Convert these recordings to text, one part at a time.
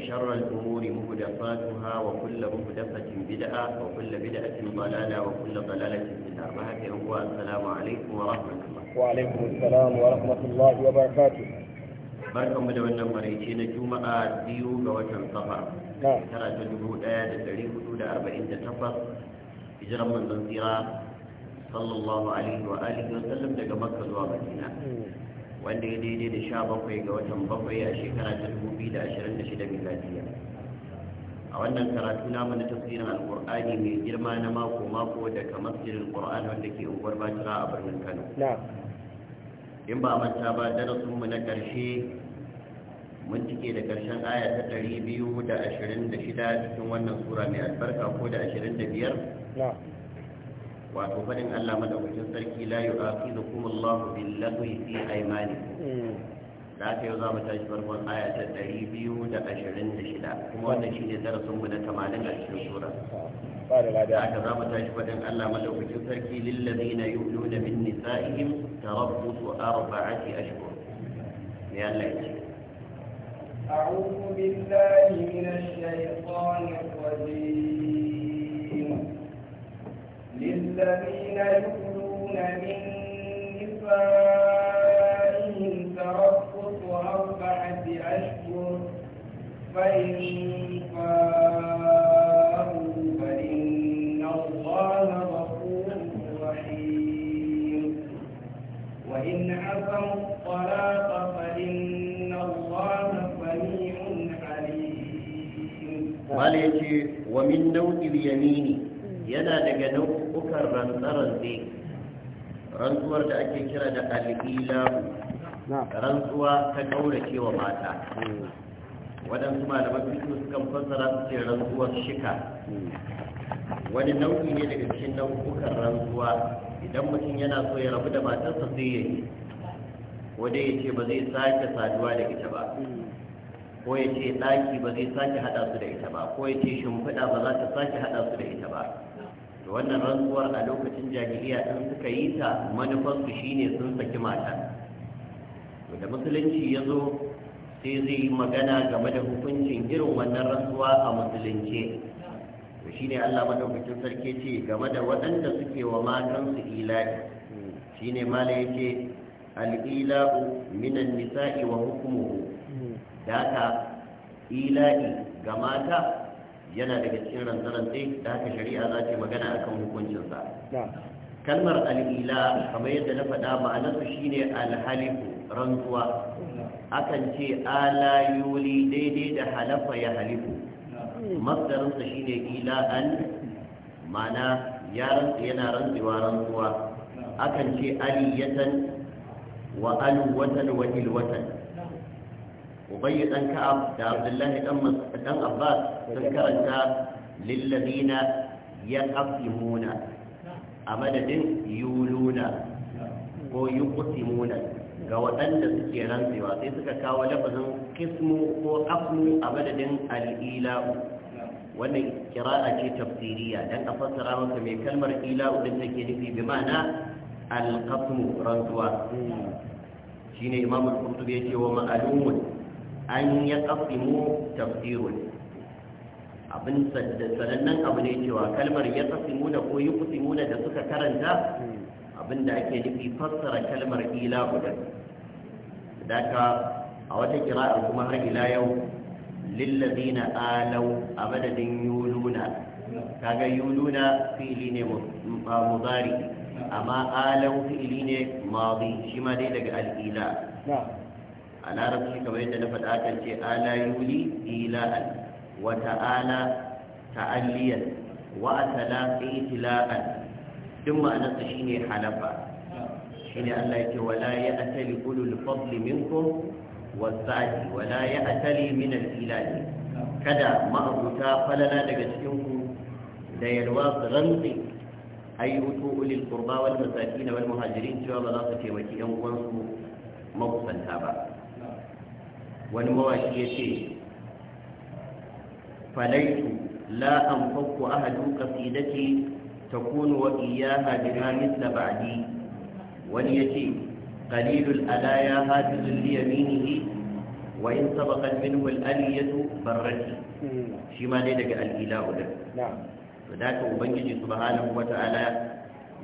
وشر الأمور مهدفاتها وكل مهدفة بدعة وكل بدعة ضلالة وكل ضلالة في النار السلام عليكم ورحمة الله وعليكم السلام ورحمة الله وبركاته barkan mu da wannan maraice na juma'a biyu ga watan safar tara ta dubu daya da dari hudu da arba'in da takwas hijiran manzon tsira sallallahu wa daga zuwa madina wanda ya daidai da sha bakwai ga watan bakwai a shekara ta dubu biyu da ashirin da shida miladiya a wannan karatu namu na tafsirin alƙur'ani mai girma na mako mako daga masjidin ƙur'an wanda ke unguwar batira a birnin kano in ba manta ba darasin mu na ƙarshe mun cike da ƙarshen aya ta ɗari biyu da ashirin da shida cikin wannan sura mai albarka ko da ashirin da biyar wato fadin Allah madaukakin sarki la yu'akhidhukum Allahu bil lagwi fi aymanikum mm. da aka yau za mu tashi farkon aya ta ɗari biyu da ashirin da shida kuma wannan shi ne darasin mu na tamanin a cikin sura da aka za mu tashi faɗin Allah madaukakin sarki lillazina yu'luna min nisa'ihim tarabbusu arba'ati ashhur ya Allah ya ce أعوذ بالله من الشيطان الرجيم للذين يؤلون من نسائهم تربص أربعة أشهر فإن فاءوا فإن الله غفور رحيم وإن عزموا الطلاق فإن الله سميع عليم. ومن نوع اليمين yana daga nau'ukan rantsarantsai rantsuwar da ake kira da al'ilamu rantsuwa ta kaurace wa mata waɗansu malaman fito sukan fassara su ce rantsuwar shika wani nau'i ne daga cikin nau'ukan rantsuwa idan mutum yana so ya rabu da matarsa sai ya yi ko dai ya ce ba zai sake saduwa da ita ba ko ya ce ɗaki ba zai sake haɗa su da ita ba ko ya ce shimfiɗa ba za ta sake haɗa su da ita ba wannan rantsuwar a lokacin jahiliya din suka yi ta manufarsu shine sun saki mata da musulunci ya zo sai zai yi magana game da hukuncin irin wannan rantsuwa a musulunce to shine Allah madaukakin sarki ce game da waɗanda suke wa matansu ilahi shine mala yake al minan nisa'i wa da daka ila'i ga mata yana daga cikin rantsarantsi da haka shari'a za ta yi magana a kan hukuncinsa kalmar al'ila kamar yadda na faɗa ma'anarsu shine alhalifu rantsuwa akan ce Alayoli daidai da halafa ya halifu masdarinsa ne ila an ma'ana ya rantsu yana rantsuwa rantsuwa akan ce aliyatan wa alwatan wa ilwatan ubayy dan ka'ab da abdullahi dan dan abbas sun karanta lillazina yaqsimuna a madadin yuluna ko yi yuqsimuna ga waɗanda suke rantsewa sai suka kawo lafazin kismu ko afmu a madadin al'ila'u wannan kira'a ce tafsiriya don a fassara maka mai kalmar ila'u din ke nufi bi ma'ana al rantsuwa shine imam al-qurtubi yace wa ma'lumun an ya ƙasimu tafsirun abin sanannen abu ne cewa kalmar ya ƙasimu da ko yi ƙasimu da suka karanta abin da ake nufi fassara kalmar ila guda daga a wata kira a kuma har ila yau na alau a madadin yuluna kaga yuluna fili ne muzari amma alau fili ne madi shi ma dai daga al'ila a larabci kamar yadda na faɗa kan ce ala yuli ila'an wa ta'ala ta'alliyar wa atala itila'an duk ma'anarsa ne halafa shine Allah yake wala ya atali ulul fadli minkum wasati wala ya atali min al-ilahi kada ma'abuta falala daga cikin ku da yalwa su rantsi ay yutu ulil qurba wal masakin wal muhajirin cewa ba za su taimaki yan uwansu makusanta ba wani mawaki ya ce falaitu la an fakku ahadu kasidati takunu wa iyaha bima mithla ba'di wani yace qalilul alaya hadizul li yaminihi wa in sabaqat minhu ya aliyatu barrati shi ma dai daga al'ila ilahu din to ubangiji, ka ubangiji subhanahu wata'ala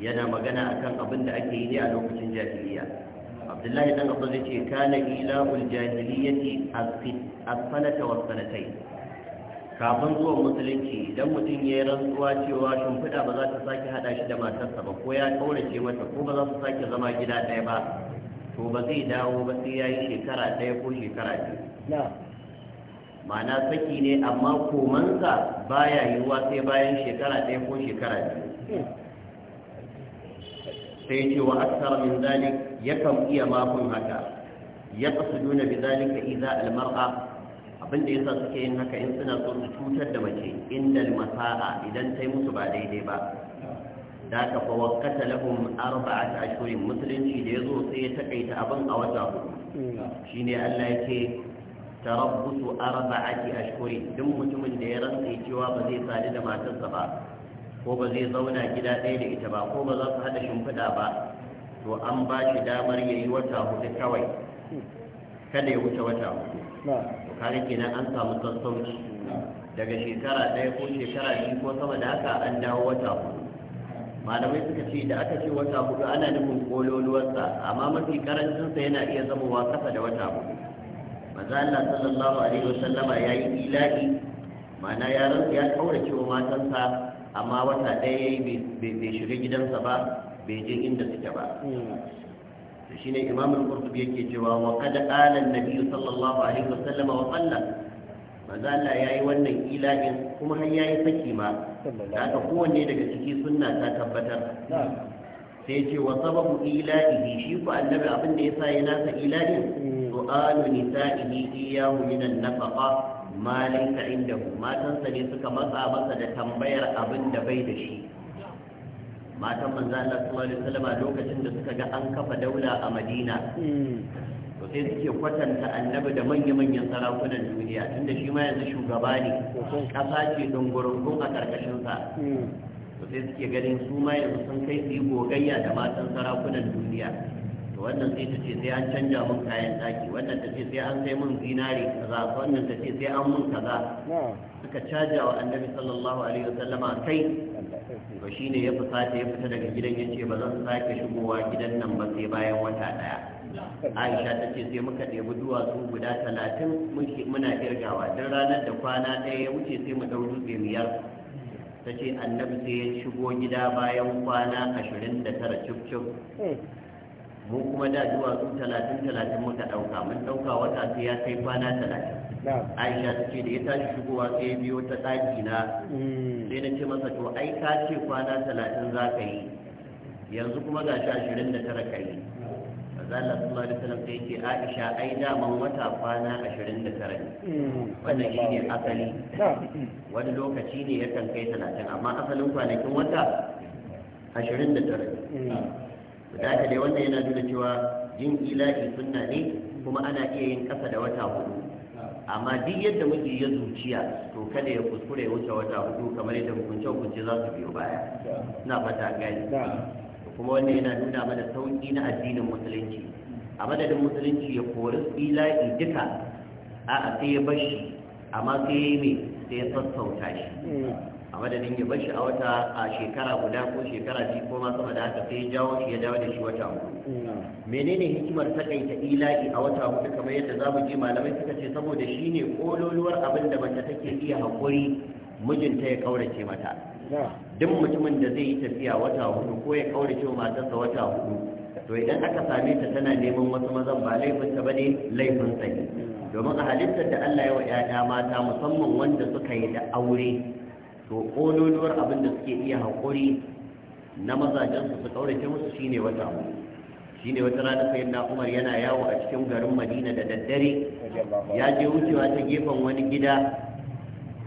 yana magana akan abin da ake yi a lokacin jahiliya abdullahi dan abu zai ce kana ilahul jahiliyyati asfalata wa sanatai kafin zuwa musulunci idan mutum ya yi rantsuwa cewa shimfiɗa ba za ta sake haɗa shi da matarsa ba ko ya ƙaurace mata ko ba za su sake zama gida ɗaya ba to ba zai dawo ba sai ya yi shekara ɗaya ko shekara biyu ma'ana saki ne amma komansa baya yiwuwa sai bayan shekara ɗaya ko shekara biyu hmm. sai ce wa aksar min zalik yakan iya makon haka ya qasuduna bidhalika idza almar'a abinda yasa suke yin haka in suna so su cutar da mace inda almasa'a idan tai musu ba daidai ba da ka fa waqata lahum arba'at ashhurin musulunci da yazo sai ya takaita abin a wata hudu shine Allah yake tarabbusu arba'ati ashhurin duk mutumin da ya rantsa cewa ba zai sadu da matarsa ba ko ba zai zauna gida ɗaya da ita ba ko ba za su haɗa shimfiɗa ba to an ba shi damar ya yi wata hudu kawai kada ya wuce wata hudu kare kenan an samu sassauci daga shekara ɗaya ko shekara biyu ko sama da haka an dawo wata hudu malamai suka ce da aka ce wata hudu ana nufin kololuwarsa amma mafi karancinsa yana iya zamowa kasa da wata hudu maza Allah sallallahu alaihi wasallama ya yi ilahi ma'ana ya ya kaura cewa matansa amma wata ɗaya ya yi bai shiga gidansa ba bai je inda suke ba hmm. to shine imam al-qurtubi yake cewa wa qad qala an-nabi sallallahu alaihi wasallam wa sallam maza Allah yayi wannan ilahin kuma har yayi saki ma haka kowanne daga ciki sunna ta tabbatar sai ce wa sababu ilahihi shi ku annabi abin da yasa ya nasa ilahin su'alu hmm. nisa'ihi iyahu min an-nafaqa ma laysa indahu matansa ne suka matsa masa da tambayar abin da bai da shi matan manzo Allah sallallahu alaihi wasallam lokacin da suka ga an kafa daula a Madina to sai suke kwatanta annabi da manya-manyan sarakunan duniya tunda shi ma yanzu shugaba ne kasa ce dungurungun a karkashinsa to sai suke ganin su ma yanzu sun kai su yi gogayya da matan sarakunan duniya to wannan sai ta ce sai an canja mun kayan daki wannan ta ce sai an sai mun zinari kaza wannan ta ce sai an mun kaza suka caja wa annabi sallallahu alaihi wasallama kai to ne ya fusata ya fita daga gidan yace ba zan sake shigowa gidan nan ba sai bayan wata daya Aisha ta ce sai muka ɗebi duwatsu guda talatin muna kirgawa don ranar da kwana ɗaya ya wuce sai mu ɗau dutse biyar ta ce annabi sai ya shigo gida bayan kwana ashirin da tara cif mu kuma da duwatsu talatin talatin muka ɗauka mun ɗauka wata sai ya kai kwana talatin aisha ta ce da ya tashi shigowa sai ya biyo ta ɗaki na mm. sai na ce masa to ai ka ce kwana talatin za ka yi yanzu kuma ga shi ashirin da tara ka yi zalla sallallahu alaihi wasallam sai ce aisha ai daman wata kwana ashirin da tara ne mm. wannan shine asali wani lokaci ne yakan kai talatin amma asalin kwanakin wata ashirin da tara ne mm. da aka dai wannan yana nuna cewa jin ila'i sunna ne kuma ana iya yin kasa da wata hudu amma duk yadda muke ya zuciya to kada ya kuskure ya wuce wata hudu kamar yadda hukunce hukunce za su biyo baya na fata gani kuma wannan yana nuna mana sauki na addinin musulunci a madadin musulunci ya kori ila'i duka a sai ya bashi amma sai ya yi mai sai ya sassauta shi a madadin ya bar shi a wata a shekara guda ko shekara biyu ko ma sama da haka sai ya jawo shi ya dawo da shi wata uku menene hikimar takaita ila'i a wata hudu kamar yadda za mu je malamai suka ce saboda shi ne kololuwar abin da mace take iya haƙuri mijinta ya kaurace mata duk mutumin da zai yi tafiya wata hudu ko ya kaurace matarsa wata hudu to idan aka same ta tana neman wasu mazan ba laifinta ba ne laifin ne domin a halittar da Allah ya wa 'ya'ya mata musamman wanda suka yi da aure to ƙololuwar abin da suke iya haƙuri na mazajen su su ƙaurace musu shine wata abu shine wata rana sai na umar yana yawo a cikin garin madina da daddare ya je wucewa ta gefen wani gida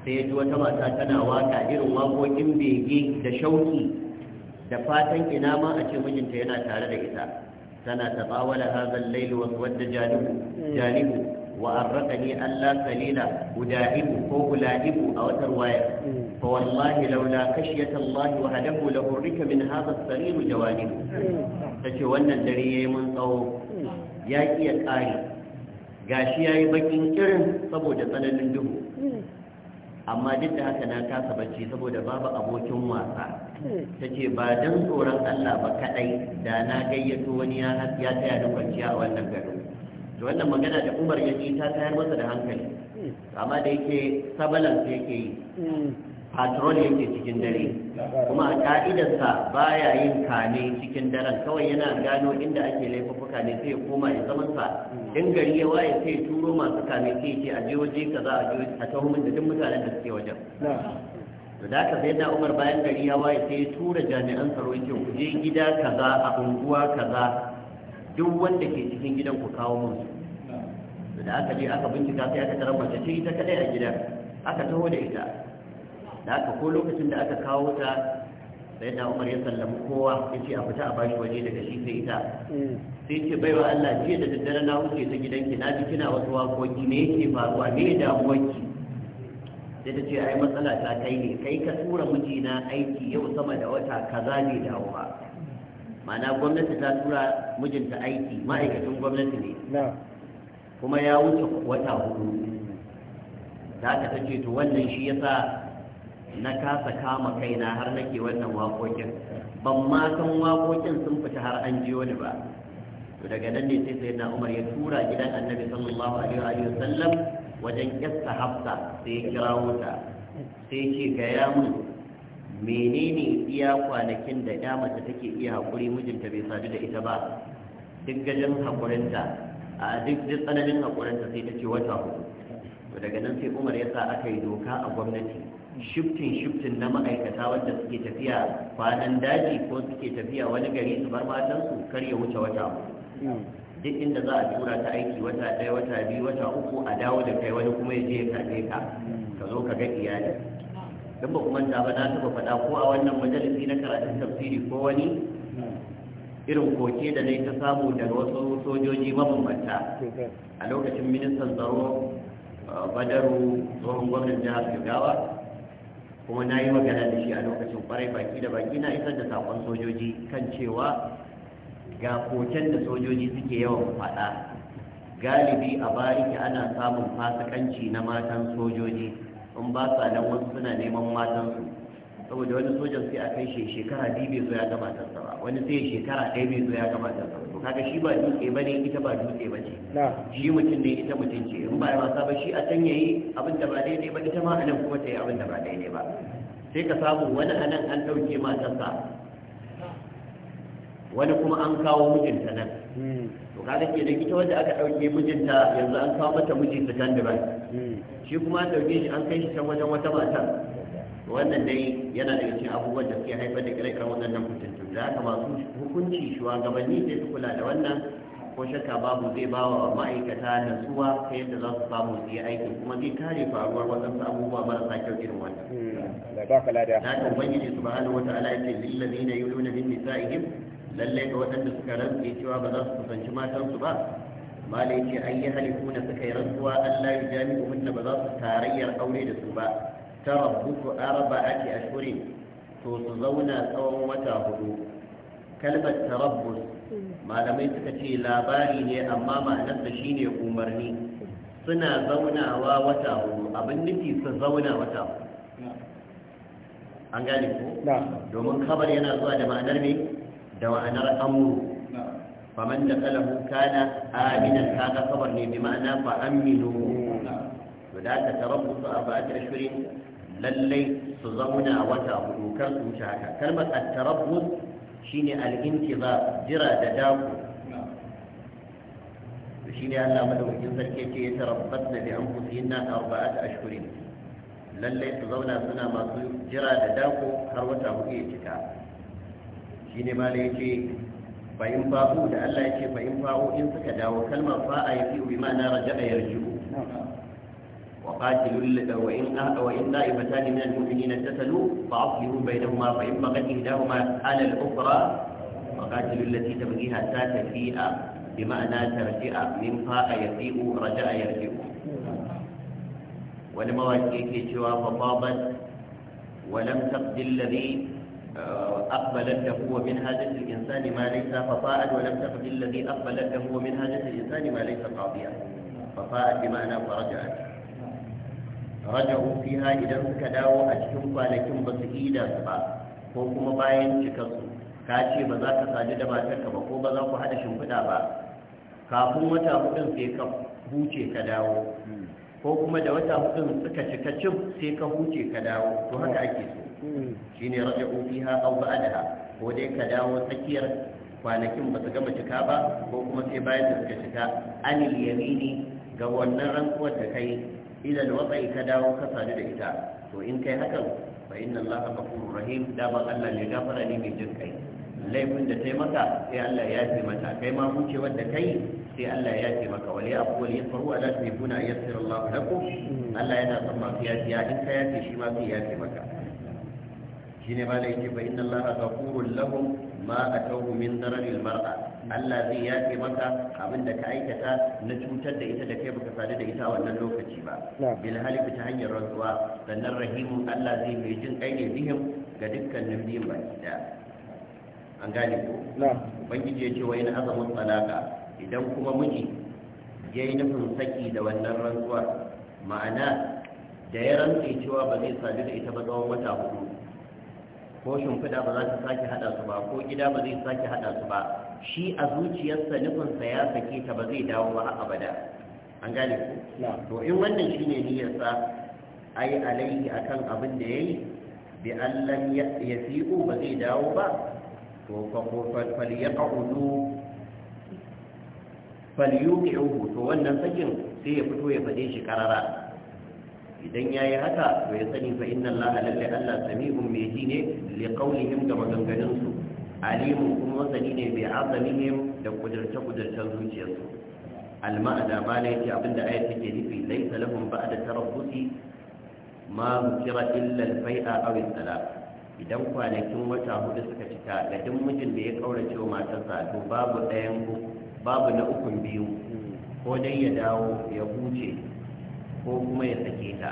sai ya ji wata mata tana waka irin waƙoƙin bege da shauki da fatan ina ma a ce mijinta yana tare da ita tana tabawala hazan lailu wasu wadda jalibu وأرقني ألا قليلا أداعب أو ألاعب أو ترواية فوالله لولا خشية الله وهدمه لهرك من هذا السرير جوانب تشوانا دري من صوب ياكي يكاري gashi yayi bakin kirin saboda tsananin duhu hmm. amma duk da haka na kasa bacci saboda babu abokin wasa hmm. tace ba dan tsoron Allah ba kaɗai, da na gayyato wani ya taya ni kwanciya a wannan garin to wannan magana da umar ya ji ta tayar masa da hankali amma da yake sabalan yake yi patrol yake cikin dare kuma a ka'idarsa ya yin kane cikin daren kawai yana gano inda ake laifuka ne sai ya koma ya zamansa in gari ya waye sai turo masu kane sai ce a je ka kaza a je a da duk mutanen da suke wajen da ka sai da Umar bayan gari ya waye sai ya tura jami'an tsaro yake ku je gida kaza a unguwa kaza duk wanda ke cikin gidan ku kawo mun su da aka je aka bincika sai aka tarar mace ce ita kadai a gidan aka taho da ita da aka ko lokacin da aka kawo ta sai da umar ya sallama kowa ya ce a fita a bashi waje daga shi sai ita mm. sai ce baiwa Allah jiya da daddare na wuce ta gidanki na ji kina wasu wakoki ne yake faruwa me da damuwarki sai ta ce ai matsala ta kai ne kai ka tura mijina aiki yau sama da wata kaza ne da ba ma'ana gwamnati ta tura mijinta aiki ma'aikacin gwamnati ne kuma ya wuce wata hudu Za aka ta ce to wannan shi yasa na kasa kama kaina har nake wannan waƙoƙin ban ma san waƙoƙin sun fita har an ji wani ba to daga nan ne sai sai na umar ya tura gidan annabi sallallahu alaihi wa sallam wajen yasta hafsa sai ya kirawo sai ce ga ya mun menene iya kwanakin da ya mace take iya haƙuri mijinta bai sadu da ita ba duk gajin haƙurinta a duk tsananin haƙurinta sai ta ce wata hudu daga nan sai umar ya sa aka yi doka a gwamnati shiftin shiftin na ma'aikata wanda suke tafiya kwanan daji ko suke tafiya wani gari su bar matansu kar ya wuce wata hudu duk inda za a tura ta aiki wata ɗaya wata biyu wata uku a dawo da kai wani kuma ya je ya karɓe ka ka zo ka ga iyali dan ba kuma ba na taba faɗa ko a wannan majalisi na karatun tafsiri ko wani irin koke da nai ta samu daga wasu sojoji mabambanta a lokacin ministan tsaro uh, badaru tsohon gwamnan jihar jigawa kuma na yi magana da shi a lokacin kwarai baki da baki na isar da sakon sojoji kan cewa ga koken da sojoji suke yawan faɗa galibi a bariki ana samun fasikanci na matan sojoji in ba sa nan wasu suna neman matansu saboda wani sojan sai a kai shi shekara biyu bai zo ya ga matarsa ba wani sai shekara ɗaya bai zo ya ga matarsa ba to kaga shi ba dutse ba ne ita ba dutse ba ce shi mutum ne ita mutum ce in ba ya wasa ba shi a can yayi abin da ba daidai ba ita ma a nan kuma ta yi abin da ba daidai ba sai ka samu wani a nan an ɗauke matarsa wani kuma an kawo mijinta nan hmm. to kaga da ita wanda aka dauke mijinta yanzu an kawo mata miji ta can daban shi kuma an dauke shi an kai shi can wajen wata mata wannan dai yana daga cikin abubuwan da suke haifar da kire-kiren waɗannan fitintun da haka masu hukunci shugabanni da su kula da wannan ko shakka babu zai ba wa ma'aikata natsuwa ta yadda za su samu su yi aikin kuma zai kare faruwar waɗansu abubuwa marasa kyau irin wannan. Da ba ka lada. Na kan ubangiji subhanahu wa ta'ala ya ce lillazina yuluna min nisa'ihim lallai ga waɗanda suka rantse cewa ba za su kusanci matansu ba mala yace an yi halifu na suka yi rantsuwa Allah ya jami hunna ba za su tarayyar aure da su ba ta rabu ku araba ake ashurin to su zauna tsawon wata hudu kalmar tarabbus malamai suka ce labari ne amma ma'anar da shine umarni suna zaunawa wata hudu abin nufi su zauna wata hudu an gane ko domin kabar yana zuwa da ma'anar ne da ma'anar amru faman da kalahu kana aminan kaga kabar ne bi ma'ana fa aminu to da aka tarabbusu a ba'at ashirin lallai su zauna wata hudu kar su wuce haka kalmar at-tarabbus shine al ba jira da dako shi ne Allah madaukakin sarki ce ya tarabbas da nan anfusihin na arba'at ashhurin lallai su zauna suna masu jira da daku, har wata hudu ya cika shi ne mala yake da Allah yake fahim fa'u in suka dawo kalmar fa'a ya fi uwi raja a yarju wa fatilun wa wa in da ibata ne na mutumi na tattalu fa asiru bai da ma fahim magan in dawo ma halar ukura wa fatilun lati ta bugi hata ta fi a bi ma na a min fa'a raja a yarju wani mawaki yake cewa fa fabat ولم أقبلت هو من حاجة الإنسان ما ليس فصاعد ولم تقل الذي أقبلت هو من حاجة الإنسان ما ليس قاضيا فصاعد بمعنى فرجعت رجعوا فيها إذا كداو أجتم فالكم بسئيدا سبا ko kuma bayan cikarsu ka ce ba za ka sadu da matarka ba ko ba za ku haɗa shimfiɗa ba kafin wata hudun sai ka huce ka dawo ko kuma da wata hudun suka cika cin sai ka huce ka dawo to haka ake so shine raja'u fiha aw ba'daha ko dai ka dawo tsakiyar kwanakin ba su gama cika ba ko kuma sai bayan da suka cika anil yamini ga wannan rantsuwar da kai idan watsayi ka dawo ka sadu da ita to in kai hakan fa inna allaha ghafurur rahim da Allah ne gafara ne mai jin kai laifin da ta maka sai Allah ya ce mata kai ma hucewar da kai sai Allah ya ce maka wali abu ya faru ala tuhibuna yassir Allah ku? Mm. Allah yana son masu yafiya in ka yafe shi ma sai ya maka shine ma da yake fa inna allaha ghafurun lahum ma atawhu min dararil mar'a Allah zai yafe maka abin da ka aikata na cutar da ita da kai baka sadu da ita a wannan lokaci ba bil halifi ta hanyar rantsuwa sannan rahimu Allah zai mai jin kai ne bihim ga dukkanin biyun baki da an gane ko ubangiji ya ce wa yana azamin talaka idan kuma miji ya yi nufin saki da wannan rantsuwar ma'ana da ya rantse cewa ba zai sadu da ita ba tsawon wata hudu ko shimfida ba za ta sake haɗa su ba ko gida ba zai sake haɗa su ba shi a zuciyarsa nufinsa ya sake ta ba zai dawo ba abada an gane ku to in wannan shine niyyarsa ai alaihi akan abin da yayi bi allan yafi'u ba zai dawo ba to fa fal falyuqihu to wannan sakin sai ya fito ya fade shi karara idan ya yi haka to ya sani fa inna Allah lalle Allah sami'un mai ji ne li qawlihim da maganganun su alimu kuma masani ne bi azamihim da kudurce kudurcen zuciyarsu al-ma'ana ma ne yake abinda ayat take nufi laysa lahum ba'da tarabbusi ma zikira illa al-fai'a aw al idan kwanakin wata hudu suka cika ga duk mijin da ya kaurace wa matarsa to babu ɗayan babu na ukun biyu ko dai ya dawo ya huce ko kuma ya sake ta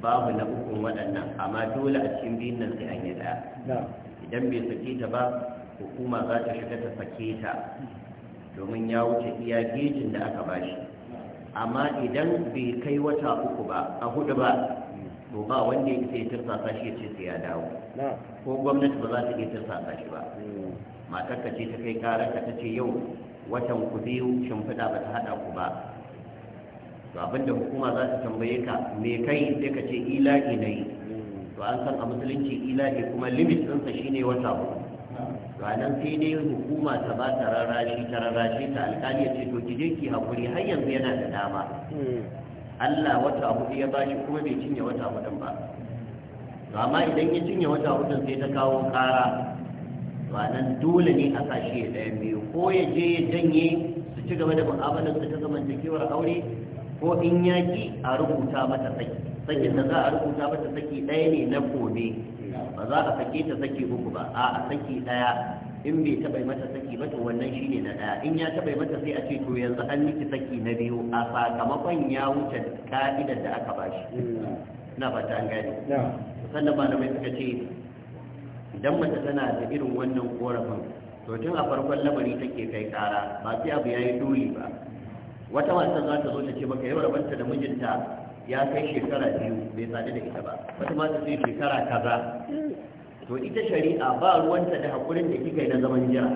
babu na ukun waɗannan amma dole a cikin biyun nan sai an yi ɗaya idan bai sake ta ba hukuma za ta shiga ta sake ta domin ya wuce iya gejin da aka bashi amma idan bai kai wata uku ba a hudu ba to ba wanda ya isa ya sashi shi ya ce sai ya dawo ko gwamnati ba za ta iya tirsa shi ba hmm. matar ka ce ta kai karar ka ta ce yau watan ku biyu shimfiɗa ba ta haɗa ku ba to da hukuma za ta tambaye ka me kai sai ka ce ila'i na yi to an san a musulunci ila'i kuma limit ɗinsa shine wata uku nan sai dai hukuma ta ba ta rarrashi ta rarrashi ta alƙali ya ce to ki je ki hakuri har yanzu yana da dama Allah wata hudu ya bashi kuma bai cinye wata hudun ba to amma idan ya cinye wata hudun sai ta kawo ƙara. To a nan dole ne a sashi ya ɗaya biyu ko ya je ya janye su ci gaba da mu'amalar su ta zamantakewar aure ko in yaƙi a rubuta mata saki sakin da za a rubuta mata saki ɗaya ne na gobe ba za a sake ta saki uku ba a saki ɗaya in bai taɓa mata saki ba to wannan shine na ɗaya in ya taɓa mata sai a ce to yanzu an miki saki na biyu a sakamakon ya wuce ka'idar da aka bashi na ba ta an ba sannan malamai suka ce idan mace tana da irin wannan korafin to tun a farkon lamari take kai kara ba sai abu ya yi dole ba wata matan za ta zo ta ce maka yau rabanta da mijinta ya kai shekara biyu bai sadu da ita ba wata ta sai shekara kaza to ita shari'a ba ruwanta da hakurin da kika yi na zaman jira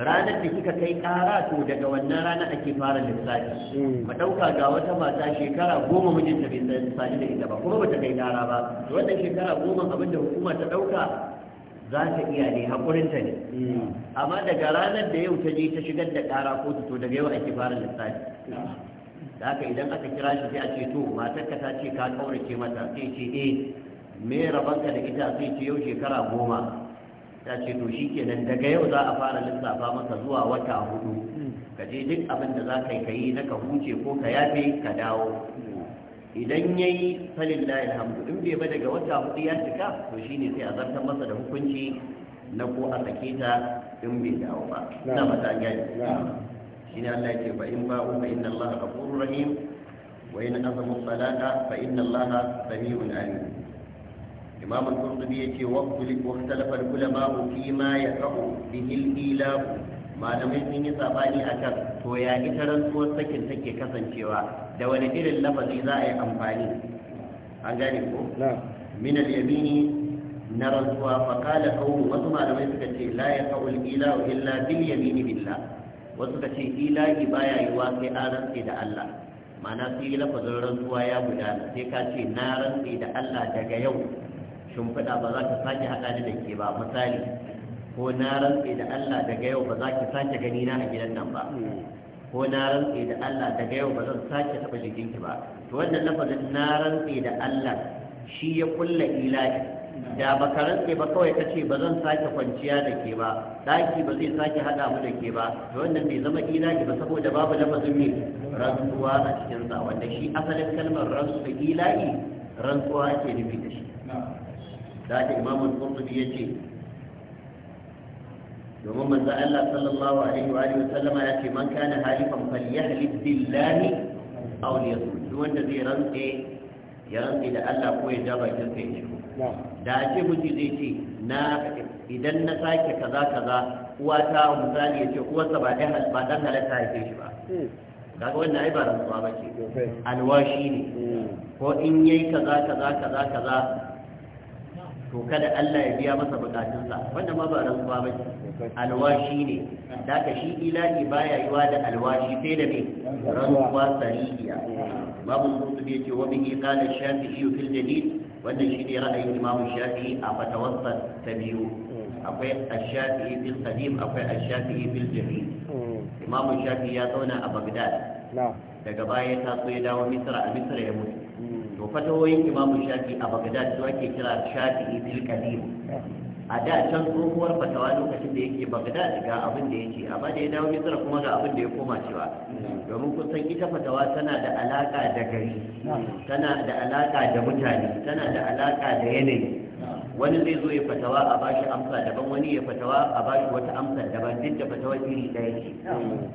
ranar da kika kai kara to daga wannan rana ake fara lissafi Ba dauka ga wata mata shekara goma mijinta bai sadu da ita ba kuma bata kai kara ba to wannan shekara goma abin da hukuma ta dauka za ta iya ne haƙurinta ne hmm. amma daga ranar da yau ta je ta shigar da ƙara kotu to daga yau ake fara lissafi da haka idan aka kira shi sai a ce to matarka ta ce ka ƙaurace mata sai ce eh me rabanka da ita sai ce yau shekara goma ta ce to shi kenan daga yau za a fara lissafa maka zuwa wata hudu hmm. ka je duk abin da za ka yi ka yi na ka huce ko ka yafe ka dawo idan ya yi falillahi alhamdu in bai daga wata hudu ya cika to shi ne sai a zartar masa da hukunci na ko a sake ta in bai dawo ba na mata ya yi shi ne Allah ce fa in ba'u fa inna Allah ghafurur rahim wa in azamu salata fa inna Allah sami'un alim imam al-qurtubi yace wa ikhtalafa al-ulama fi ma yaqau bihi al-ilahu malamai sun yi sabani a kan to ya ita rantsuwar sakin take kasancewa da wani irin lafazi za a yi amfani an gane ko min al-yamini na rantsuwa fa qala qawmu wasu malamai suka ce la yaqul ilahu illa bil yamini billah wasu suka ce ilahi baya yiwa sai an rantsi da Allah ma'ana sai lafazin rantsuwa ya gudana sai ka ce na rantsi da Allah daga yau shimfiɗa ba za ka sake haɗa da ke ba misali ko na rantse da Allah daga yau ba za ki sake gani na a gidan nan ba ko na rantse da Allah daga yau ba zan sake taɓa jikinki ba to wannan lafazin na rantse da Allah shi ya kulla ilahi da ba ka rantse ba kawai ka ce ba zan sake kwanciya da ke ba daki ba zai sake haɗa mu da ke ba to wannan bai zama ilahi ba saboda babu lafazin mai rantsuwa a cikin sa wanda shi asalin kalmar rantsu ilahi rantsuwa ake nufi da shi da ta imamu ya yace domin manzo Allah sallallahu alaihi wa sallama ya ce man kana halifan falyahlif billahi aw liyasmut duk wanda zai rantse ya rantse da Allah ko ya ja bakin sa ya da ce miji zai ce na idan na sake kaza kaza uwa ta misali ya ce uwarsa ba dan ba dan halatta ya shi ba hmm. kaga wannan ai ba rantsuwa ba ce alwashi ne hmm. ko in yayi kaza kaza kaza kaza to kada Allah ya biya masa bukatunsa wannan ma ba rantsuwa ba ce alwashi ne da ka shi ilahi baya yiwa da alwashi sai da me rantsuwa sarihiya babu kutubi yace wa bihi Shafi shafi'i fil jadid wannan shi ne ra'ayin imam shafi'i a fatawassat ta biyu akwai ash-shafi'i fil qadim akwai ash-shafi'i fil jadid imam Shafi ya zauna a bagdad daga baya ya taso ya dawo misra a misra ya mutu to fatawoyin imam Shafi a bagdad su ake kira Shafi fil qadim a da can tsohuwar fatawa lokacin da yake bagdad ga abin da yake amma da ya dawo misra kuma ga abin da ya koma cewa domin kusan ita fatawa tana da alaka da gari tana da alaka da mutane tana da alaka da yanayi wani zai zo ya fatawa a bashi amsa daban wani ya fatawa a bashi wata amsa daban duk da fatawa iri ɗaya ce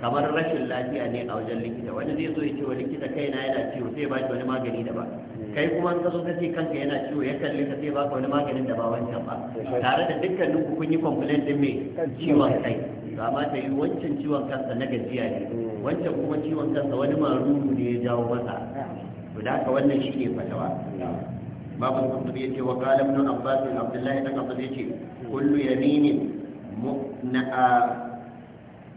kamar rashin lafiya ne a wajen likita wani zai zo ya ce wa likita kai na yana ciwo sai ba shi wani magani da ba kai kuma an kaso kace kanka yana ciwo ya kalli ka sai ka wani maganin da ba wancan ba tare da dukkanin ku kun yi complaint din me ciwon kai to amma ta yi wancan ciwon kansa na gajiya ne mm. wancan kuma ciwon kansa wani maruru ne ya jawo masa to da haka wannan shi ne fatawa babu al ya ce wa qala ibn abbas ibn abdullah ibn kullu yaminin mu'na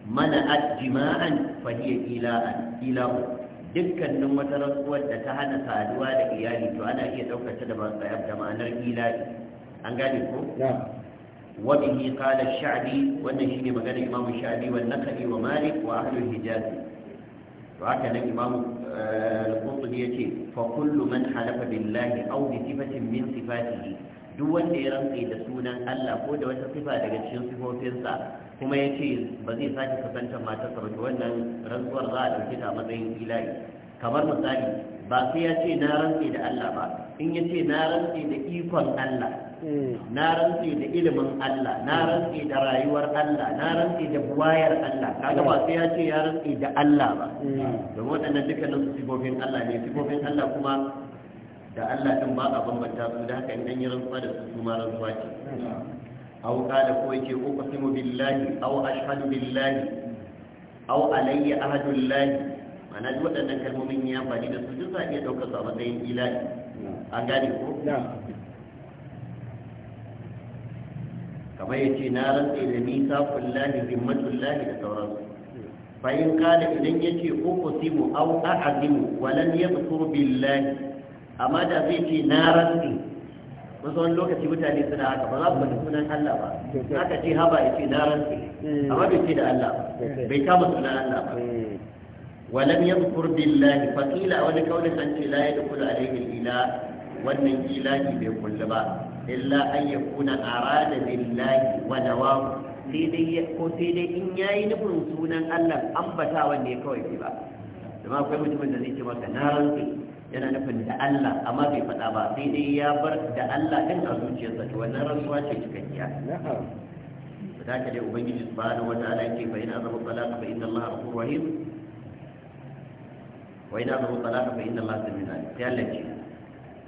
mana'at jima'an fa hiya ila'an ila'u dukkanin wata rantsuwar da ta hana saduwa da iyali to ana iya daukar ta da da ma'anar ila'i an gane ko wa bihi qala ash-sha'bi wannan shine maganar imam ash-sha'bi wa naqli wa malik wa ahlul hijaz to haka nan imamu eh, al-qurtubi yace fa kullu man halafa billahi aw bi sifatin duk wanda ya rantsa da sunan Allah ko da wata sifa daga cikin sifofinsa kuma yace ba zai sake kusantar matarsa ba to wannan rantsuwar za a dauke ta matsayin ila'i kamar misali ba sai ya ce na rantsa da Allah ba in ya ce na rantse da ikon Allah hmm. na rantse da ilimin Allah na rantse da rayuwar Allah na rantse da buwayar Allah kaga ba sai ya ce ya rantse da Allah ba hmm. da waɗannan dukkanin sifofin Allah ne sifofin Allah kuma da Allah din ba a bambanta su da haka idan yi rantsuwa da su kuma rantsuwa ce aw qala ko yake uqsimu billahi aw ashhadu billahi aw alayya ahadullahi ma'ana duk waɗannan kalmomin ya faɗi da su duk za a iya ɗaukar su a matsayin ilahi an gane ko kamar ya ce na rantsa da nisa kullahi bin matullahi da sauransu fa'in kada idan ya ce simu au a'azimu walan ya fito billahi amma da zai ce na rantsa wasu wani lokaci mutane suna haka ba za ku faɗi sunan Allah ba ka ce haba ya ce na rantsa eh. amma bai ce da Allah ba eh. bai kama sunan Allah ba eh. ولم يذكر بالله فقيل أول كون أنت لا يدخل عليه الإله وأن إلهي ya kuna إلا أن يكون أراد بالله ونواه ko sai dai in ya yi nufin sunan Allah ambata wanda ya kawai ba da akwai mutumin da zai ce maka na rantsi yana nufin da Allah amma bai faɗa ba sai dai ya bar da Allah ɗin a zuciyarsa to wannan rantsuwa ce cikakkiya da haka dai ubangiji subhanahu wa ta'ala yake fa in azaba salatu fa inna Allah ghafurur rahim وإذا أبغوا طلاقا فإن الله سميع عليم تعالى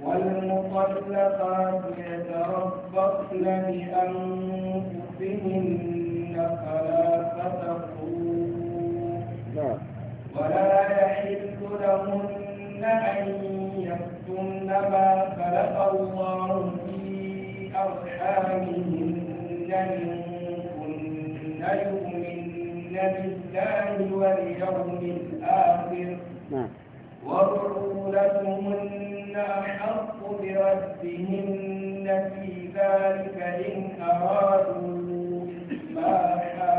والمطلقات يتربصن بأنفسهن ثلاثة قروء ولا يحل لهن أن يكتمن ما خلق الله في أرحامهن إن كن يؤمن بالله واليوم الآخر نعم وبعولتهن أحق بردهن في ذلك إن أرادوا إصلاحا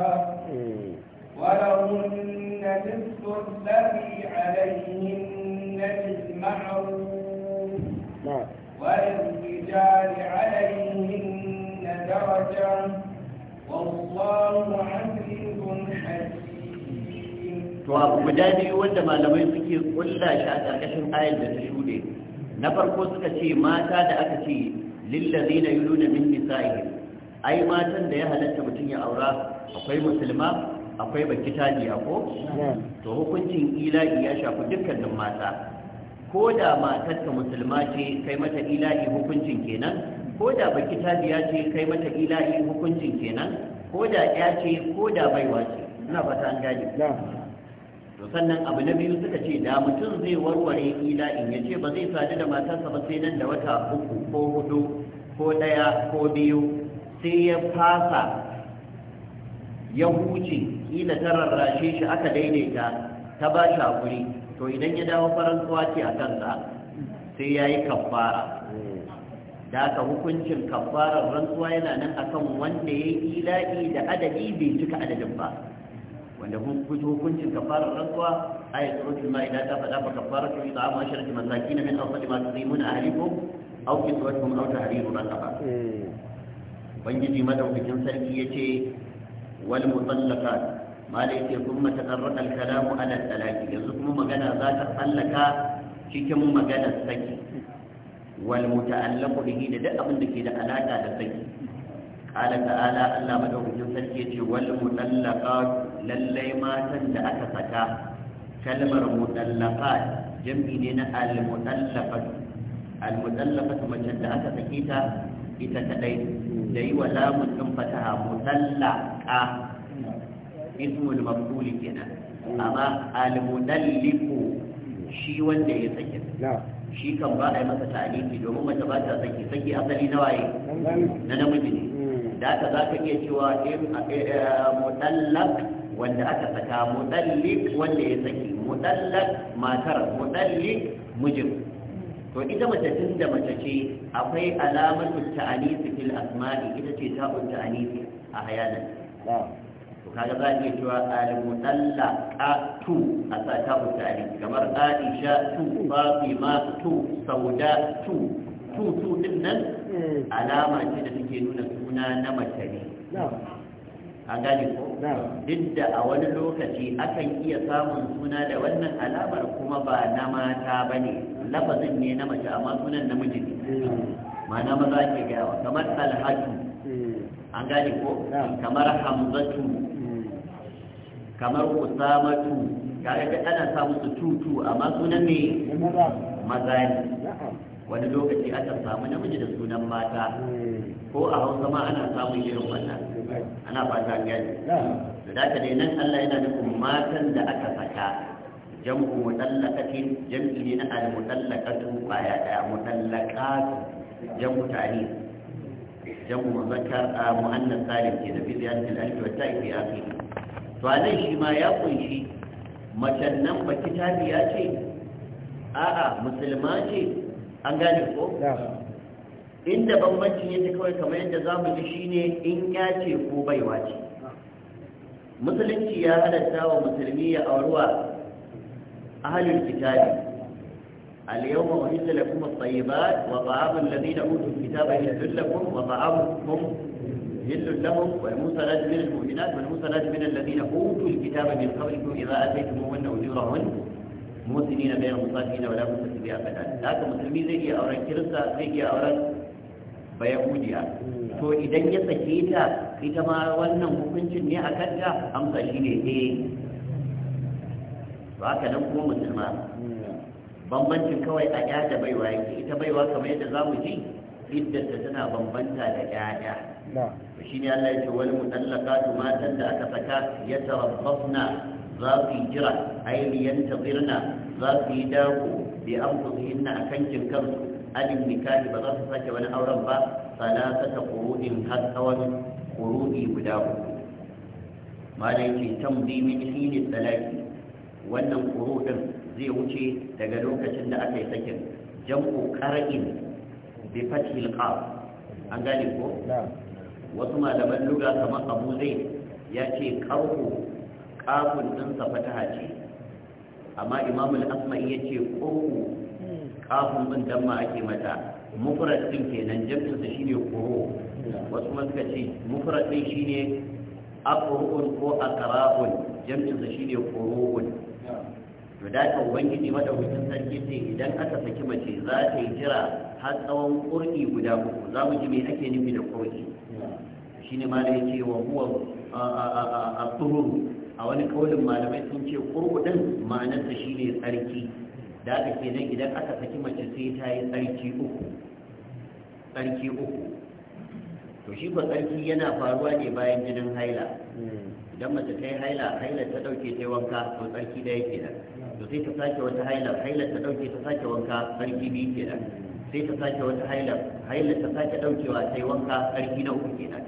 إيه. ولهن نصف الذي عليهن بالمعروف نعم. وللرجال عليهن درجة والله عزيز حكيم to abu guda biyu wanda malamai suke kulla shi a ƙarƙashin ayar da ta shuɗe na farko suka ce mata da aka ce lillazi na yulu da min nisa'i ai matan da ya halatta mutum ya aura akwai musulma akwai baki a ko to hukuncin ila'i ya shafi dukkanin mata ko da ka musulma ce kai mata ila'i hukuncin kenan ko da baki tajiya ce kai mata ila'i hukuncin kenan ko da ya ce ko da baiwa ce ina fata an gaji sannan abu na biyu suka ce da mutum zai warware ila'in ya ce ba zai sadu da matarsa ba sai nan da wata uku ko hudu ko daya ko biyu sai ya fasa ya huce kila ta rarrashe shi aka daidaita ta ba shi hakuri to idan ya dawo faransuwa ce a kansa sai ya yi kafara da aka hukuncin kafarar rantsuwa yana nan akan wanda ya yi ila'i da adadi bai cika adadin ba wanda hukuncin kafarar rantsuwa ayat suratul ma'ida ta faɗa fa kafaratu it'amu asharati na min awsati ma tusimuna ahlikum aw kiswatuhum aw tahriru raqaba ubangiji madaukakin sarki ya ce, wal mutallaqat ma da yake kuma mata al kalamu ala talaqi yanzu kuma magana za ta tsallaka cikin maganar saki wal muta'allaqu bihi da duk abin da ke da alaka da saki qala ta'ala Allah madaukakin sarki yace wal mutallaqat lallai matan da aka saka kalmar mutallaqat jam'i ne na al mutallaqat al mutallaqat mace da aka sake ta ita kadai da yi wa lamun din fataha mutallaqa ismul maf'ul kenan amma al mutalliqu shi wanda ya sake shi kan ba a yi masa ta'aliki domin mace ba ta asali na waye na namiji ne da haka za ka iya cewa eh, mutallak wanda aka saka mutallik wanda ya saki mutallak matar mutallik mijin to ita mace tun da mace ce akwai alamar ta'anisi fil asma'i ita ce ta ta'anisi a hayanan to kaga za a cewa al-mutallaqatu a sa ta kamar Aisha tu Fatima tu Sauda tu tutu din nan eh. alama ce da suke nuna suna na mace ne an gane ko duk da a wani lokaci akan iya samun suna da wannan alamar kuma ba na mata ba ne lafazin ne na mace amma sunan namiji ne eh. ma'ana maza ke gawa kamar alhaji eh. an gane ko kamar hamzatu kamar usamatu kaga ana samun su tutu amma sunan ne maza ne wani lokaci akan samu namiji da sunan mata ko a hausa ma ana samun irin wannan ana fata gani da daga ne nan Allah yana nufin matan da aka saka jam'u mutallaqatin jam'i ne na al-mutallaqatu baya daya mutallaqat jam'u tani jam'u muzakkar muannas salim ke da bi bayan al-alif wa ta'i fi akhir to anan shi ma ya kunshi macen nan ba kitabiya ce a'a musulma ce an gane ko? inda bambancin yadda kawai kamar yadda za mu ji shi ne in ya ko baiwa ce musulunci ya halatta wa musulmi ya auruwa a halin kitabi aliyawon wani talakun matsayi ba wa ba'abun labi da mutu kitabai da dullakun wa ba'abun kun yillun lahum wa musa rajmin al-mu'minat wa musa rajmin al-ladina utul kitaba min qablikum idha ataytumuhunna ujurahunna musulmi na bayan musafi na wala musulmi biya kada da haka musulmi zai iya auren kirista zai iya auren bayahudiya to idan ya sake ta ita ma wannan hukuncin ne a kanta amsa shi ne eh ba ka nan kuma musulma bambancin kawai a ya da baiwa yake ita baiwa kamar yadda za mu ji iddarta tana bambanta da ƴaƴa shi ne Allah ya ce wal mutallaqatu matan da aka saka yatarabbasna za su yi jira aini yantazirna za su yi dako bi anfusihinna akan kan kansu alin nikahi ba za su sake wani auren ba salasata qurudin har tsawon kuruɗi guda uku malai ce tamdimi ihini talaki wannan kuruɗin zai wuce daga lokacin da aka yi sakin jam'u qara'in bi fathil qaf an gane ko wasu malaman luga kamar abu zai ya ce qarqu kafin din sa fataha ce amma imamul asma'i yace ko kafin din damma ake mata mufrad din kenan jamsu da shine quru wasu man suka ce mufrad din shine aqru'un ko aqra'un jamsu da shine quru'un to da ka ubangiji hutun sarki ce idan aka saki mace za ta yi jira har tsawon ƙurƙi guda uku za mu ji me ake nufi da ƙurƙi shine ma da yake wa huwa a tururu a wani kaulin malamai sun ce kurkudin ma'anarsa shi ne tsarki da aka nan idan aka saki mace sai ta yi tsarki uku tsarki uku to shi ba tsarki yana faruwa ne bayan jinin haila idan mace ta yi haila haila ta dauke ta wanka to tsarki da yake da to sai ta sake wata haila haila ta dauke ta sake wanka tsarki biyu kenan sai ta sake wata haila haila ta sake daukewa ta yi wanka tsarki na uku ke kenan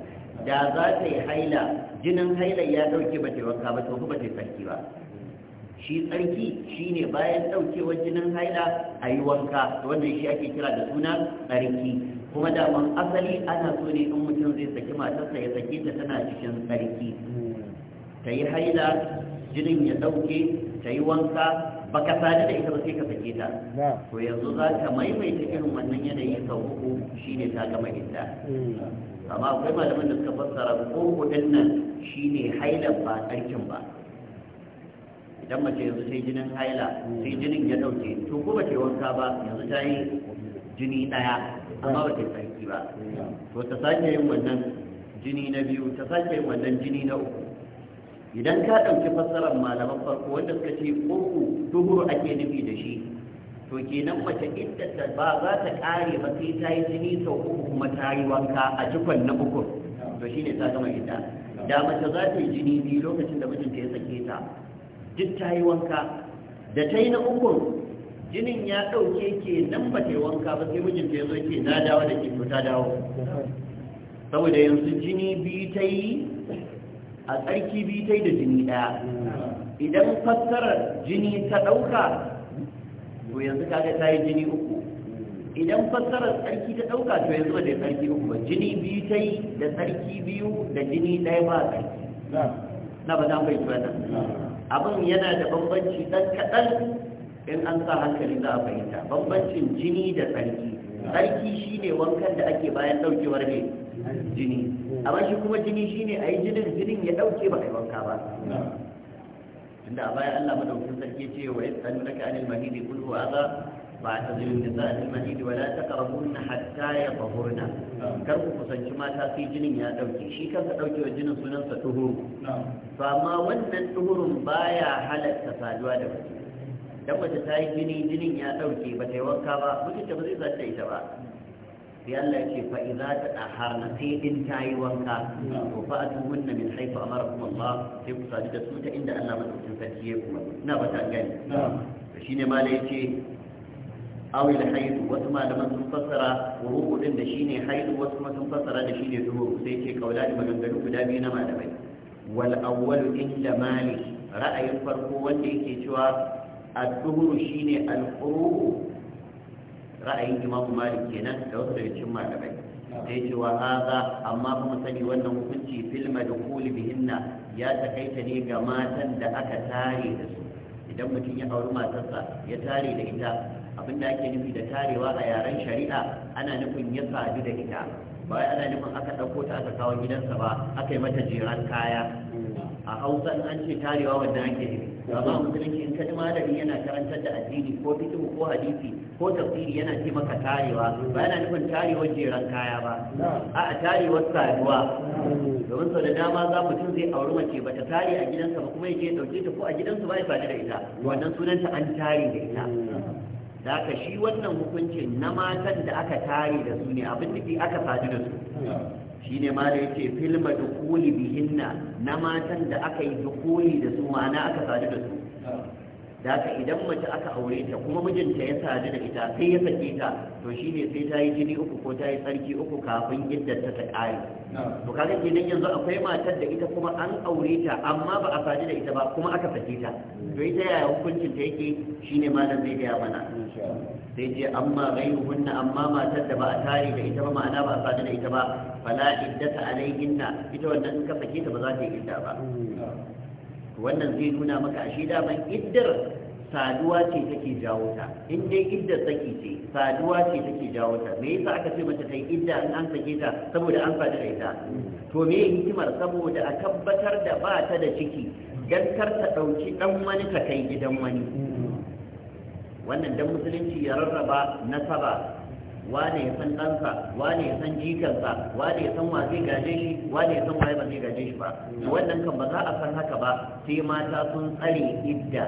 da za ta yi haila jinin haila ya dauke ba ta ba to ba ta tsarki ba shi tsarki shi ne bayan daukewar jinin haila a yi wanka wannan shi ake kira da suna tsarki kuma daman asali ana so ne in mutum zai saki matarsa ya saki ta tana cikin tsarki ta yi haila jinin ya dauke ta yi wanka ba ka sadu da ita ba sai ka sake ta to yanzu za ka maimaita irin wannan yanayi sau uku shine ta gama ita amma akwai malaman da suka fassara ko kudin nan ne hailan ba tsarkin ba idan mace yanzu sai jinin haila sai jinin ya dauke to ko ba wanka ba yanzu ta yi jini daya amma ba ta tsarki ba to ta sake yin wannan jini na biyu ta sake yin wannan jini na uku idan ka ɗauki fassarar malaman farko wanda suka ce uku duhuru ake nufi da shi to kenan mace iddata ba za ta kare ba sai ta yi jini sau uku kuma ta yi wanka a jikon na uku to shine ta gama idda da mace za ta yi jini biyu lokacin da mijinta ya sake ta duk ta yi wanka da ta yi na uku jinin ya ɗauke ke nan ba ta yi wanka ba sai mijinta ya zo ke na dawo da ke to ta dawo saboda yanzu jini biyu ta yi a tsarki biyu ta yi da jini ɗaya idan fassarar jini ta ɗauka to yanzu kaga ta yi jini uku idan fassarar tsarki ta ɗauka to yanzu ba da tsarki uku ba jini biyu ta yi da tsarki biyu da jini ɗaya ba tsarki na ba za mu bai abin yana da bambanci ɗan kaɗan in an sa hankali za a fahimta bambancin jini da tsarki tsarki shine wankan da ake bayan ɗaukewar ne jini amma shi kuma jini shine a yi jinin jinin ya ɗauke ba a yi wanka ba tunda a baya Allah madaukakin sarki ce wa yasalunaka anil mahidi qul huwa adha فاعتزلوا النساء في المهيد ولا تقربون ya يطهرن kar ku kusanci mata sai jinin ya dauki shi kanka dauke wa jinin sunansa tuhuru to amma wannan tuhurun baya halatta saduwa da mace dan mace ta yi jini jinin ya dauke ba ta yi wanka ba ta ba zai zata ita ba sai Allah ya ce fa idza ta daharna sai in tayi wanka to fa atuhunna min haythu amarakum Allah sai ku sadu da su ta inda Allah madaukakin sarki ya kuma ina ba ta gani to shine malai yace aw il haythu wasu malaman sun fassara wuru'u din da shine haythu wasu kuma sun fassara da shine zuhur sai yace kaulani maganganu guda biyu na malamai wal awwalu inda malik ra'ayin farko wanda yake cewa الظهر شيني القروء ra'ayin imamu malik kenan da wasu daga cikin malamai ce wa haza amma kuma sani wannan hukunci filma da kuli bihinna ya takaita ne ga matan da aka tare da su idan mutum ya auri matarsa ya tare da ita Abin da ake nufi da tarewa a yaren shari'a ana nufin ya sadu da ita ba ana nufin aka ɗauko ta aka kawo gidansa ba aka yi mata jeran kaya a hausan an ce tarewa wanda ake nufi da amma musulunci in kaji malami yana karantar da addini ko fikihu ko hadisi ko tafsiri yana ce maka tarewa ba yana nufin tarewar jeran kaya ba a tarewar saduwa domin sau da dama za mutum zai auri mace ba ta tare a gidansa ba kuma yake dauke ta ko a gidansu ba ya faɗi da ita wannan sunanta an tare da ita da aka shi wannan hukuncin na matan da aka tare da su ne abin da aka sadu da su shine ma da yake filma dukuli bihinna na matan da aka yi dukuli da su ma'ana aka sadu da su da haka idan mace aka aure ta kuma mijinta ya sadu da ita sai ya sake ta to shine sai ta yi jini uku ko ta yi tsarki uku kafin iddarta ta ƙare to kaga kenan yanzu akwai matar da ita kuma an aure ta amma ba a sadu da ita ba kuma aka sake ta to ita yaya hukuncin ta yake shine malam zai gaya mana sai ce amma ghayruhunna amma matar da ba a tare da ita ba ma'ana ba a sadu da ita ba fala iddata alaihinna ita wannan in ka sake ta ba za ta yi idda ba wannan zai nuna maka ashe daman iddar saduwa ce take jawo ta in dai iddar saki ce saduwa ce take jawo ta me yasa aka ce mata ta yi idda in an sake ta saboda an faɗi da ita to me hikimar saboda a tabbatar da ba ta da ciki dan kar ta dauki dan wani ka kai gidan wani wannan dan musulunci ya rarraba nasaba wane ya san ɗansa wane ya san jikansa wane ya san wa gaje shi wane ya san waye ba zai gaje shi ba wannan kan ba za a san haka ba sai mata sun tsare idda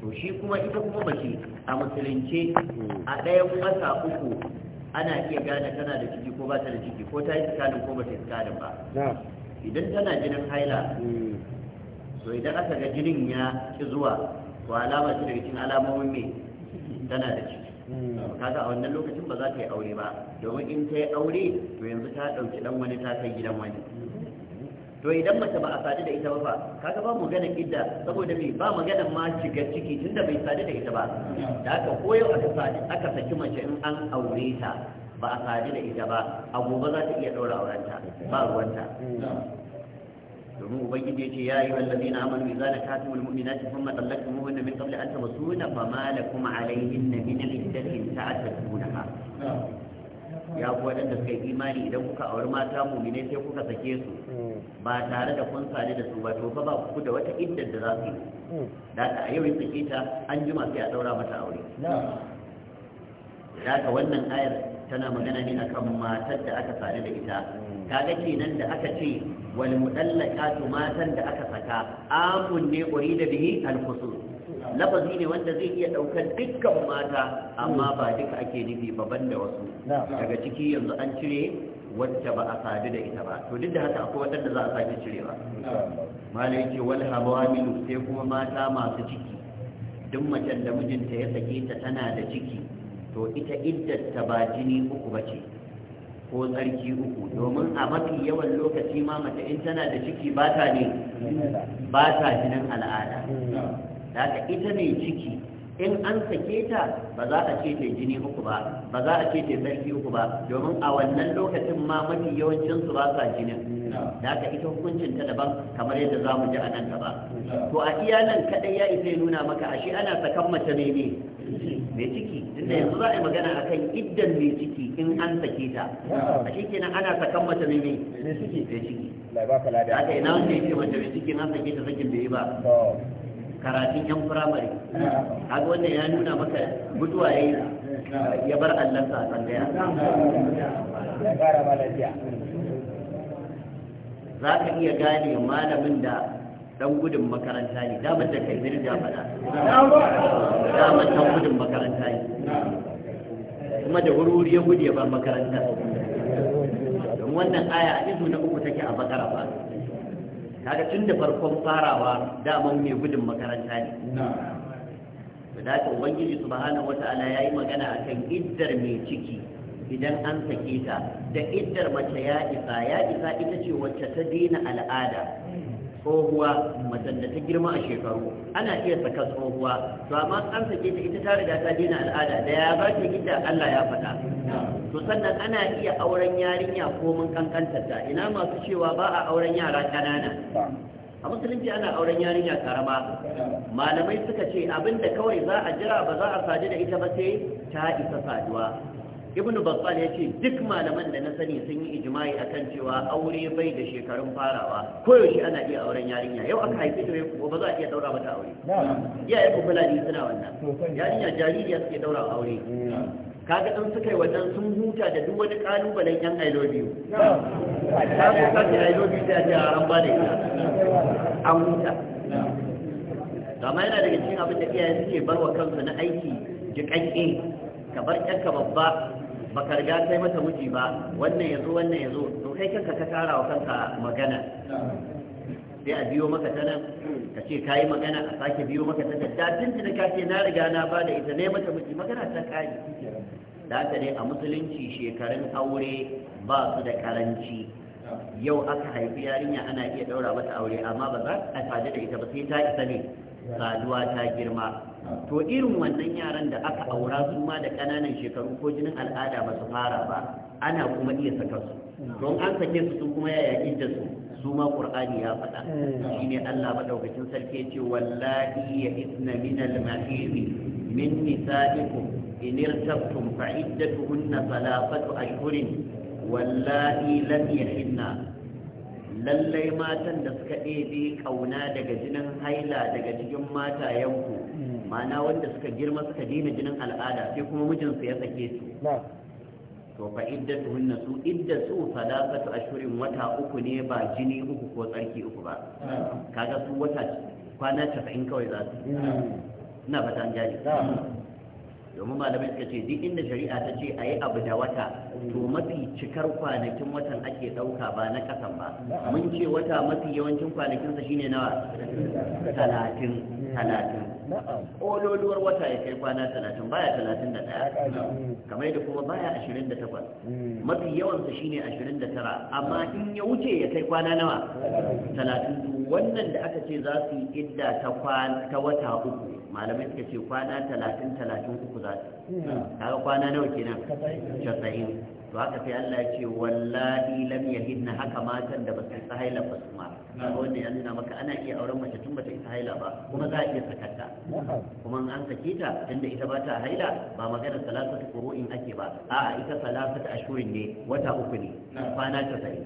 to shi kuma ita kuma mace a musulunce a ɗaya wata uku ana iya gane tana da ciki ko ba ta da ciki ko ta yi tsakanin ko ba ta yi tsakanin ba idan tana jinin haila hmm. to idan aka ga jinin ya ki zuwa to alama ce daga cikin alamomin me tana da ciki Hmm. kaga a wannan lokacin ba za ta yi aure ba domin in ta yi aure to yanzu ta ɗauki ɗan wani ta kai gidan wani to idan mace ba a sadu da ita ba fa kaga ba magana idda saboda me ba magana ma shiga ciki tunda bai sadu da ita ba da haka ko yau aka sadu aka saki mace in an aure ta ba a sadu da ita ba a gobe za ta iya ɗaura aurenta ba ruwanta hmm. domin ubangiji ya ce ya yi wallazi na amanu idza nakatum almu'minati thumma talaqtumuhunna min qabli an tamassuna fama lakum alayhinna min iddatin ta'tadunaha ya ku waɗanda suka yi imani idan kuka auri mata muminai sai kuka sake su ba tare da kun sadu da su ba to fa ba ku da wata iddar da za su yi da ka a yau ya sake ta an jima sai a ɗaura mata aure da ka wannan ayar tana magana ne akan matar da aka sadu da ita kaga kenan da aka ce wal mudallaqatu matan da aka saka amun ne urida bihi al lafazi ne wanda zai iya ɗaukar dukkan mata amma ba duka ake nufi baban da wasu daga ciki yanzu an cire wacce ba a sadu da ita ba to duk da haka akwai da za a sake cirewa malai ce wal hawamilu sai kuma mata masu ciki duk macen da mijinta ya sake ta tana da ciki to ita ta ba jini uku bace ko tsarki uku domin a mafi yawan lokaci ma mace in tana da ciki ba ta ne ba ta jinin al'ada ka ita ne ciki in an sake ta ba za a ce ta jini uku ba ba za a ce ta tsarki uku ba domin a wannan lokacin ma mafi yawancin su ba sa jinin da ka ita hukuncin ta daban kamar yadda za mu ji a nan gaba to a iya nan kadai ya isa ya nuna maka ashe ana sakan mace ne ne mai ciki da yanzu za a yi magana a kan iddan mai ciki in an sake ta a shi kenan ana sakan mace mai mai mai ciki mai ciki haka ina wanda ya ciki mace mai ciki an sake ta sakin bai yi ba karatun yan firamare haka wannan ya nuna maka mutuwa ya yi ya bar allansa a tsangaya za ka iya gane malamin da dan gudun makaranta ne damar da kai zirga fada damar dan gudun makaranta ne kuma da wuri ya gudu ya bar makaranta don wannan aya izu na uku take a bakara ba kaga tun da farkon farawa daman mai gudun makaranta ne da ka ubangiji ala wata'ala yi magana a kan iddar mai ciki idan an sake ta da iddar mace ya isa ya isa ita ce wacce ta daina al'ada tsohuwa macen da ta girma a shekaru ana iya saka tsohuwa to amma an sake ta ita ta riga ta dina al'ada da ya ba ta gida Allah ya faɗa to sannan ana iya auren yarinya ko mun kankanta ta ina masu cewa ba a auren yara kanana a musulunci ana auren yarinya karama malamai suka ce abinda kawai za a jira ba za a sadu da ita ba sai ta isa saduwa ibnu battal yace duk malaman da na sani sun yi ijma'i akan cewa aure bai da shekarun farawa koyaushe ana iya auren yarinya yau aka haife ta ba za a iya daura mata aure iyaye kuma ladi suna wannan yarinya jaririya suke daura aure kaga dan suka yi wannan sun huta da duk wani kalubalen yan I love you ta ko ka ce I love you sai ce an ba da ita an huta amma yana daga cikin abin da iyaye suke barwa kansu na aiki jiƙaƙƙe ka bar ɗanka babba baka riga kai mata miji ba wannan yazo wannan yazo to kai kanka ka tara wa kanka magana sai a biyo maka ta nan ka ce ka magana a sake biyo maka ta nan da ka ce na riga na ba da ita ne mata miji magana ta kai da haka ne a musulunci shekarun aure ba su da karanci yau aka haifi yarinya ana iya daura mata aure amma ba za a sadu da ita ba sai ta isa ne saduwa ta girma to irin wannan yaran da aka aura su ma da ƙananan shekaru ko jinin al'ada ba su fara ba ana kuma iya saka su don an sake su sun kuma yaya yaƙi su su ma ƙur'ani ya faɗa eh. shi ne allah maɗaukacin sarki ce wallahi ya isna min al-mahiri min nisa'ikum in irtabtum fa iddatuhunna thalathatu ashhurin wallahi lam yahinna lallai matan da suka ɗebe ƙauna daga jinin haila daga cikin mata, yanku. ma'ana wanda suka girma suka dina jinin al'ada sai kuma mijinsu ya sake su to fa hunna su iddatu salasatu ashhurin wata uku ne ba jini uku ko tsarki uku ba kaga su wata kwana 90 kawai za su ina fata an gane domin malamai suka ce duk inda shari'a ta ce a yi abu da wata to mafi cikar kwanakin watan ake ɗauka ba na ƙasan ba mun ce wata mafi yawancin kwanakinsa shine nawa talatin talatin ƙololuwar wata ya kai kwana talatin baya talatin da ɗaya kamar da kuma baya ashirin da takwas hmm. mafi yawansa shine ashirin da tara amma in ya wuce ya kai kwana nawa talatin wannan da aka ce za su yi idda ta wata uku malamai suka ce kwana talatin talatin uku za su hmm. kaga kwana nawa kenan casa'in to haka sai Allah ya ce wallahi lam yahidna haka matan da basu isa haila ba su ma hmm. wanda ya nuna maka ana iya auren mace tun bata isa haila ba kuma za a iya sakarta hmm. kuma an sake ta tunda ita ba ta haila ba magana salasatu qur'in ake ba a'a ita salasatu ashurin ne wata uku ne kwana casa'in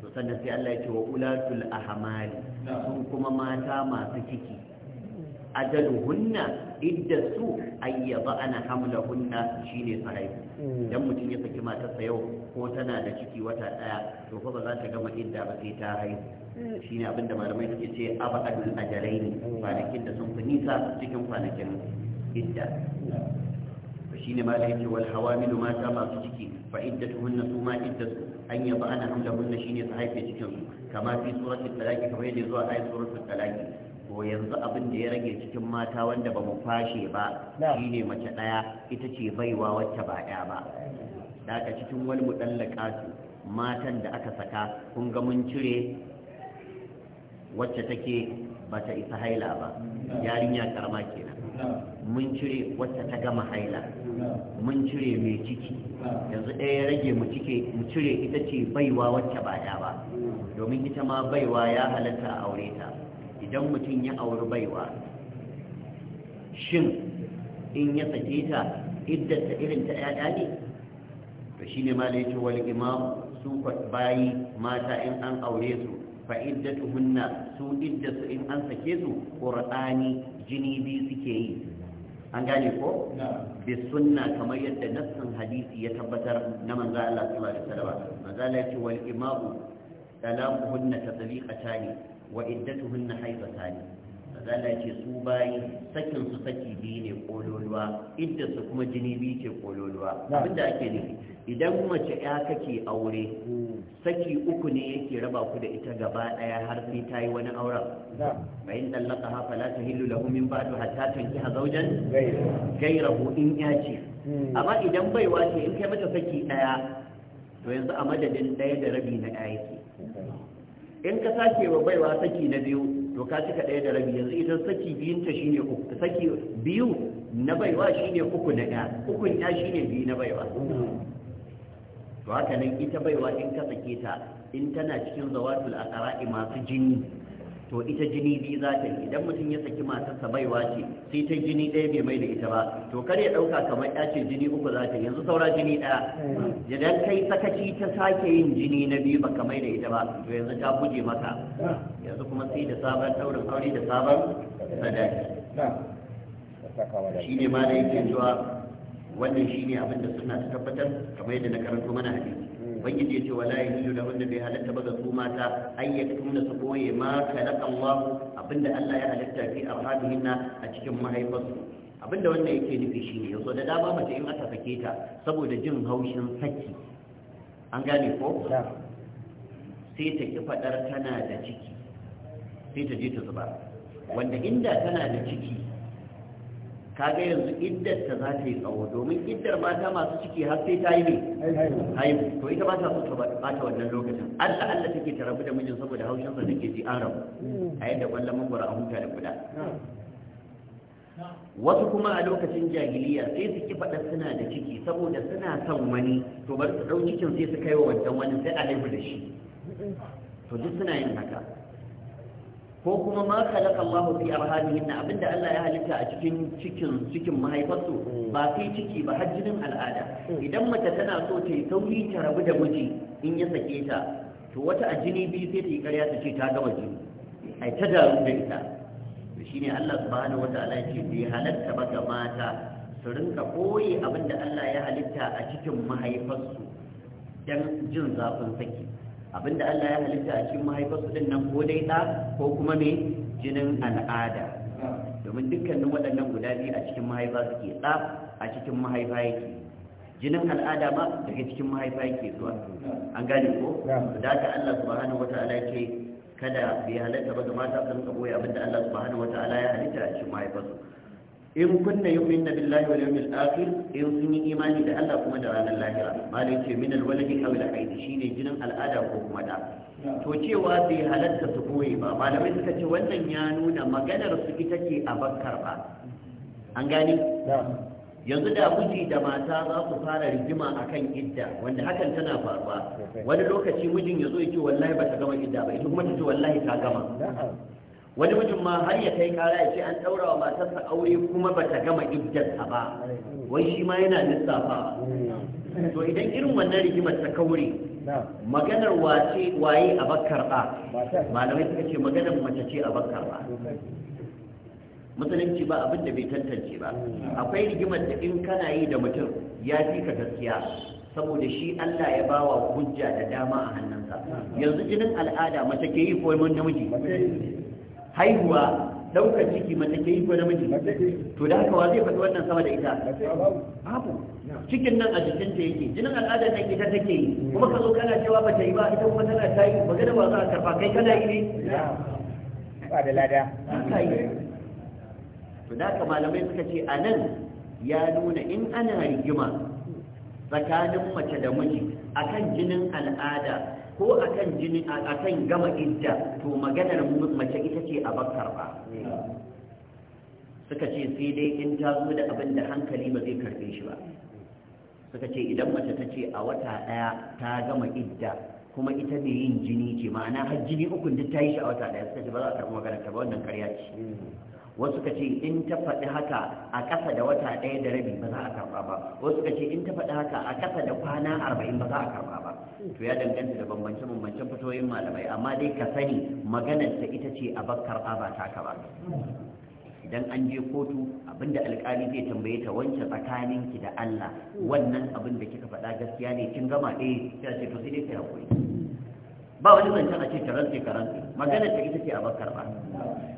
to sannan sai Allah ya ce wa ulatul ahmali sun kuma mata masu ciki ajaluhunna iddasu ay yadana hamlahunna shine sarai hmm. dan mutum ya saki matarsa yau ko tana da ciki wata daya to kuma ba za ta gama idda ba sai ta haihu hmm. shine abinda malamai suke ce abadul ne, hmm. kwanakin da sun fi nisa cikin kwanakin idda shine ne da ce wal hawamilu mata masu ciki fa iddatuhunna suma iddatu an yaba ana hamlahunna shine su haife cikin su kama fi suratul talaqi kamar yadda zuwa ayat suratul talaqi ko yanzu abin da ya rage cikin mata wanda ba mu kwashe ba shine mace ɗaya ita ce baiwa wacce ba ɗaya ba daga cikin wani mudallaka su matan da aka saka kun ga mun cire wacce take bata isa haila ba yarinya karama kenan mun cire wacce ta gama haila mun cire mai ciki yanzu ɗaya ya rage mu cike mu cire ita ce baiwa wacce ba ya ba domin ita ma baiwa ya halatta a aure ta idan mutum ya auri baiwa shin in ya sake ta iddata irin ta yada ne to shine ma da yake wal imam su bayi mata in an aure su fa iddatuhunna su iddatu in an sake su qur'ani jini bi suke yi an gane ko bi sunna kamar yadda nassan hadisi ya tabbatar na manzo Allah sallallahu alaihi wasallam manzo Allah ce wal imam ta tadliqatani wa iddatuhunna haifa tani zala ce su bayi sakin su saki biyu ne kololuwa idda su kuma jini biyu ce kololuwa abinda ake nufi idan mace ya kake aure hmm. saki uku ne yake raba ku da ita gaba daya har sai ta yi wani auren bayan dallaka ha fala ta hillu lahu min ba'du hatta tankiha Gaira gairahu in ya ce hmm. amma idan baiwa ce in kai mata saki daya to yanzu a madadin daya da rabi na ya yake in ka sake wa baiwa saki na biyu to ka cika ɗaya da rabi yanzu idan saki biyun ta shine uku saki biyu na baiwa shine uku na ɗaya ukun ya shine biyu na baiwa to haka nan ita baiwa in ka sake ta in tana cikin zawatul aqra'i masu jini to ita jini biyu za ta yi idan mutum ya saki matarsa baiwa ce sai ta jini ɗaya bai mai da ita ba to kar ya ɗauka kamar ya ce jini uku za ta yi yanzu saura jini ɗaya hmm. idan kai sakaci ta sake yin jini na biyu baka mai da ita ba to yanzu ta buje maka hmm. yanzu kuma sai da sabon ɗaurin aure da sabon sadaki hmm. shi ne ma da yake wannan shi ne abin da suna tabbatar kamar yadda na karanto mana hadisi ubangiji ya ce wala yahillu da wanda bai halatta ba ga su mata an yaktumna su boye ma khalaqa Allah abinda Allah ya halatta fi arhamihinna a cikin mahaifarsu abinda wanda yake nufi shine yaso da dama mace in aka sake ta saboda jin haushin saki an gane ko sai ta ki fadar tana da ciki sai ta je ta zuba wanda inda tana da ciki kaga yanzu iddar ta za ta yi tsawo domin iddar mata masu ciki har sai ta yi ne haihu to ita ba ta so ta wannan lokacin Allah Allah take ta rabu da mijin saboda haushin sa take ji an rabu a yadda kwallon mangwaro a huta da guda wasu kuma a lokacin jahiliya sai su ki faɗa suna da ciki saboda suna son wani to bar su ɗau cikin sai su kai wa wancan wani sai a haihu da shi to duk suna yin haka ko kuma ma kalaka Allahu fi na abinda Allah ya halitta a cikin cikin cikin mahaifarsu hmm. ba kai ciki ba har jinin al'ada hmm. idan mace tana so ta yi sauri ta rabu da miji in ya sake ta to wata a jini biyu sai ta yi ƙarya ta ce ta gama jini ai ta daru da ita to shine Allah subhanahu wata'ala ya ce bai halatta ba ga mata su rinka koyi abinda Allah ya halitta a cikin mahaifarsu dan jin zafin saki abinda Allah ya halitta a cikin mahaifarsu din nan ko dai ɗa ko kuma me jinin al'ada domin dukkanin waɗannan guda biyu a cikin mahaifa suke ɗa a cikin mahaifa yake jinin al'ada ma daga cikin mahaifa yake zuwa an gane ko da haka Allah subhanahu wata'ala ke. kada bai halatta ba da mata sun rinka boye abinda Allah subhanahu wata'ala ya halitta a cikin mahaifarsu in kunna yu'minna billahi wal yawmil akhir in sun yi imani da Allah kuma da ranar lahira malai ce min alwaladi aw al shine jinin al'ada ko kuma da to cewa bai halatta su koyi ba malamai suka ce wannan ya nuna maganar su ita ce a bakkar ba an gani yanzu da miji da mata za ku fara rigima akan idda wanda hakan tana faruwa wani lokaci mijin ya zo ya ce wallahi ba ta gama idda ba ita kuma ta ce wallahi ta gama wani mijin ma har ya kai kara ya ce an ɗaura wa matarsa aure kuma ba ta gama iddarsa ba wai shi ma yana lissafa to idan irin wannan rigimar ta kaure maganar wace waye a bakkar ba malamai suka ce maganar mace ce a bakkar ba musulunci ba abin da bai tantance ba akwai rigimar da in kana yi da mutum ya fi ka gaskiya saboda shi Allah ya bawa hujja da dama a hannunsa yanzu jinin al'ada mace ke yi ko namiji haihuwa daukar ciki mace ke yi ko namiji to da haka wa zai faɗi wannan sama da ita babu cikin nan a jikin ta yake jinin al'ada nan ita take yi kuma ka zo kana cewa ba ta yi ba ita kuma tana ta yi magana ba za a karfa kai kana yi ne ba da lada to da haka malamai suka ce a nan ya nuna in ana rigima tsakanin mace da miji akan jinin al'ada ko akan jini akan gama idda to maganar mace ita ce a bakar ba suka ce sai dai in ta zo da abin da hankali ba zai karbe shi ba suka ce idan mace ta ce a wata daya ta gama idda kuma ita mai yin jini ce ma'ana har jini ukun duk ta yi shi a wata daya suka ce ba za a karɓi maganar ta ba wannan karya ce wasu ka ce in ta faɗi haka a ƙasa da wata ɗaya da rabi ba za a karɓa ba wasu ka ce in ta faɗi haka a ƙasa da kwana arba'in ba za a karɓa ba to ya danganta da bambance bambancen fitoyin malamai amma dai ka sani maganar ta ita ce a bar karɓa ba ta ka ba idan an je kotu abinda alƙali zai tambaye ta wance tsakaninki da Allah wannan abin da kika faɗa gaskiya ne kin gama ɗaya eh. sai ce to sai dai kai hakuri ba wani zancen a ce karance karance magana ta ita ce a bakar ba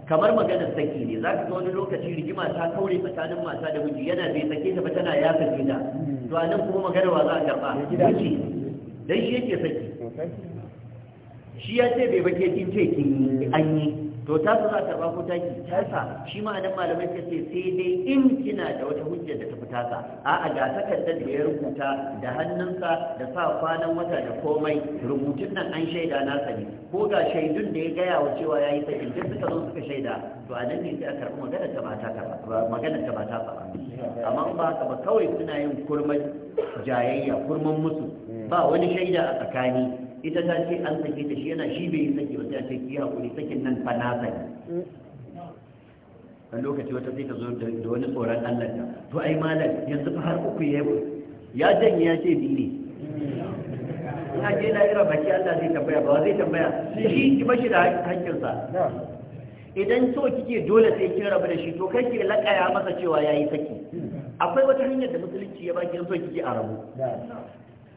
kamar maganar saki ne za ka ga wani lokaci rigima ta kaure tsakanin mata da miji yana bai sake ta ba tana ya sake to a nan kuma magana wa za a karba miji dan shi yake saki shi ya ce bai bake kin ce kin an yi to ta su za ta ba ko taki sa shi ma malamai ta ce sai dai in kina da wata hujja da ta fita ka a'a ga takardar da ya rubuta da hannunsa da sa kwanan wata da komai rubutun nan an shaida na sani ko ga shaidun da ya gaya wa cewa ya yi sakin in suka zo suka shaida to a nan ne sai a karɓi maganar ta ba ta maganar ta ba ta faɗa amma ba ka ba kawai suna yin kurman jayayya kurman musu ba wani shaida a tsakani ita ta ce an sake ta shi yana shi bai yi sake ba sai a ce ki hakuri sakin nan fa na sani A lokaci wata sai ta zo da wani tsoron Allah ta to ai malam yanzu fa har uku ya yi ya janye ya ce bi ne ya je na ira baki Allah zai tambaya ba zai tambaya shi ki bashi da hankinsa. idan so kike dole sai kin rabu da shi to kai ki laƙaya masa cewa yayi saki akwai wata hanyar da musulunci ya baki so kike a rabu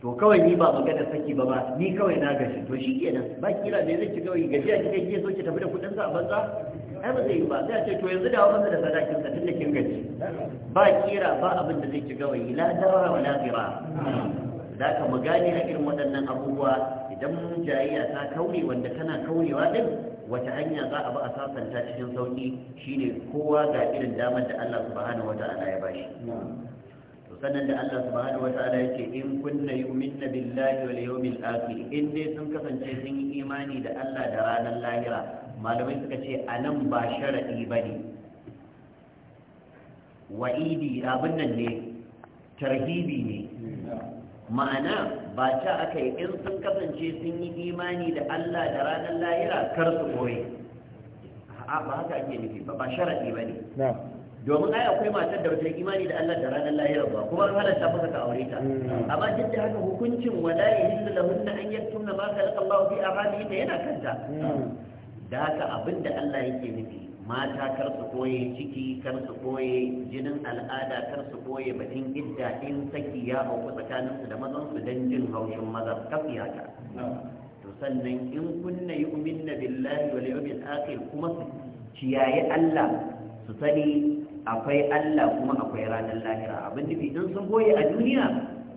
to kawai ni ba magana saki ba ba ni kawai na gashi to shi kenan ba kira ne zai ci kawai gashi a cikin ke so tafi da kudin sa a banza ai ba zai yi ba ce to yanzu masa da sadakin sa tun da kin gaji ba kira ba abin da zai ci kawai la dara wa la qira da ka mu gane a irin waɗannan abubuwa idan jayayya ta kaure wanda tana kaurewa din wata hanya za a ba a sasanta cikin sauki shine kowa ga irin damar da Allah subhanahu wataala ya bashi sannan da Allah subhanahu wataala yake in kunna yu'minna billahi wal yawmil akhir in dai sun kasance sun yi imani da Allah da ranar lahira malamai suka ce anan ba sharadi bane wa'idi abin nan ne tarhibi ne ma'ana ba ta aka yi in sun kasance sun yi imani da Allah da ranar lahira kar su koye a ba haka ake nufi ba ba sharadi bane na'am domin ai akwai matar da wata imani da Allah da ranar lahira ba kuma an halatta maka ka aure ta hmm. amma duk da haka hukuncin wala'i yahillu lahunna an yaktumna ma khalaqa Allahu fi ta yana kanta hmm. da haka abinda Allah yake nufi mata kar su koye ciki kar su koye jinin al'ada kar su koye batun idda in saki ya auku tsakanin su da mazan su dan jin haushin mazan kafiya ta hmm. to sannan in kunna yu'minna billahi wal yawmil akhir kuma su kiyaye Allah su sani akwai Allah kuma akwai ranar lahira abin nufi don sun goye a duniya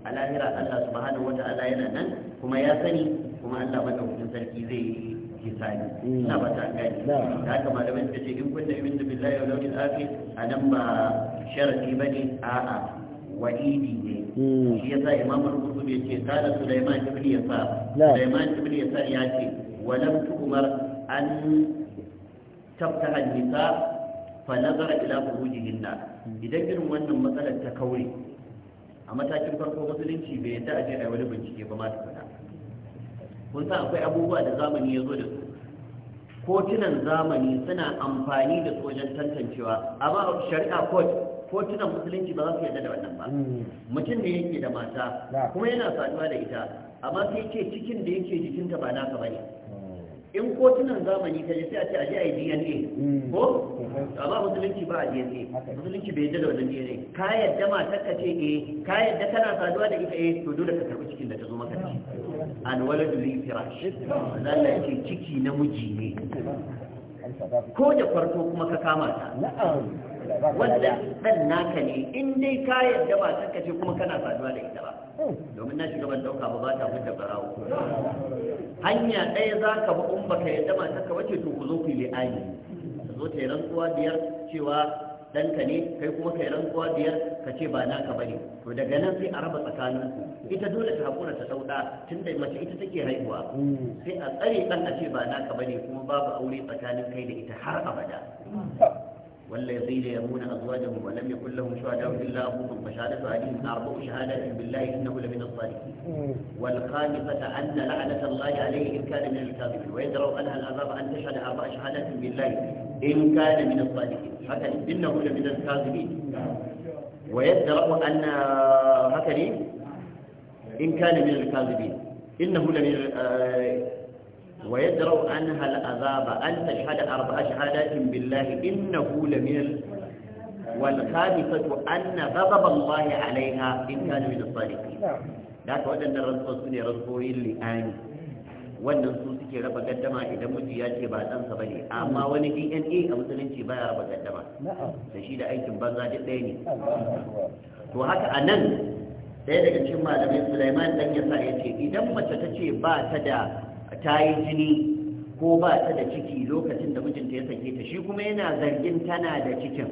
a lahira Allah subhanahu wata'ala yana nan kuma ya sani kuma Allah bata madaukakin sarki zai yi hisabi ina ba ta gani da haka malamai suka ce in kunna yumin da billahi wa lawil a nan ba sharadi bane a'a wa'idi ne hmm. shi yasa imamu al-qurtubi yace kana sulaiman ibn yasa sulaiman ibn yasa ya ce wa lam tu'mar an tabtaha an-nisa fa nazara ila furujihinna idan irin wannan matsalar ta kaure a matakin farko musulunci bai yadda a je a wani bincike ba ma tukuna kun san akwai abubuwa da zamani ya zo da su kotunan zamani suna amfani da sojan tantancewa amma shari'a court kotunan musulunci ba za su yarda da wannan ba hmm. mutum ne yake da mata kuma yana saduwa da ita amma sai ce cikin da yake jikinta ba naka bane in kotunan zamani ta ce sai a ce a je a yi dna hmm. ko ba musulunci ba a dna musulunci bai yadda da wannan dna ka yadda mata ka ce eh ka yadda kana saduwa da ita eh to dole ka karbi cikin da ta zo maka ci an wala duli firash zalla ce ciki namiji ne ko da farko kuma ka kama ta wanda ɗan naka ne in dai ka yadda ba ta kace kuma kana saduwa da ita ba domin na shiga ban dauka ba ba ta da barawo hanya ɗaya za ka ba in baka yadda ba ta ka ce to ku zo ku yi li'ani ka zo ta yi rantsuwa biyar cewa ka ne kai kuma ka yi rantsuwa biyar ka ce ba naka ba ne to daga nan sai a raba tsakanin ku ita dole ta haƙura ta sauɗa tun da mace ita take haihuwa sai a tsare ɗan a ce ba naka ba ne kuma babu aure tsakanin kai da ita har abada والذين يرمون أزواجهم ولم يكن لهم شهداء إلا أنفسهم فشهادة عليهم أربع شهادات بالله إنه لمن الصالحين والخامسة أن لعنة الله عليه إن كان من الكاذبين ويدروا أنها العذاب أن تشهد أربع شهادات بالله إن كان من الصالحين حتى إنه لمن الكاذبين ويدروا أن هكذا إن كان من الكاذبين إنه لمن ويدرأ عنها العذاب أن تشهد أربع شهادات بالله إنه لمن والخامسة أن غضب الله عليها إن كان من الصادقين ذاك وأن الرزق سنة رزقه اللي wannan su suke raba gaddama idan miji ya ce ba ɗansa ba ne amma wani dna a musulunci baya ya raba gaddama da shi da aikin banza duk ɗaya ne to haka a nan ɗaya daga cikin malamai sulaiman dan yasa ya ce idan mace ta ce ba ta da ta yi jini ko ba ta da ciki lokacin da mijinta ya sake ta shi kuma yana zargin tana da cikin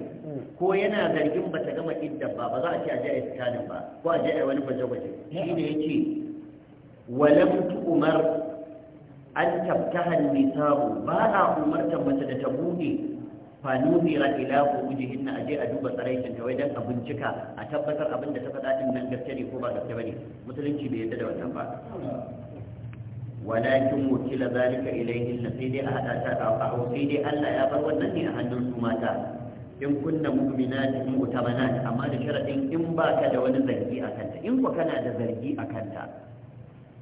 ko yana zargin ba ta gama idda ba ba za a ce a je a iskanin ba ko a je a wani gwaje-gwaje shi ne ya ce walam umar an tabtaha nisabu ba a umarta mace da ta bude fanuzira ila fujihin a je a duba tsaraicin ta wai dan a bincika a tabbatar abin da ta faɗa din nan gaske ne ko ba gaske ba ne? musulunci bai yadda da wannan ba walakin wakila zalika ilayhin sai dai a hada ta a sai dai Allah ya bar wannan ne a hannun su mata in kunna mu'minat mu'tamanat amma da sharadin in ba ka da wani zargi a kanta in ko kana da zargi a kanta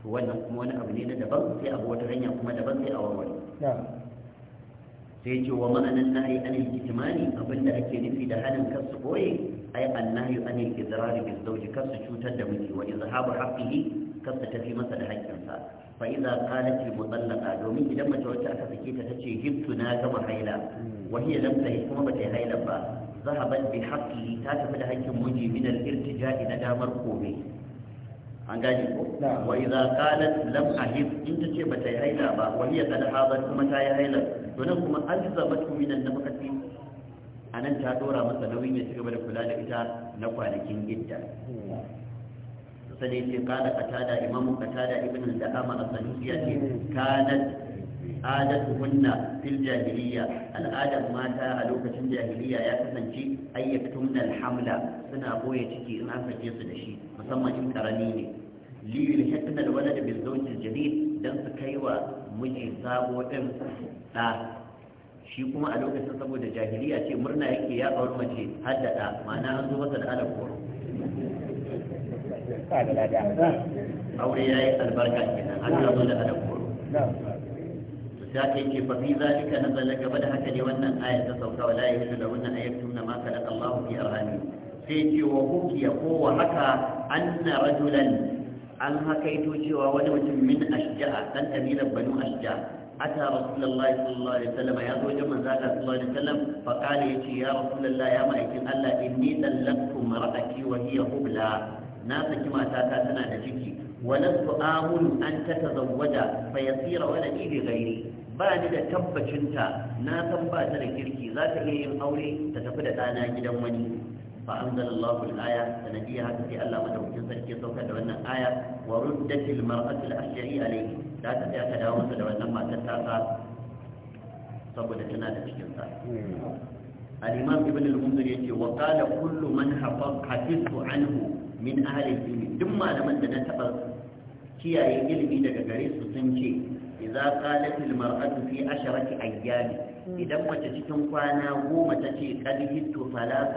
to wannan kuma wani abu ne na daban sai abu wata hanya kuma daban sai a warware sai ce wa ma'anan nahi anil kitimani abinda ake nufi da hanin su boye ai annahi anil idrari bil zawji su cutar da miji wa izhabu haqqihi kasta ta fi masa da haƙƙinsa fa iza qalat al mutallaqa domin idan mace wacce aka sake ta tace hibtu na gama haila wa hiya lam tahi kuma bata haila ba zahabat bi haqqi ta tafi da haƙƙin miji min al irtija'i na damar kome an gane ko wa idza qalat lam ahib in tace bata yi haila ba wa hiya qad hadat kuma ta yi haila to nan kuma alzabat min an nafaqati anan ta dora masa nauyin ya ci gaba da kula da ita na kwanakin idda hmm. sai ce kada katada imamu katada ibn al-da'ama as-saniyya ce hmm. kanat adatuhunna fil jahiliya al'adar mata a lokacin jahiliya ya kasance ayyaktumna hamla suna boye ciki in an sake su da shi musamman in karami ne li yulhiqna alwalad bil zawj aljadid dan su kaiwa miji sabo din da shi kuma a lokacin saboda jahiliya ce murna yake ya aure mace haddada ma'ana an zo masa da alaf sa da lada aure yayi albarka kenan an da adam koro ke ta fa fi zalika nazala gaba da haka ne wannan aya ta sauka wala wannan lahunna an yaktumna ma khalaqa Allahu fi arhamihim sai ce wa hukiya ko wa haka anna rajulan an hakaito cewa wani mutum min ashja'a dan kabilar banu ashja'a أتى رسول الله صلى الله عليه وسلم يا زوج من ذاك صلى الله عليه وسلم فقال يا رسول الله يا مائكين ألا إني طلقت امرأتي وهي هبلى na saki matata tana da ciki su amulu an ta tazawwaja fa yasira wani bi gairi? ba ni da tabbacinta na san ba ta da kirki za ta iya yin aure ta tafi da ɗana gidan wani fa anzalallahu al-aya sanadiyya haka sai Allah madaukakin sarki ya saukar da wannan aya wa ruddatil mar'atu al-ashri alayhi da ta ka dawo masa da wannan matar ta saboda tana da cikinsa. sa hmm. al-imam ibn al-munzir yace wa qala kullu man min ahalin ilmi duk malaman da na taɓa kiyaye ilimi daga gare su sun ce idza qalat al mar'atu fi asharati ayyami idan mace cikin kwana goma ta ce qad hittu fala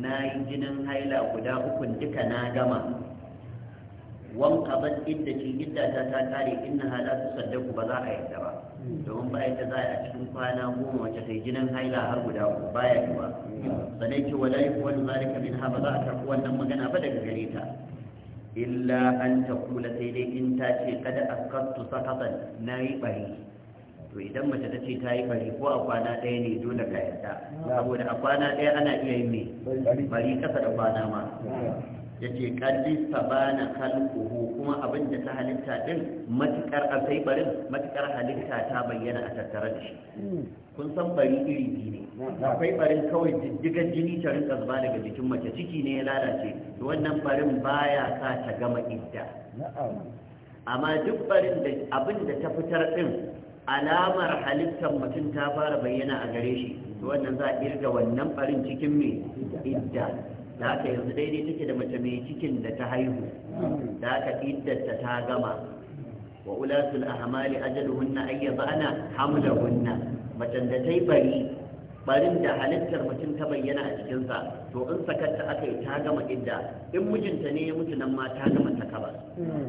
na yi jinin haila guda uku duka na gama wanqadat iddati iddata ta kare su la ku ba za a yadda ba domin ba yadda za a cikin kwana goma wacce kai jinin haila har guda uku baya yiwa sanai ce wala yuqbalu ka minha ba za a karɓi wannan magana ba daga gare ta illa an taqula sai dai in ta ce kada askattu sakatan yi bari to idan mace ta ce ta yi bari ko a kwana ɗaya ne dole ka yadda saboda a kwana ɗaya ana iya yin me bari kasa da kwana ma ya ce ƙaddi sabana kalkuhu kuma abin da ta halitta din matikar sai barin matukar halitta ta bayyana a tattare da shi kun san bari iri biyu ne akwai barin kawai jijjigar jini ta rinka zuba daga jikin mace ciki ne ya lalace to wannan barin baya sa ta gama idda amma duk barin da abin da ta fitar din alamar halittar mutum ta fara bayyana a gare shi wannan za a irga wannan barin cikin mai idda da aka yanzu daidai take da mace mai cikin da ta haihu da aka iddata ta gama wa ulatul ahmali ajaluhunna ayya ba'ana hamlahunna macen da ta yi bari barin da halittar mutum ta bayyana a cikinsa to in sakatta aka yi ta gama idda in mijinta ne ya mutu nan ma ta gama ta kaba.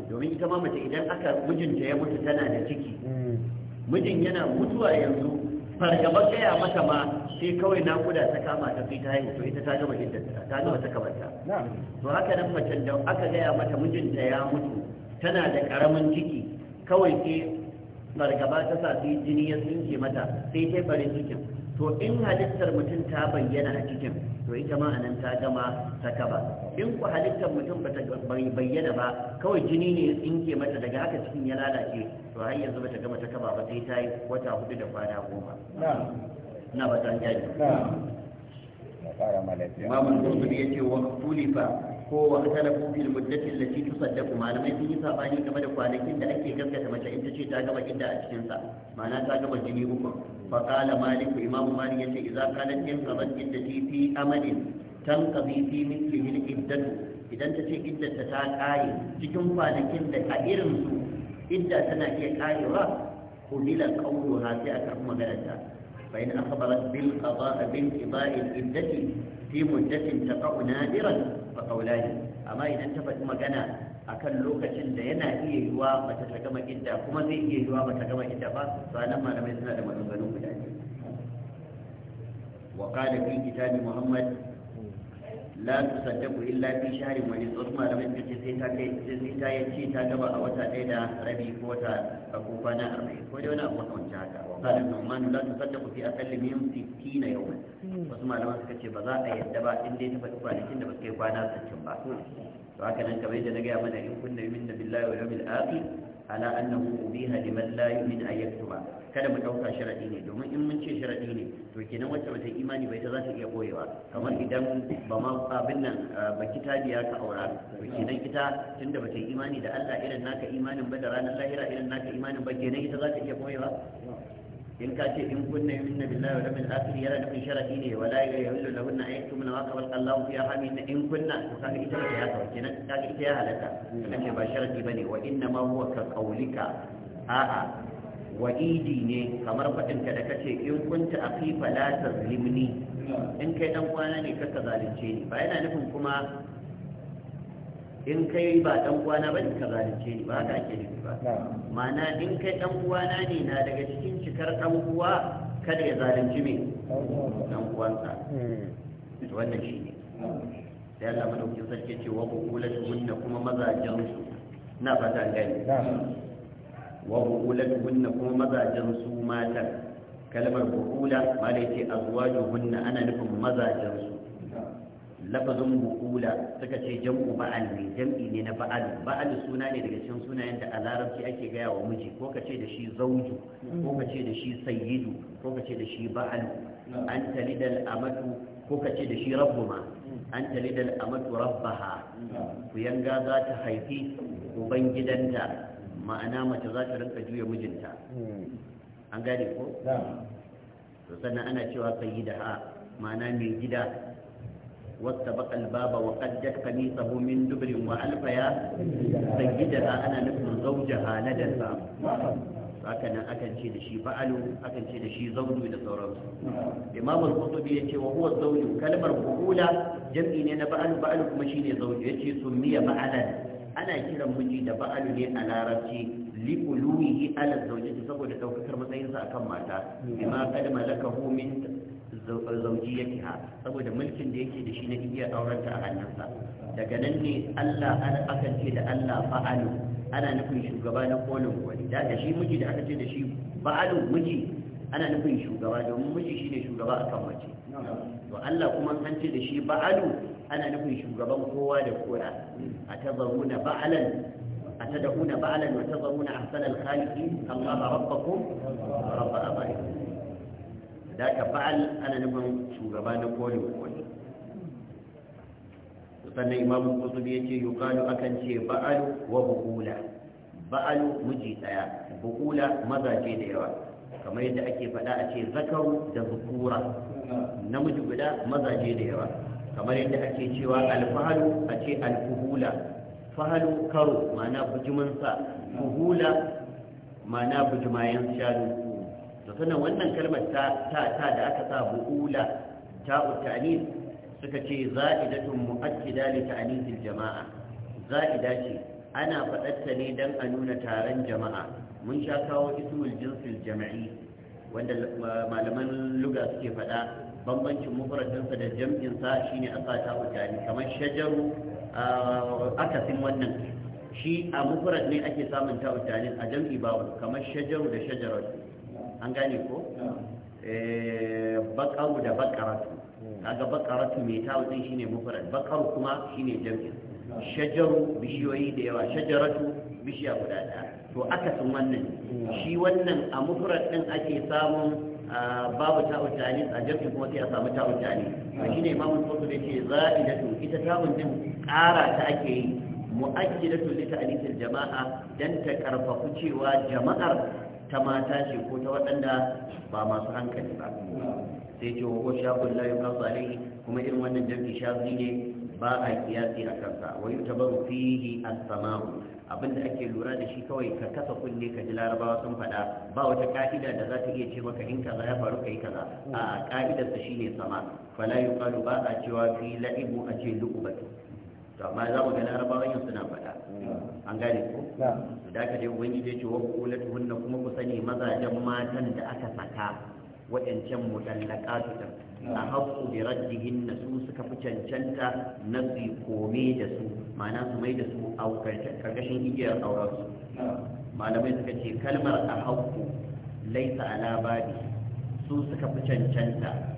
domin ita ma mace idan aka mijinta ya mutu tana da ciki hmm. mijin yana mutuwa yanzu Fargabar gaya mata ma sai kawai naƙuda ta kama ta fi ta haihu to ita ta gama iddata ta ta gama ta ta to haka nan macen da aka gaya mata mijinta ya mutu tana da ƙaramin ciki kawai sai fargaba ta sa jini ya tsinke mata sai ta farin cikin to in halittar mutum ta bayyana a cikin to ita ma nan ta gama ta kaba in ku halittar mutum ba ta bayyana ba kawai jini ne in ke mata daga haka cikin ya lalace to har yanzu ba ta gama ta kaba ba sai ta yi wata hudu da kwana goma na ba ta gani Imam Al-Qurtubi yace wa tulifa ko wa talafu bil muddati allati tusaddaqu malamai sun yi sabani game da kwanakin da ake gaskata mace in ce ta gaba idda a cikinsa. sa ma'ana ta gama jini uku fa qala malik imamu malik yace idza qalat in inda iddati fi amalin Tan tanqadi fi mithlihi al iddatu idan ta ce iddata ta kare cikin kwanakin da a irin su idda tana iya karewa qulila qawluha sai aka magana ta fa in akhbarat bil qada' bil qida' al iddati fi muddatin taqa'u nadiran fa kaulani amma idan ta faɗi magana akan lokacin da yana iya yiwuwa ba ta gama idda kuma zai iya yiwuwa ta gama idda ba to anan malamai suna da maganganun guda ne wa qala fi kitabi muhammad la tusaddaku illa fi shahrin wani wasu malamai suka ce sai ta kai sai ta yi yace ta gaba a wata ɗaya da rabi ko ta ko kwana arba'in ko dai wani abu makamancin haka wa qala nu'man la tusaddaku fi aqalli min 60 yawman wasu malaman suka ce ba za a yadda ba in dai ta faɗi kwanakin da ba kai kwana 60 ba to haka nan kamar yadda na gaya mana in kunna da billahi wal yawmil akhir ala annahu ubiha liman la yu'minu an ba. kada mu ɗauka sharaɗi ne domin in mun ce sharaɗi ne to kenan wacce bata imani bai ta za ta iya ɓoyewa kamar idan ba ma abin nan ba kita biya ka aura to kenan ita tunda bata imani da Allah irin naka imanin ba da ranar lahira irin naka imanin ba kenan ita za ta iya ɓoyewa. in ka ce in kunna na billahi wal yawmil akhir yana nufin sharaɗi ne wala ya yahillu lahunna an na ma qabala Allahu fi na in kunna to kaga ita ce haka kenan kaga ita ya halaka kace ba sharadi bane wa inna ma huwa ka qaulika a'a idi ne kamar faɗinka da kace in kunta a fi ta limni in kai dan kwana ne kaka zalunce ni ba yana nufin kuma in kai ba dan kwana ba ka zalunce ni ba haka ake nufi ba ma'ana in kai dan kwana ne na daga cikin cikar dan uwa kada ya zalunci me dan uwansa hmm. wannan shi ne sai Allah madaukakin sarki ce wa bukulatuhunna kuma mazajen su na fata gani wa bu'ulatuhunna kuma mazajen su matan kalmar bu'ula ma da yake azwajuhunna ana nufin mazajen su lafazin bukula suka ce jam'u ba'al ne jam'i ne na ba'al ba'al suna ne daga cikin sunayen da a larabci ake gaya wa miji ko ka ce da shi zauju ko ka ce da shi sayyidu ko ka ce da shi ba'al an talidal amatu ko ka ce da shi rabbuma an talidal amatu rabbaha ku yanga za ta haifi uban gidanta ma'ana mace za ta rinka juya mijinta an gane ko to sannan ana cewa yi da ha" ma'ana mai gida wa kami واتبق الباب وقدت قميصه من دبر وألفيا سيدها أنا نفس زوجها لدى الباب hakanan akan ce da shi fa'alu akan ce da shi zaunu da sauransu imam al-qutubi yace wa huwa zaunu kalmar buhula jam'i ne na ba'alu ba'alu kuma shine zaunu yace summiya ba'alan ana kiran miji da ba'alu ne a larabci li'uluhi ala zawjati saboda daukakar matsayinsa akan mata bima qad malakahu min zawjiyatiha saboda mulkin da yake da shi na iya ta a hannunsa daga nan ne Allah an akan ce da Allah fa'alu ana nufin shugaba na kolin wani da shi miji da aka ce da shi fa'alu miji ana nufin shugaba domin miji shine shugaba akan mace to Allah kuma an ce da shi ba'alu ana nufin shugaban kowa da kowa a ta tazaruna ba'alan a tad'una ba'alan wa tazaruna ahsana al-khaliqin Allah rabbakum rabb abaikum da ka ba'al ana nufin shugaba na kowa da kowa sannan imamu kutubi ya ce yukalu akan ce ba'al wa bukula ba'al miji daya bukula mazaje da yawa kamar yadda ake faɗa a ce zakaru da zukura namiji guda mazaje da yawa kamar yadda ake cewa alfahalu a ce alfuhula fahalu karo ma'ana bujimansa fuhula ma'ana bujimayen shanu da sanan wannan kalmar ta ta da aka sa buhula ta suka ce za'idatun mu'akkida li ta'anisil jama'a za'ida ce ana faɗatta ne dan a nuna taron jama'a mun sha kawo ismul jinsil jama'i wanda malaman luga suke faɗa bambancin mufradinsa da jam'insa shi ne a sata mutane kamar shajaru akasin wannan shi a mufarad ne ake samun ta mutane a jam'i babu kamar shajaru da shajarar an gane ko eh, bakaru da bakaratu kaga bakaratu mai ta shi ne mufarad bakaru kuma shi ne jam'i shajaru bishiyoyi da yawa shajaratu bishiya guda ɗaya to akasin wannan shi wannan a mufarad ɗin ake samun babu ta'u tani a jam'in kuma sai a samu ta'u tani shi ne mamun sosu da ke ce za'idatu ita ta din ƙara ta ake yi da tuli ta ta'lifil jama'a dan ta karfafu cewa jama'ar ta mata ce ko ta waɗanda ba masu hankali ba sai ce wa shafin la yuqas alayhi kuma irin wannan jam'i shafi ne ba a kiyasi a kansa wa yutabaru fihi a samau abinda ake lura da shi kawai ka kasa kunne ka ji larabawa sun faɗa ba wata ka'ida da za ta iya ce maka in kaza ya faru kai kaza a ka'idar sa shine sama fala yuqalu ba a cewa fi la'ibu a ce lu'ubatu to amma za mu ga larabawan yanzu suna faɗa an gane ko da aka dai ubangiji ya ce wa kulatuhunna kuma ku sani mazajen matan da aka saka waɗancan su ta a haqqu da raddihin na su suka fi cancanta na su kome da su ma'ana su mai da su a ƙarƙashin igiyar auren su malamai suka ce kalmar a haƙo laisa a labari su suka fi cancanta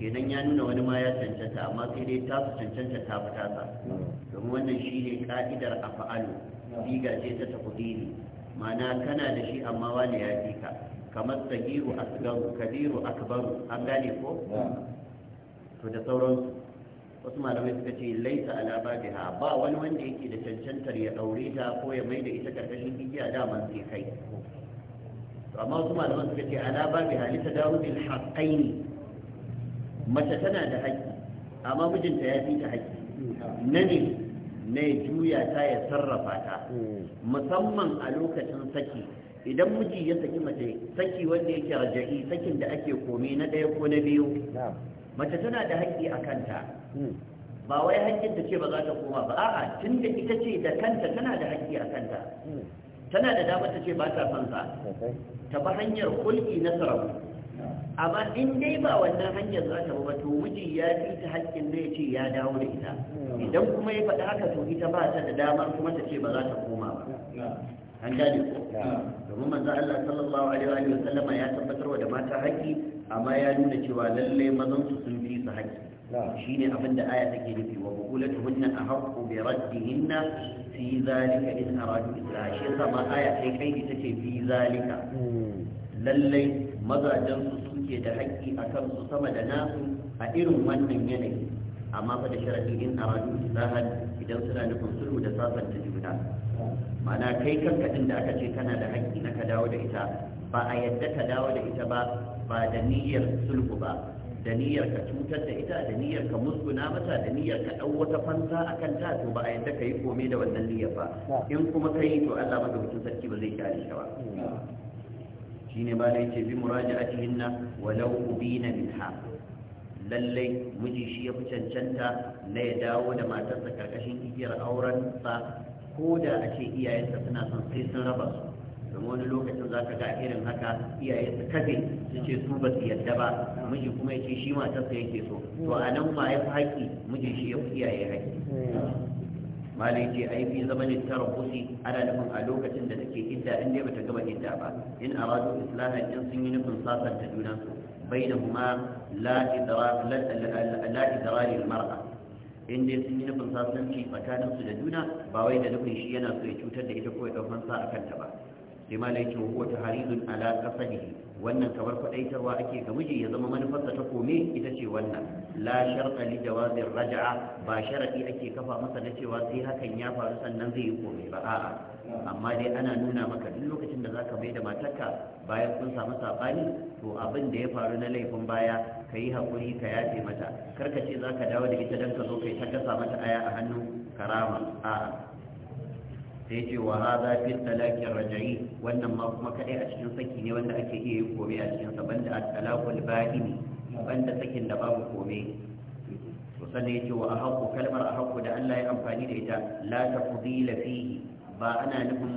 kenan ya nuna wani ma ya cancanta amma sai dai ta su cancanta ta fi tasa domin wannan shi ne a afa'alu diga ce ta tafi ma'ana kana da shi amma wani ya fi ka kamar sagiru asgaru kabiru akbaru an gane ko to da sauransu wasu malamai suka ce laisa ala babiha ba wani wanda yake da cancantar ya daure ta ko ya mai da ita karkashin igiya daman sai kai to amma wasu malaman suka ce ala babiha li tadawudil haqqaini mace tana da haƙƙi amma mijinta ya fi ta haƙƙi mm. na ne na juya ta ya sarrafa ta mm. musamman a lokacin saki idan miji ya saki mace saki wanda yake raja'i sakin da ake komi na ɗaya ko na biyu mace tana da haƙƙi a kanta hmm. ba wai haƙƙin ta ce ba za ta koma ba a'a tun da ita ce da kanta tana da haƙƙi a kanta hmm. tana da damar ta ce ba ta son sa ta ba hanyar kulki na sarau amma in dai ba wannan hanyar za ta ba to miji ya fi ta haƙƙin ya ce ya dawo da ita hmm. idan kuma ya faɗi haka to ita ba ta da damar kuma ta ce ba za ta koma ba an gane ko domin manzo Allah sallallahu alaihi wa sallam ya tabbatar da mata haƙƙi amma ya nuna cewa lalle mazan su sun fi su haƙƙi shine abin da aya take nufi wa bukulatuhunna ahaqqu bi raddihinna fi zalika in aradu isra shi yasa aya sai kai ita ce fi zalika hmm. lalle mazajen su suke da haƙƙi akan su sama da nasu a irin wannan yanayi amma fa da sharadi in aradu islahan idan suna nufin sulhu da sasanta juna mana kai kanka din da aka ce kana da haƙƙi na ka dawo da ita ba a yadda ka dawo da ita ba ba da niyyar sulhu ba da niyyar ka cutar da ita da niyyar ka musguna mata da niyyar ka ɗau wata fansa a kan ta to ba a yadda ka yi kome da wannan niyyar ba in kuma ka yi to Allah madaukakin sarki ba zai kyale ka ba shine ba da yake bi na walau ubina minha lallai miji shi ya fi cancanta na ya dawo da matarsa karkashin igiyar auren sa ko da a ce iyayensa suna son sai sun raba su domin wani lokacin za ka ga irin haka iyayensa kafe su ce su ba su yadda ba miji kuma ya ce shi matarsa yake so to a nan ma ya fi haƙƙi miji shi ya fi iyaye haƙƙi malai ce ai fi zama ne tara kusi ana nufin a lokacin da take idda in dai bata gama idda ba in aradu islaha in sun yi nufin sasanta junansu bainahuma la idrara al mar'a in dai sun yi nufin sasanci tsakaninsu da juna ba wai da nufin shi yana so ya cutar da ita ko ya ɗaukan sa a kanta ba sai ma da yake huwa tahrizun ala wannan kamar kwaɗaitarwa ake ga miji ya zama manufarsa ta kome ita ce wannan la sharta li jawabin raja'a ba sharadi ake kafa masa na cewa sai hakan ya faru sannan zai yi kome ba a'a amma dai ana nuna maka duk lokacin da za ka mai da matarka bayan kun samu sabani to abin da ya faru na laifin baya ka yi haƙuri ka yafe mata Kar ka ce za ka dawo da ita don ka zo kai ta gasa mata aya a hannun karama a'a sai ce wa hada fi talaqi raj'i wannan ma kuma kadai a cikin saki ne wanda ake iya yin kome a cikin sa banda at-talaqul ba'ini banda sakin da babu kome to sannan yace wa ahqqu kalmar ahqqu da Allah ya amfani da ita la tafdila fihi ba ana nufin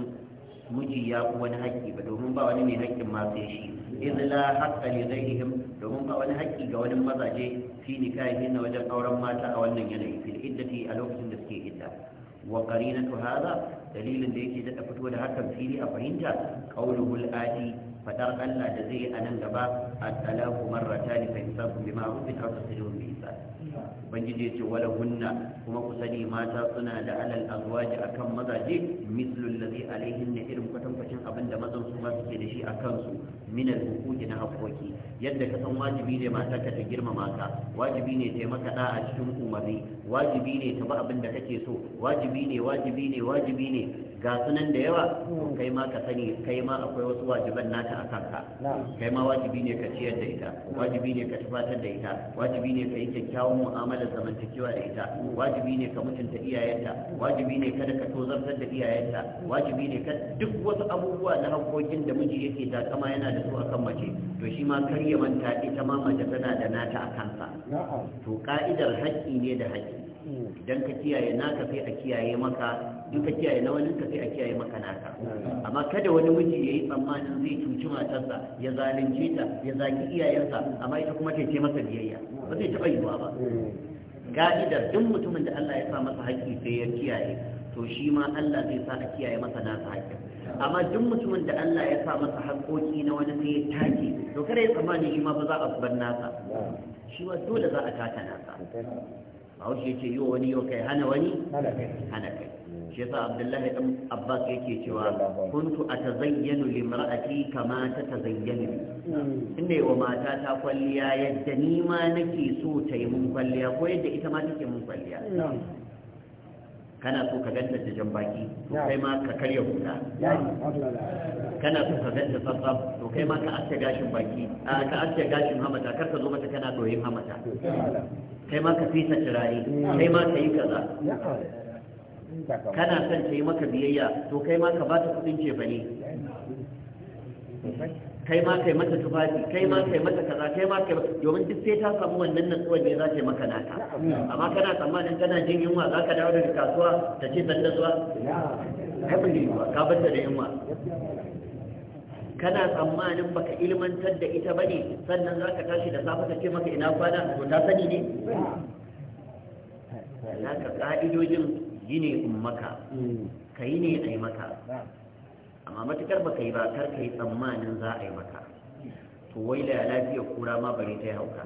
miji ya ku wani haƙƙi ba domin ba wani mai haƙƙin ma sai shi idh la haqqa li ghayrihim domin ba wani haƙƙi ga wani mazaje fi nikahin na wajen auren mata a wannan yanayi fil iddati a lokacin da suke idda wa qarinatu hadha dalilin da yake daɗa fito da hakan fili a fahimta qauluhul adi fadar Allah da zai a nan gaba at-talaqu marratan fa insaku bi ma'rufin aw tasrihun bi ihsan ubangiji yace wala hunna kuma ku sani mata suna da alal azwaji akan mazaje mislu allazi alaihin irin kwatankwacin abin da mazan su ma suke da shi a kansu min al na haƙoƙi yadda ka san wajibi ne ka ta girmama ka wajibi ne ta maka da a cikin umarni wajibi ne ta ba abin da kake so wajibi ne wajibi ne wajibi ne ga sunan da yawa kai ma ka sani kai ma akwai wasu wajiban naka a kanka kai ma wajibi ne ka ciyar da ita wajibi ne ka tabbatar da ita wajibi ne ka yi kyakkyawan mu'amalar zamantakewa da ita wajibi ne ka mutunta iyayenta wajibi ne kada ka tozartar da iyayenta wajibi ne ka duk wasu abubuwa na haƙoƙin da miji yake takama yana da su akan mace to shi ma karya ya manta ita ma mace tana da nata a kansa to ka'idar haƙƙi ne da haƙƙi idan ka kiyaye naka sai a kiyaye maka in ka kiyaye na wani ka sai a kiyaye maka naka amma kada wani miji yayi tsammanin zai cuci matarsa ya zalunce ta ya zaki iyayensa amma ita kuma ta ce masa biyayya ba zai taɓa yiwuwa ba mm. ka'idar duk mutumin da Allah ya sa masa haƙƙi sai ya kiyaye to shi ma Allah zai sa a kiyaye masa nasa haƙƙin amma duk mutumin da Allah ya sa masa haƙoƙi na wani sai ya take to kada ya tsammani shi ma ba za a bar nasa shi ma dole za a taka nasa a wasu yace wani yo kai hana wani hana kai shi yasa Abdullahi dan Abbas yake cewa kuntu atazayyanu limra'ati kama ta tazayyanu hmm. inda yawa mata ta kwalliya yadda ni ma nake so ta yi mun kwalliya ko yadda ita ma take mun kwalliya hmm. kana so ka ganta da jan baki to kai ma ka karya hula kana so ka ganta tsatsaf to kai ma ka aske gashin baki a ka aske gashin hamata kar ka zo mata kana doyin hamata kai ma ka fita turare kai ma ka yi kaza kana son ta yi maka biyayya to kai ma ka ba ta kudin cefane kai ma kai mata tufafi kai ma kai mata kaza kai ma kai domin duk sai ta samu wannan natsuwa ne za ta yi maka nata amma kana tsammanin kana jin yunwa za ka dawo daga kasuwa ta ce zan zuwa kai yunwa ka bar da yunwa kana tsammanin baka ilmantar da ita bane sannan za ka tashi da safe ta ce maka ina kwana to ta sani ne ka ka'idojin yi ne maka? ka yi ne yi maka amma matukar baka yi ba kar ka yi tsammanin za a yi maka to wai da lafiya kura ma bari ta yi hauka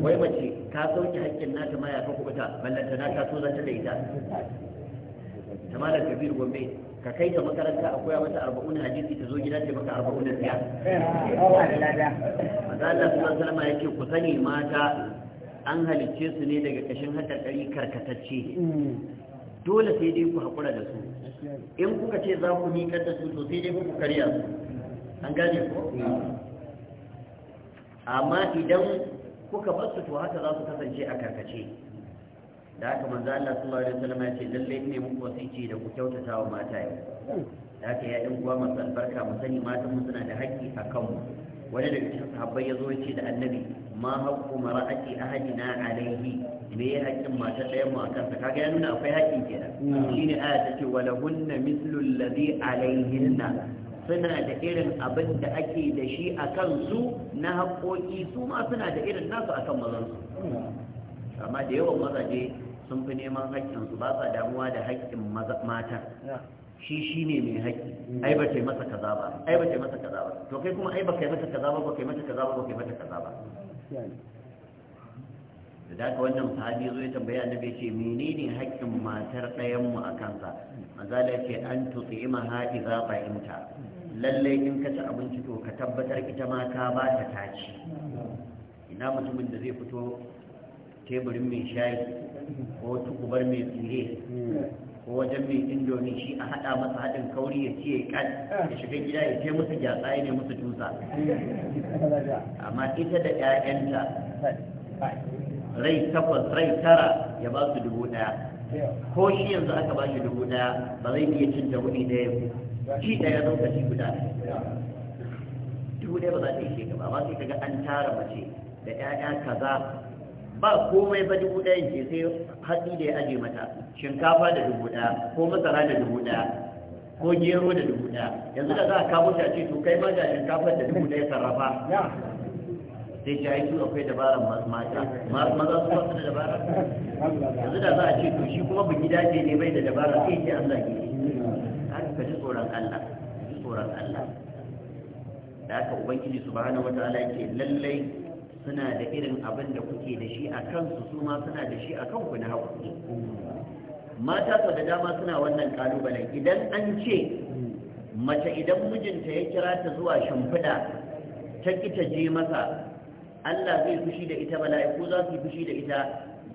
wai mace ka sauke hakkin nata ma ya kaku ta ballanta na ta so za ta da ita ta malar kabir gombe ka kai ta makaranta a koya mata arba'un hadisi ta zo gida ta maka arba'un da siya maza Allah sallallahu alaihi ya ce ku sani mata an halicce su ne daga kashin hakarkari karkatacce mm. dole sai dai ku haƙura da su in kuka ce za ku nikar da su to sai dai ku karya su an gane ko amma idan kuka basu to haka za su kasance a karkace da haka manzo Allah sallallahu alaihi wasallam ya ce lalle ne muku wasici da ku kyautata wa mata yau da haka ya ɗan uwa masu albarka mu sani matan mu suna da haƙƙi a kanmu wani daga cikin sahabbai ya zo ya ce da annabi ma haƙƙu mara'ati ahadina alaihi me ya haƙƙin mata ɗayan mu akan sa kaga ya nuna akwai haƙƙin kenan shine aya ta ce wala hunna mislu allazi alaihinna suna da irin abin da ake da shi a kansu na haƙoƙi su ma suna da irin nasu akan su amma da yawan mazaje sun fi neman haƙƙinsu ba sa damuwa da haƙƙin mata shi shine mai haƙƙi ai ba ta masa kaza ba ai ba ta masa kaza ba to kai kuma ai ba kai mata kaza ba ba kai mata kaza ba ba kai mata kaza ba da ka wannan sahabi zo ya tambaya bai ce menene haƙƙin matar ɗayan mu a kansa manzala ce an tuqima ha ba ta'imta lallai in ka ci abinci to ka tabbatar ita ma ka ba ta taci ina mutumin da zai fito teburin mai shayi ko tukubar mai tsire ko wajen mai indomi shi a haɗa masa haɗin kauri ya ce ya shiga gida ya ce musu gyatsa ya ne musu amma ita da 'ya'yanta rai takwas rai tara ya ba su dubu ɗaya ko shi yanzu aka ba shi dubu ɗaya ba zai iya cin da wuni ɗaya ci ɗaya lokaci guda dubu ɗaya ba za ta yi gaba ba sai kaga an tara mace da ƴaƴa kaza ba komai ba dubu ɗaya ce sai hatsi da ya aje mata shinkafa da dubu ɗaya ko masara da dubu ɗaya ko gero da dubu ɗaya yanzu da za a kawo shi a ce to kai ma ga shinkafa da dubu ɗaya sarrafa sai ta yi akwai dabarar mata maza su wasu da dabara yanzu da za a ce to shi kuma ba gida ce ne bai da dabara sai ce Allah ke haka ka ji tsoron Allah ji tsoron Allah da haka ubangiji subhanahu wataala yake lallai suna da irin abin da kuke da shi a kansu su ma suna da shi a kanku na haƙuri mata sau da dama suna wannan kalubalen idan an ce mace idan mijinta ya kira ta zuwa shimfiɗa ta ki ta je masa Allah zai fushi da ita mala'iku za su yi fushi da ita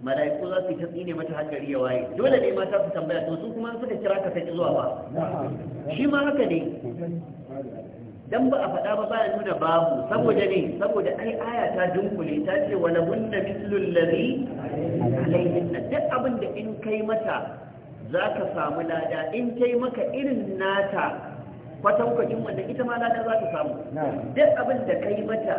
mala'iku za su yi tsine mata hankali ya waye dole ne mata su tambaya to su kuma suka kira ka kai zuwa ba shi ma haka ne dan ba a faɗa ba ba nuna babu saboda ne saboda ai aya ta dunkule ta ce wala bunna mislul ladhi alayhi duk abin da in kai mata zaka samu lada in kai maka irin nata kwatankwacin wanda ita ma lada za ta samu duk abin da kai mata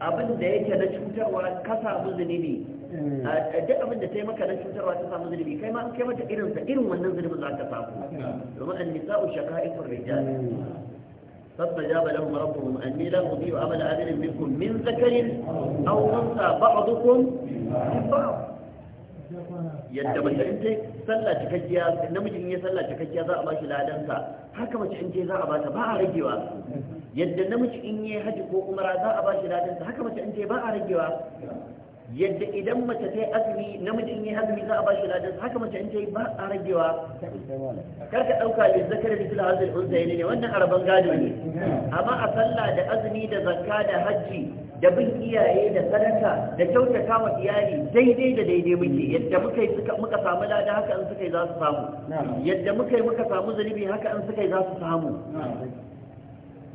abin da yake na cutarwa ka samu zunubi hmm. duk abin da ta yi maka na cutarwa ta samu zunubi kai ma kai mata irin sa irin wannan zunubin za ka samu domin an nisa'u shaka'ikur rijal فاستجاب لهم ربهم أني لا أضيع عمل عدل منكم من ذكر أو أنثى بعضكم من بعض yadda mace in ta sallah cikakkiya namijin ya sallah cikakkiya za a ba shi ladansa haka mace in ce za a ba ta ba a ragewa yadda namiji in yi haji ko umara za a ba shi ladansa haka mace in ce ba a ragewa yadda idan mace ta yi azumi namiji in yi azumi za a ba shi ladansa haka mace in ce ba a ragewa kar ka ɗauka da zakar da fil hazil unsa ne wannan araban gado ne amma a sallah da azumi da zakka da hajji da bin iyaye da sadaka da kyautata wa iyali daidai da daidai muke yadda muka yi muka samu lada haka an suka yi za su samu yadda muka yi muka samu zunubi haka an suka yi za su samu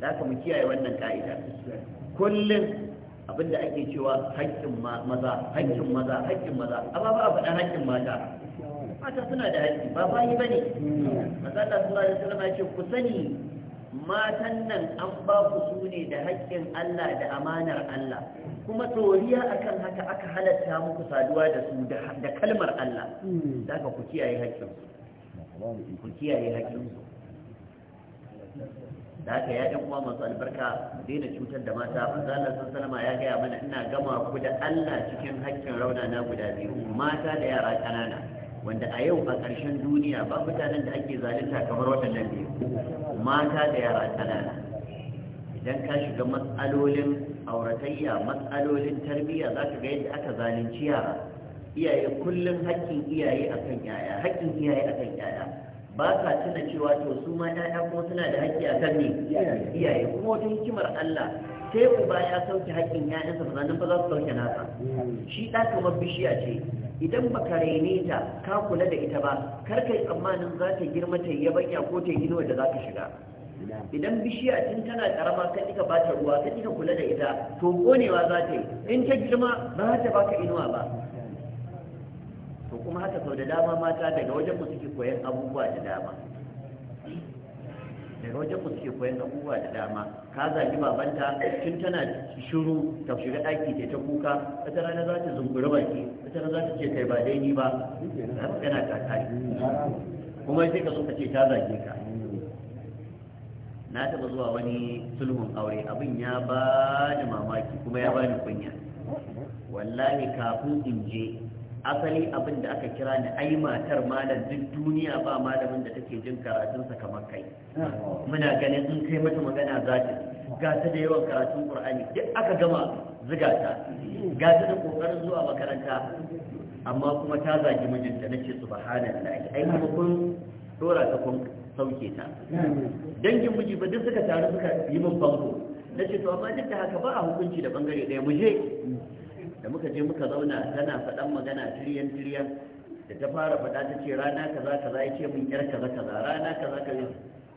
da haka mu kiyaye wannan ka'ida kullum abinda ake cewa haƙƙin maza haƙƙin maza haƙƙin maza amma ba a faɗa haƙƙin mata mata suna da haƙƙi ba bayi bane hmm. maza Allah sallallahu alaihi wasallam ya ce ku sani matan nan an ba ku su ne da haƙƙin Allah da amanar Allah kuma toriya akan haka aka halatta muku saduwa da su da kalmar Allah hmm. za ka ku kiyaye haƙƙin ku kiyaye haƙƙin da haka ya ɗan masu albarka daina cutar da mata manzalar sun salama ya gaya mana ina gama ku da Allah cikin haƙƙin rauna na guda biyu mata da yara ƙanana wanda a yau a ƙarshen duniya ba mutanen da ake zalunta kamar waɗannan biyu mata da yara kanana idan ka shiga matsalolin auratayya matsalolin tarbiyya za ka ga yadda aka zalunci yara iyaye kullum hakkin iyaye akan yaya hakkin iyaye akan yaya ba ka tuna cewa to su ma yaya kuma suna da hakki akan ne iyaye kuma wata hikimar Allah sai uba ya sauke haƙƙin ya'yansa ba zanen ba za su sauke nasa shi ɗa kamar bishiya ce idan ba ka raine ta ka kula da ita ba kar kai tsammanin za ta girma ta yabanya ko ta yi da za ta shiga idan bishiya tun tana karama ka kika ba ta ruwa ka kika kula da ita to konewa za ta yi in ta girma ba za ta baka inuwa ba to kuma haka sau da dama mata daga wajen mu suke koyan abubuwa da dama daga wajen ku suke koyan abubuwa da dama ka zagi babanta tun tana shiru ta shiga ɗaki ta ta kuka wata rana za ta zumburi baki wata rana za ta ce kai ba dai ni ba za ka gana ta kuma sai ka so ka ce ta zage ka na taɓa zuwa wani sulhun aure abin ya ba da mamaki kuma ya ba ni kunya wallahi kafin in je asali abin da aka kira ni ai matar malam duk duniya ba malamin da take jin karatunsa kamar kai muna ganin in kai mata magana za ta ga ta da yawan karatun qur'ani duk aka gama ziga ta ga ta da kokarin zuwa makaranta amma kuma ta zagi mijinta nace subhanallahi ai kuma kun dora ta kun sauke ta dangin miji ba duk suka taru suka yi min bango nace to amma duk da haka ba a hukunci da bangare ɗaya mu je da muka je muka zauna tana faɗan magana tiriyan tiriyan da ta fara faɗa ta ce rana kaza kaza ya ce min yar kaza kaza rana kaza kaza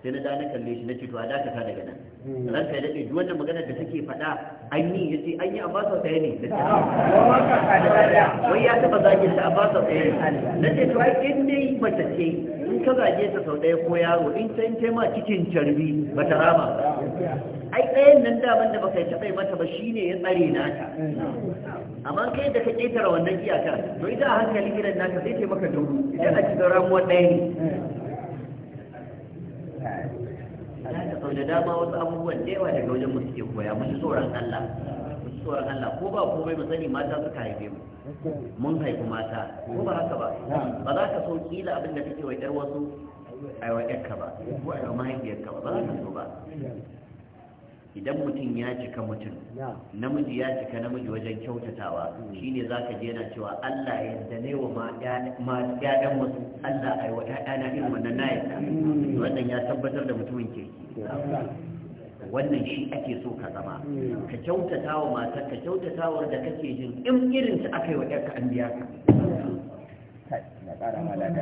sai na dana na kalle shi na ce to a ta daga nan hmm. ran kai dade duk wannan magana da take faɗa an yi yace an yi sau tsaye ne ah. wai ya taɓa zagin ta sau tsaye ne na ce to ai in dai mace ce in ka zage ta sau ɗaya ko yaro in ta yi ma cikin carbi ba ta rama ai ɗayan nan daman da baka yi taɓa mata ba shine ya tsare ta. amma kai da ka ƙetare wannan iyakar to ita a hankali gidan naka zai ce maka dubu idan a cikin ramuwar ɗaya ne sau da dama wasu abubuwan da yawa daga wajen mu suke koya mu ji tsoron Allah mu ji tsoron Allah ko ba komai mu sani mata suka haife mu mun haifi mata ko ba haka ba ba za ka so kila abin da kake wa ƴar wasu a wa ba ko a wa mahaifiyarka ba ba za ka so ba idan mutum ya cika mutum namiji ya cika namiji wajen kyautatawa hmm. shine zaka je yana cewa Allah ya dane wa ma ƴaƴan wasu Allah a ai wa ƴaƴana irin wannan na yadda hmm. wannan ya tabbatar da mutumin kirki wannan shi ake so ka zama hmm. ka kyautata wa matar ka kyautata wa da kake jin in irin ta aka yi wa ƴarka an biya ka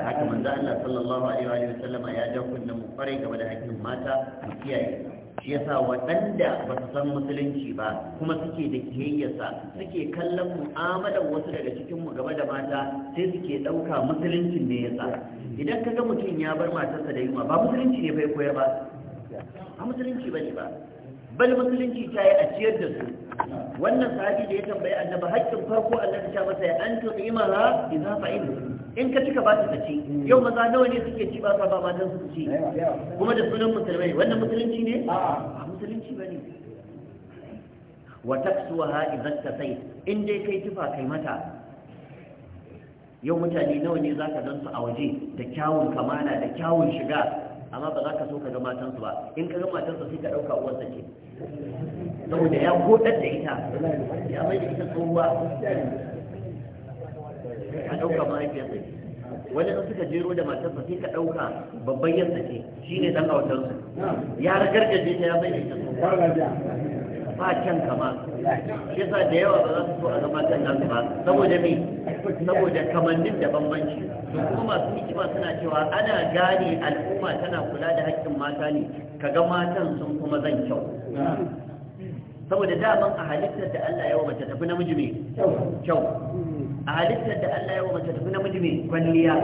haka manzo Allah sallallahu alaihi wa sallama ya ja kunnen mu kwarai game da hakkin mata mu kiyaye shi yasa waɗanda ba su san musulunci ba kuma suke da kiyayyarsa suke kallon mu'amalar wasu daga cikin mu game da mata sai suke ɗauka musuluncin ne ya tsara. idan ka ga mutum ya bar matarsa da yunwa ba musulunci ne bai koyar ba ba musulunci ba ne ba bal musulunci ta yi a ciyar da su wannan sahabi da ya tambayi annabi haƙƙin farko annabi ta masa ya an tu'ima ha idza fa'in in ka cika ba ta ci mm. yau maza nawa ne suke ci ba sa ba matan su ci kuma da sunan musulmai wannan musulunci ne a musulunci ba ne wa taksuha idan ta sai in dai kai tufa kai mata yau mutane nawa ne zaka dan su a waje da kyawun kamana da kyawun shiga amma ba za ka so ka ga matansu ba in ka ga matansa sai ka ɗauka uwarsa ce saboda ya godar da ita ya mai da ita tsohuwa a ɗauka mahaifiyarsa ce wani in suka jero da matarsa sai ka ɗauka babban yarsa ce shi ne ɗan autarsu ya ragargaje ta ya bai da ba can kama shi sa da yawa ba za su so a zama kan nan ba saboda me saboda kamannin da bambanci kuma sun hikima suna cewa ana gane al'umma tana kula da haƙƙin mata ne kaga matan sun kuma zan kyau saboda daman a halittar da Allah ya wa mace tafi namiji ne kyau a halittar da Allah ya wa mace tafi namiji mai kwalliya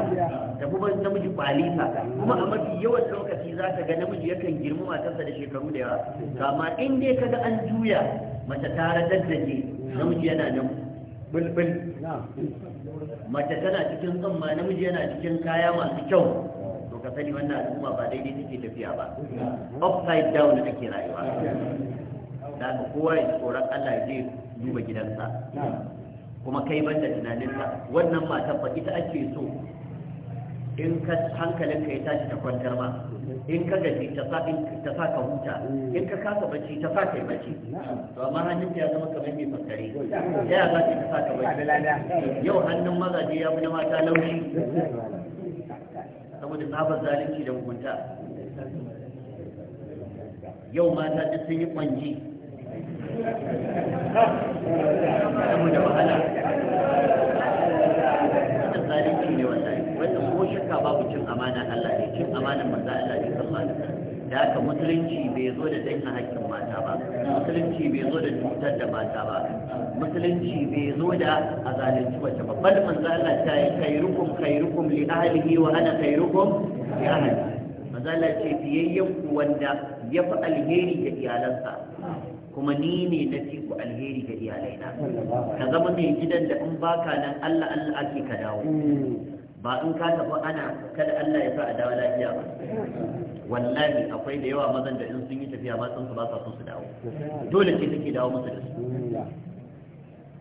da kuma namiji kwalisa kuma a mafi yawan lokaci za ka ga namiji yakan girma matarsa da shekaru da yawa to amma in dai kaga an juya mace ta radaddaje namiji yana nan bulbul mace tana cikin tsamma namiji yana cikin kaya masu kyau to ka sani wannan al'umma ba daidai take tafiya ba upside down ake rayuwa da kowa ya tsoron Allah ya je duba gidansa kuma kai banda tunaninka wannan matan ba ita ake so in ka hankalin ka ya tashi ta kwantar ma in ka gaji ta sa ta sa ka huta in ka kasa bacci ta sa kai bacci to amma hannun ta ya zama kamar mai fakkare ya za ta sa ka bacci yau hannun mazaje ya fi na mata laushi saboda sabon zalunci da hukunta yau mata duk sun yi kwanji wannan ko babu cin amana Allah cin amanan da haka musulunci bai zo da danna hakkin mata ba musulunci bai zo da cutar da mata ba musulunci bai zo da azalunci wacce babban manzo Allah ta yi khairukum khairukum li ahlihi wa ana khairukum li manzo Allah ce fiyayyen wanda ya fi alheri ga iyalansa kuma ni ne na fi ku alheri ga na. ka zama mai gidan da in baka nan Allah Allah ake ka dawo hmm. ba in ka tafi ana kada Allah ya sa a dawo lafiya ba wallahi akwai da yawa mazan da in sun yi tafiya ba sun su ba sa so su dawo dole ce take dawo musu da su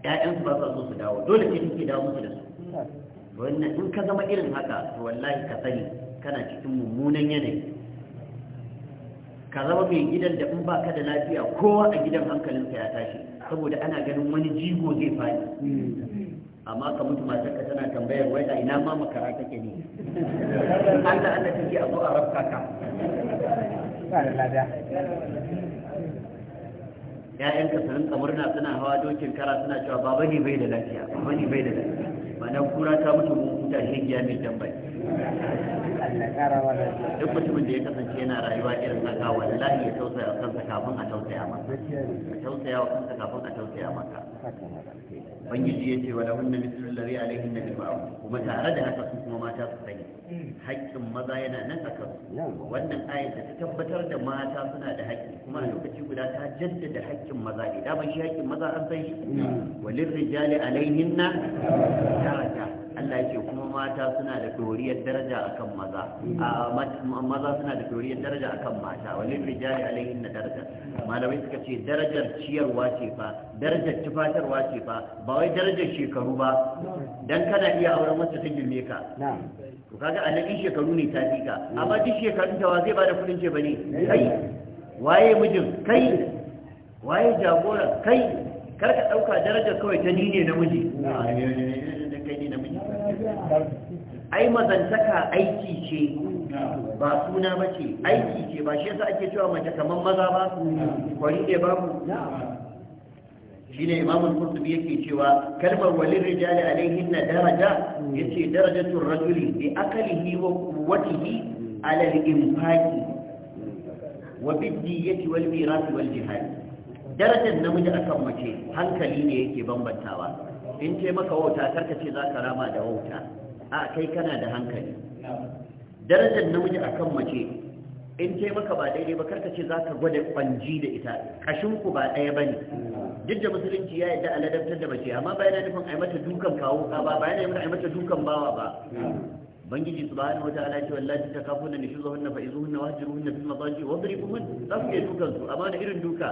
ƴaƴan su ba sa so su dawo dole ce take dawo musu da su hmm. wannan in ka zama irin haka to wallahi ka sani kana cikin mummunan yanayi ka zama mai gidan da in baka da lafiya kowa a gidan hankalinsa ya tashi saboda ana ganin wani jigo zai fadi amma ka mutu ka tana tambayar wai a ina ma makara take ne Allah Allah take a zo a rabka ka ‘Ya'yanka su rinka suna hawa dokin kara suna cewa baba ne bai da lafiya, baba ne bai da lafiya, ba kura ta mutu mun huta shegiya mai tambayi. duk mutumin da ya kasance yana rayuwa irin haka wallahi ya tausaya wa kansa kafin a tausaya maka ya tausaya wa kansa kafin a tausaya maka ubangiji ya ce wa lahunna mithlu alladhi alayhinna bil ma'ruf kuma tare da haka su kuma mata su sani haƙƙin maza yana nan a kan wannan ayat da ta tabbatar da mata suna da haƙƙi kuma a lokaci guda ta jaddada haƙƙin maza ne da shi haƙƙin maza an san shi walin rijali alaihin na daraja Allah ce kuma mata suna da doriyar daraja akan maza maza suna da doriyar daraja akan mata walin rijali alaihin na daraja malamai suka ce darajar ciyarwa ce fa darajar tufatarwa ce fa ba wai darajar shekaru ba dan kana iya auren wacce ta girme ka to kaga a nan shekaru ne ta fika amma duk shekarun ta wa zai bada kudin ce bane kai waye mijin kai waye jagora kai kar ka dauka darajar kawai ta nine namiji ai mazantaka aiki ce ba suna bace aiki ce ba shi yasa ake cewa mace kaman maza ba kwari ne babu shine imam al-qurtubi yake cewa kalmar walil rijali alaihin daraja yace darajatu rajuli bi akalihi wa quwwatihi ala al-infaqi wa biddiyati wal miras wal jihad darajar namiji akan mace hankali ne yake bambantawa in ce maka wauta karka ce za ka rama da wauta a kai kana da hankali darajar namiji akan mace in kai maka ba daidai ba karka ce za ka gwada kwanji da ita kashin ku ba ɗaya bane duk da musulunci ya yadda a ladabtar da mace amma ba yana nufin a yi mata dukan kawo ka ba ba yana nufin a yi mata dukan bawa ba bangiji subhanahu wata ta'ala ce wallahi ta kafu na nishuzuhunna fa izuhunna wahjuruhunna fil madaji wa dribuhun za ku iya dukan su amma da irin duka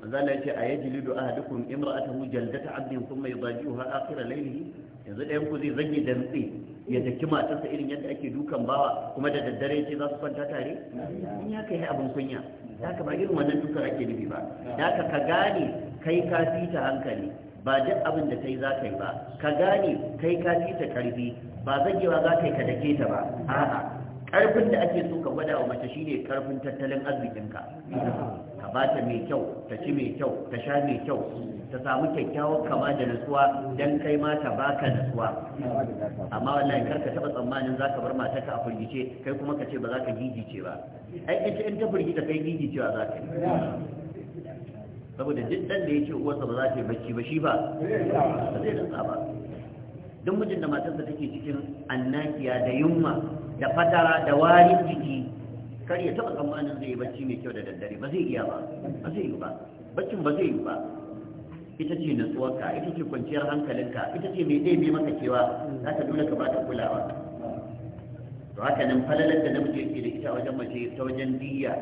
maza na ce a yaji yajlidu ahadukum imra'atahu jaldata 'abdin thumma yudaji'uha akhir laylihi yanzu ɗayan ku zai zage dantse. ya daki matarsa irin yadda ake dukan bawa kuma da daddare ce za su kwanta tare in ya kai abin kunya da ka ba irin wannan dukan ake nufi ba da ka ka gane kai ka fita hankali ba duk abin da kai za ka yi ba ka gane kai ka fita karfi ba zagewa za ka yi ka dake ta ba a'a karfin da ake so ka gwada wa mace shine karfin tattalin arzikinka ba ta mai kyau ta ci mai kyau ta sha mai kyau ta samu kyakkyawa kama da nasuwa don kai ma ta baka nasuwa amma wallahi kar ka taba tsammanin za ka bar matarka a firgice kai kuma ka ce ba za ka gigice ba ai ita in ta firgita kai gigicewa za ka yi saboda duk dan da yake uwarsa ba za ta yi bacci ba shi ba ba zai da tsaba. duk mijin da matarsa take cikin annakiya da yunwa da fatara da warin jiki kar ya taba tsammanin zai yi bacci mai kyau da daddare ba zai iya ba ba zai yi ba baccin ba zai yi ba ita ce nutsuwarka ita ce kwanciyar hankalinka ita ce mai ɗebe maka cewa za ka dole ka ba ta kulawa to haka nan falalar da namiji yake da ita wajen mace ta wajen diya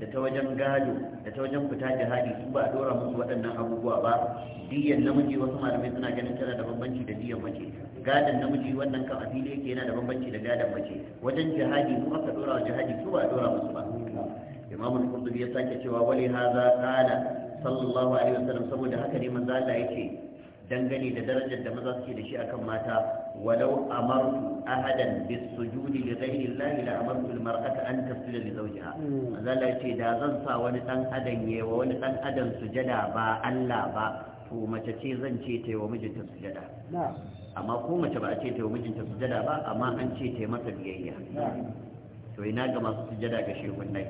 da ta wajen gado da ta wajen fita jihadi su ba a dora musu waɗannan abubuwa ba diyan namiji wasu malamai suna ganin tana da bambanci da diyan mace gadon namiji wannan kan a yake yana da bambanci da gadon mace wajen jihadi mu aka dora wa jihadi su ba a dora musu ba imam al-qurtubi ya sake cewa wali hadha qala sallallahu alaihi wasallam saboda haka ne manzo Allah yake dangane da darajar da maza suke da shi akan mata ولو أمرت أحدا بالسجود لغير الله لأمرت المرأة أن تسجد لزوجها هذا يتي دا زنسا ونسان أدن يو ونسان أدن سجدا با ألا با to mace ce zan ce wa mijinta sujada amma ko mace ba a ce wa mijinta sujada ba amma an masa biyayya to ina ga masu sujada ga shehun nai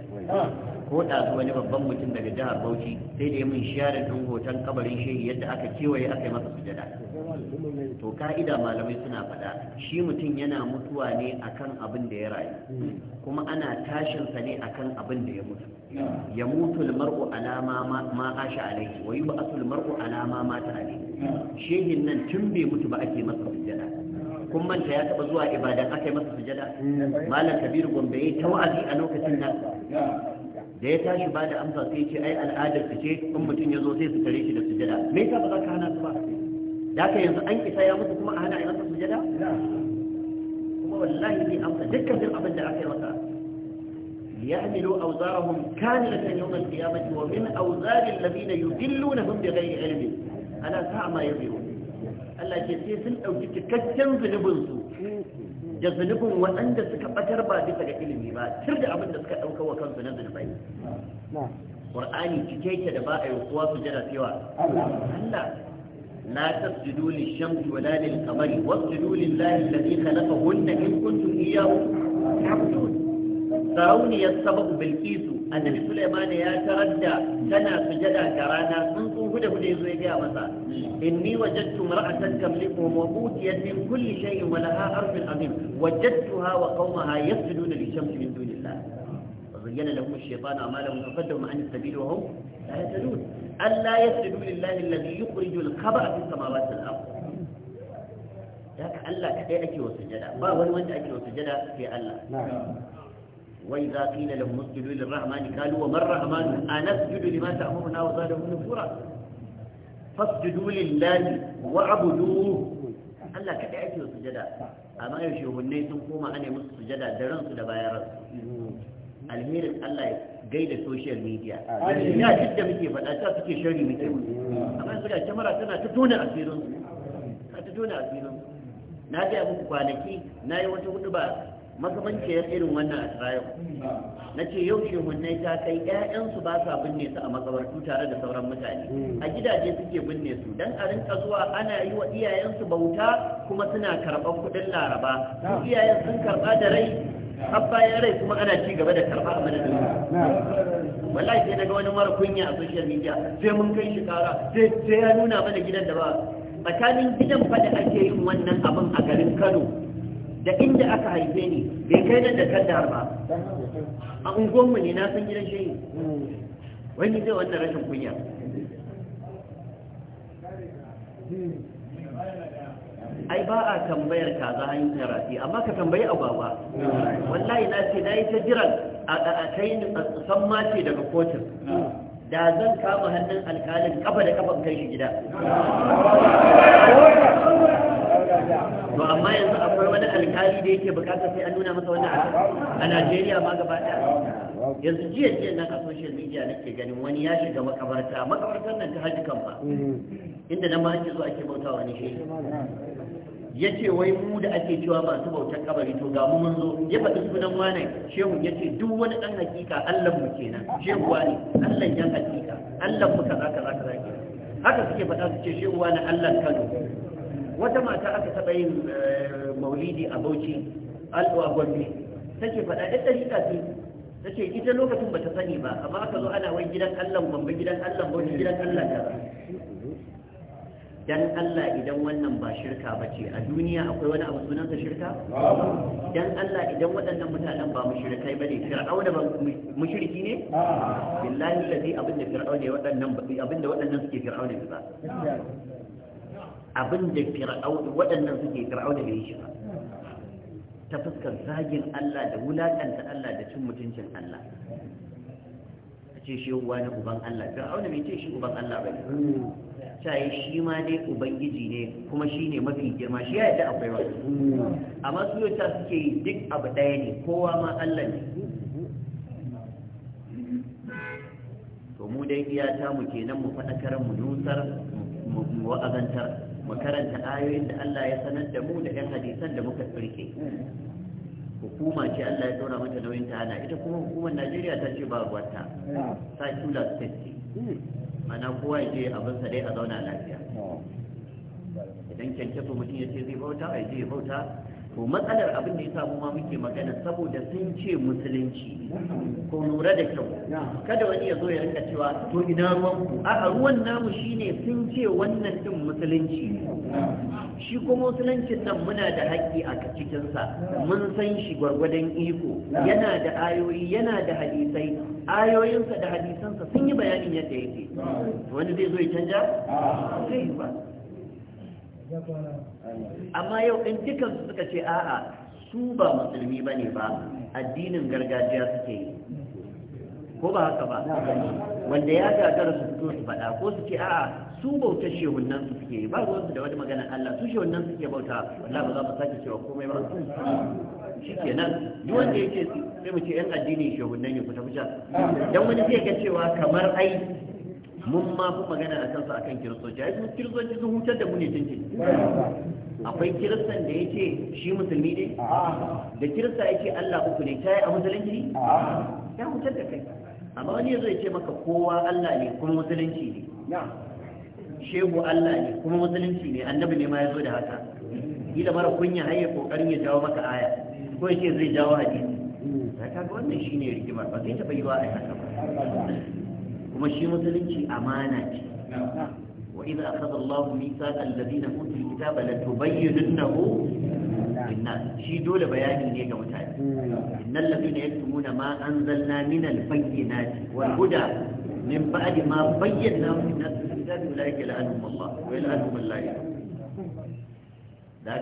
ko da wani babban mutum daga jihar Bauchi sai da ya min sharin din hoton kabarin shehi yadda aka kewaye aka yi masa sujada to ka'ida malamai suna faɗa shi mutum yana mutuwa ne akan abin da ya rayu kuma ana tashinsa ne akan abin da ya mutu ya mutu mar'u alama ma asha alaihi wa yub'atul mar'u alama ma ta alaihi shehin nan tun bai mutu ba ake masa sujada. kun manta ya taba zuwa ibada aka yi masa sujada malam kabir gombe ya tawazi a lokacin nan da ya tashi ba da amsa sai ce ai al'adar su ce in mutum ya zo sai su tare shi da sujada me yasa ba za ka hana su ba da haka yanzu an isa ya mutu kuma a hana a yi masa sujada kuma wallahi zai amsa dukkan abin da aka yi masa ليحملوا أوزارهم كاملة يوم القيامة ومن أوزار الذين يذلونهم بغير علم ألا ساعة ما يضيعون ألا جسيسل أو تتكتن ذنبنسو جذنبهم وأن دسك أتربى بسك علمي ما ترجع من دسك أوك وكان ذنبن بي قرآني تكيك دباء وقوات جرى سوا ألا لا تسجدوا للشمس ولا للقمر واسجدوا لله الذي خلقهن إن كنتم إياه تعبدون sarauni ya saba bilkisu annabi sulaiman ya tarar tana sujada ga rana sun sun huda hude zo ya gaya masa inni wajadtu mar'atan tamlikuhum wa utiyat min kulli shay'in wa laha arshun azim wajadtuha wa qaumaha yasjuduna lishamsi min dunillah لا يسجدون ألا يسجدوا لله الذي يخرج الخبأ في السماوات والأرض ذاك الله كأي أكي وسجدا با ولي وانت أكي وسجدا في الله وإذا قيل لهم اسجدوا للرحمن قالوا وما الرحمن أنسجد لما تأمرنا وزادهم نفورا فاسجدوا لله واعبدوه Allah kaɗai ake wasu sujada amma yau shugunnai sun koma ana musu sujada da ransu da bayan ransu alherin Allah ya gai da social media ya ah, duk da muke faɗa ta suke shari muke ah. amma ga kyamara tana ta tona asirin ta ta tona asirin na ga muku kwanaki na yi wata hudu ba makamanciyar irin wannan asirayen ah. na ce yau shehunnai ta kai 'ya'yansu ba sa binne su a makabartu tare da sauran mutane hmm. a gidaje suke binne su don a rinka zuwa ana yi wa iyayensu bauta kuma suna karɓar kuɗin laraba iyayen sun karɓa da rai har bayan rai kuma ana ci gaba da karɓa a madadin mu wallahi sai daga wani mara kunya a social media sai mun kai shi kara sai ya nuna mana gidan da ba tsakanin gidan fa ake yin wannan abin a garin Kano da inda aka haife ni bai kai nan da kaddar ba a unguwanmu ne na san gidan shehi wani zai wannan rashin kunya ai ba a tambayar kaza hanyar karatu, amma ka tambayi agwagwa wallahi na ce na yi ta jiran a kai san mace daga kotun da zan kama hannun alkalin kafa da kafa kai shi gida to amma yanzu akwai wani alkali da yake bukatar sai an nuna masa wannan a Najeriya ma gaba daya yanzu jiya jiya na a social media nake ganin wani ya shiga makabarta makabartar nan ta hajji kan ba mm. inda nan ma ake zo ake bautawa wani shi ya ce wai mu da ake cewa masu bautar kabari to ga mu mun zo ya faɗi sunan wane shehu ya ce duk wani ɗan hakika allah mu kenan shehu wani allah yan hakika allah mu kaza kaza kaza ke haka suke faɗa su ce shehu wani allah kano wata mata aka taɓa yin eh, maulidi a bauchi alwa gombe take faɗa ɗan ɗarika ce ta ce ita lokacin ba ta sani ba amma aka zo ana wai gidan allah bambe gidan allah bauchi gidan allah kaza dan Allah idan wannan ba shirka ba ce a duniya akwai wani abu sunansa shirka? dan Allah idan waɗannan mutanen ba mushrikai ba ne fir'auna ba mushriki ne? billahi lazi abinda fir'auna waɗannan abinda waɗannan suke fir'auna ba abinda fir'auna waɗannan suke da bai shi ba ta fuskar zagin Allah da wulaƙanta Allah da cin mutuncin Allah ce shi na uban Allah fir'auna bai ce shi uban Allah ba ne yi eh, shi ma dai ubangiji ne kuma shi ne mafi girma shi ya yi ta akwai wasu amma su ta suke yi duk abu ɗaya ne kowa ma Allah ne to mu dai ta mu ke nan mu faɗakar mu nusar mu wa'azantar mu karanta ayoyin da Allah ya sanar da mu da yan hadisan da muka tsirke hukuma ce Allah ya tsora mata nauyin ta ana ita kuma hukumar Najeriya ta ce ba wata ta kula state mana kowa ya ce abinsa dai a zauna lafiya idan kyankyaso mutum ya ce zai bauta a je ya bauta to matsalar abin da ya samu ma muke magana saboda sun ce musulunci ko lura da kyau kada wani ya zo ya rinka cewa to ina ruwan ku a ruwan namu shine sun ce wannan din musulunci shi kuma musuluncin nan muna da haƙƙi a cikin sa mun san shi gwargwadon iko yana da ayoyi yana da hadisai ayoyinsa da hadisansa sun yi bayanin yadda yake wani zai zo ya canja sai ba amma yau in cikin suka ce a'a su ba musulmi ba ne ba addinin gargajiya suke yi ko ba haka ba wanda ya gagara su fito su faɗa ko su ce a'a su bauta shehunan su suke ba su da wani magana Allah su shehunan suke bauta Allah ba za mu sake cewa komai ba shi nan ni wanda yake sai mu ce yan addini shehunan ya fita fita dan wani zai ga cewa kamar ai mun ma fi magana a kansu akan kiristoci ai sun kiristoci sun hutar da mu ne tunce akwai kiristan da ya ce shi musulmi ne da kirista ya ce Allah uku ne ta yi a musulunci ne ya hutar da kai amma wani ya zai ce maka kowa Allah ne kuma musulunci ne shehu Allah ne kuma musulunci ne annabi ne ma ya zo da haka ila mara kunya har ya kokarin ya jawo maka aya ko ya ce zai jawo hadisi hmm. ka ga wannan shine rigima ba zai taɓa yi ba a haka ba kuma shi musulunci amana ce wa idza akhadha Allahu mithaqa alladhina utul kitaba la tubayyinunahu linnas shi dole bayani ne ga mutane innal ladina yaktumuna ma anzalna min al-bayyinati wal huda min ba'di ma bayyanahu lin-nas fil kitabi ulaika la'anhum Allah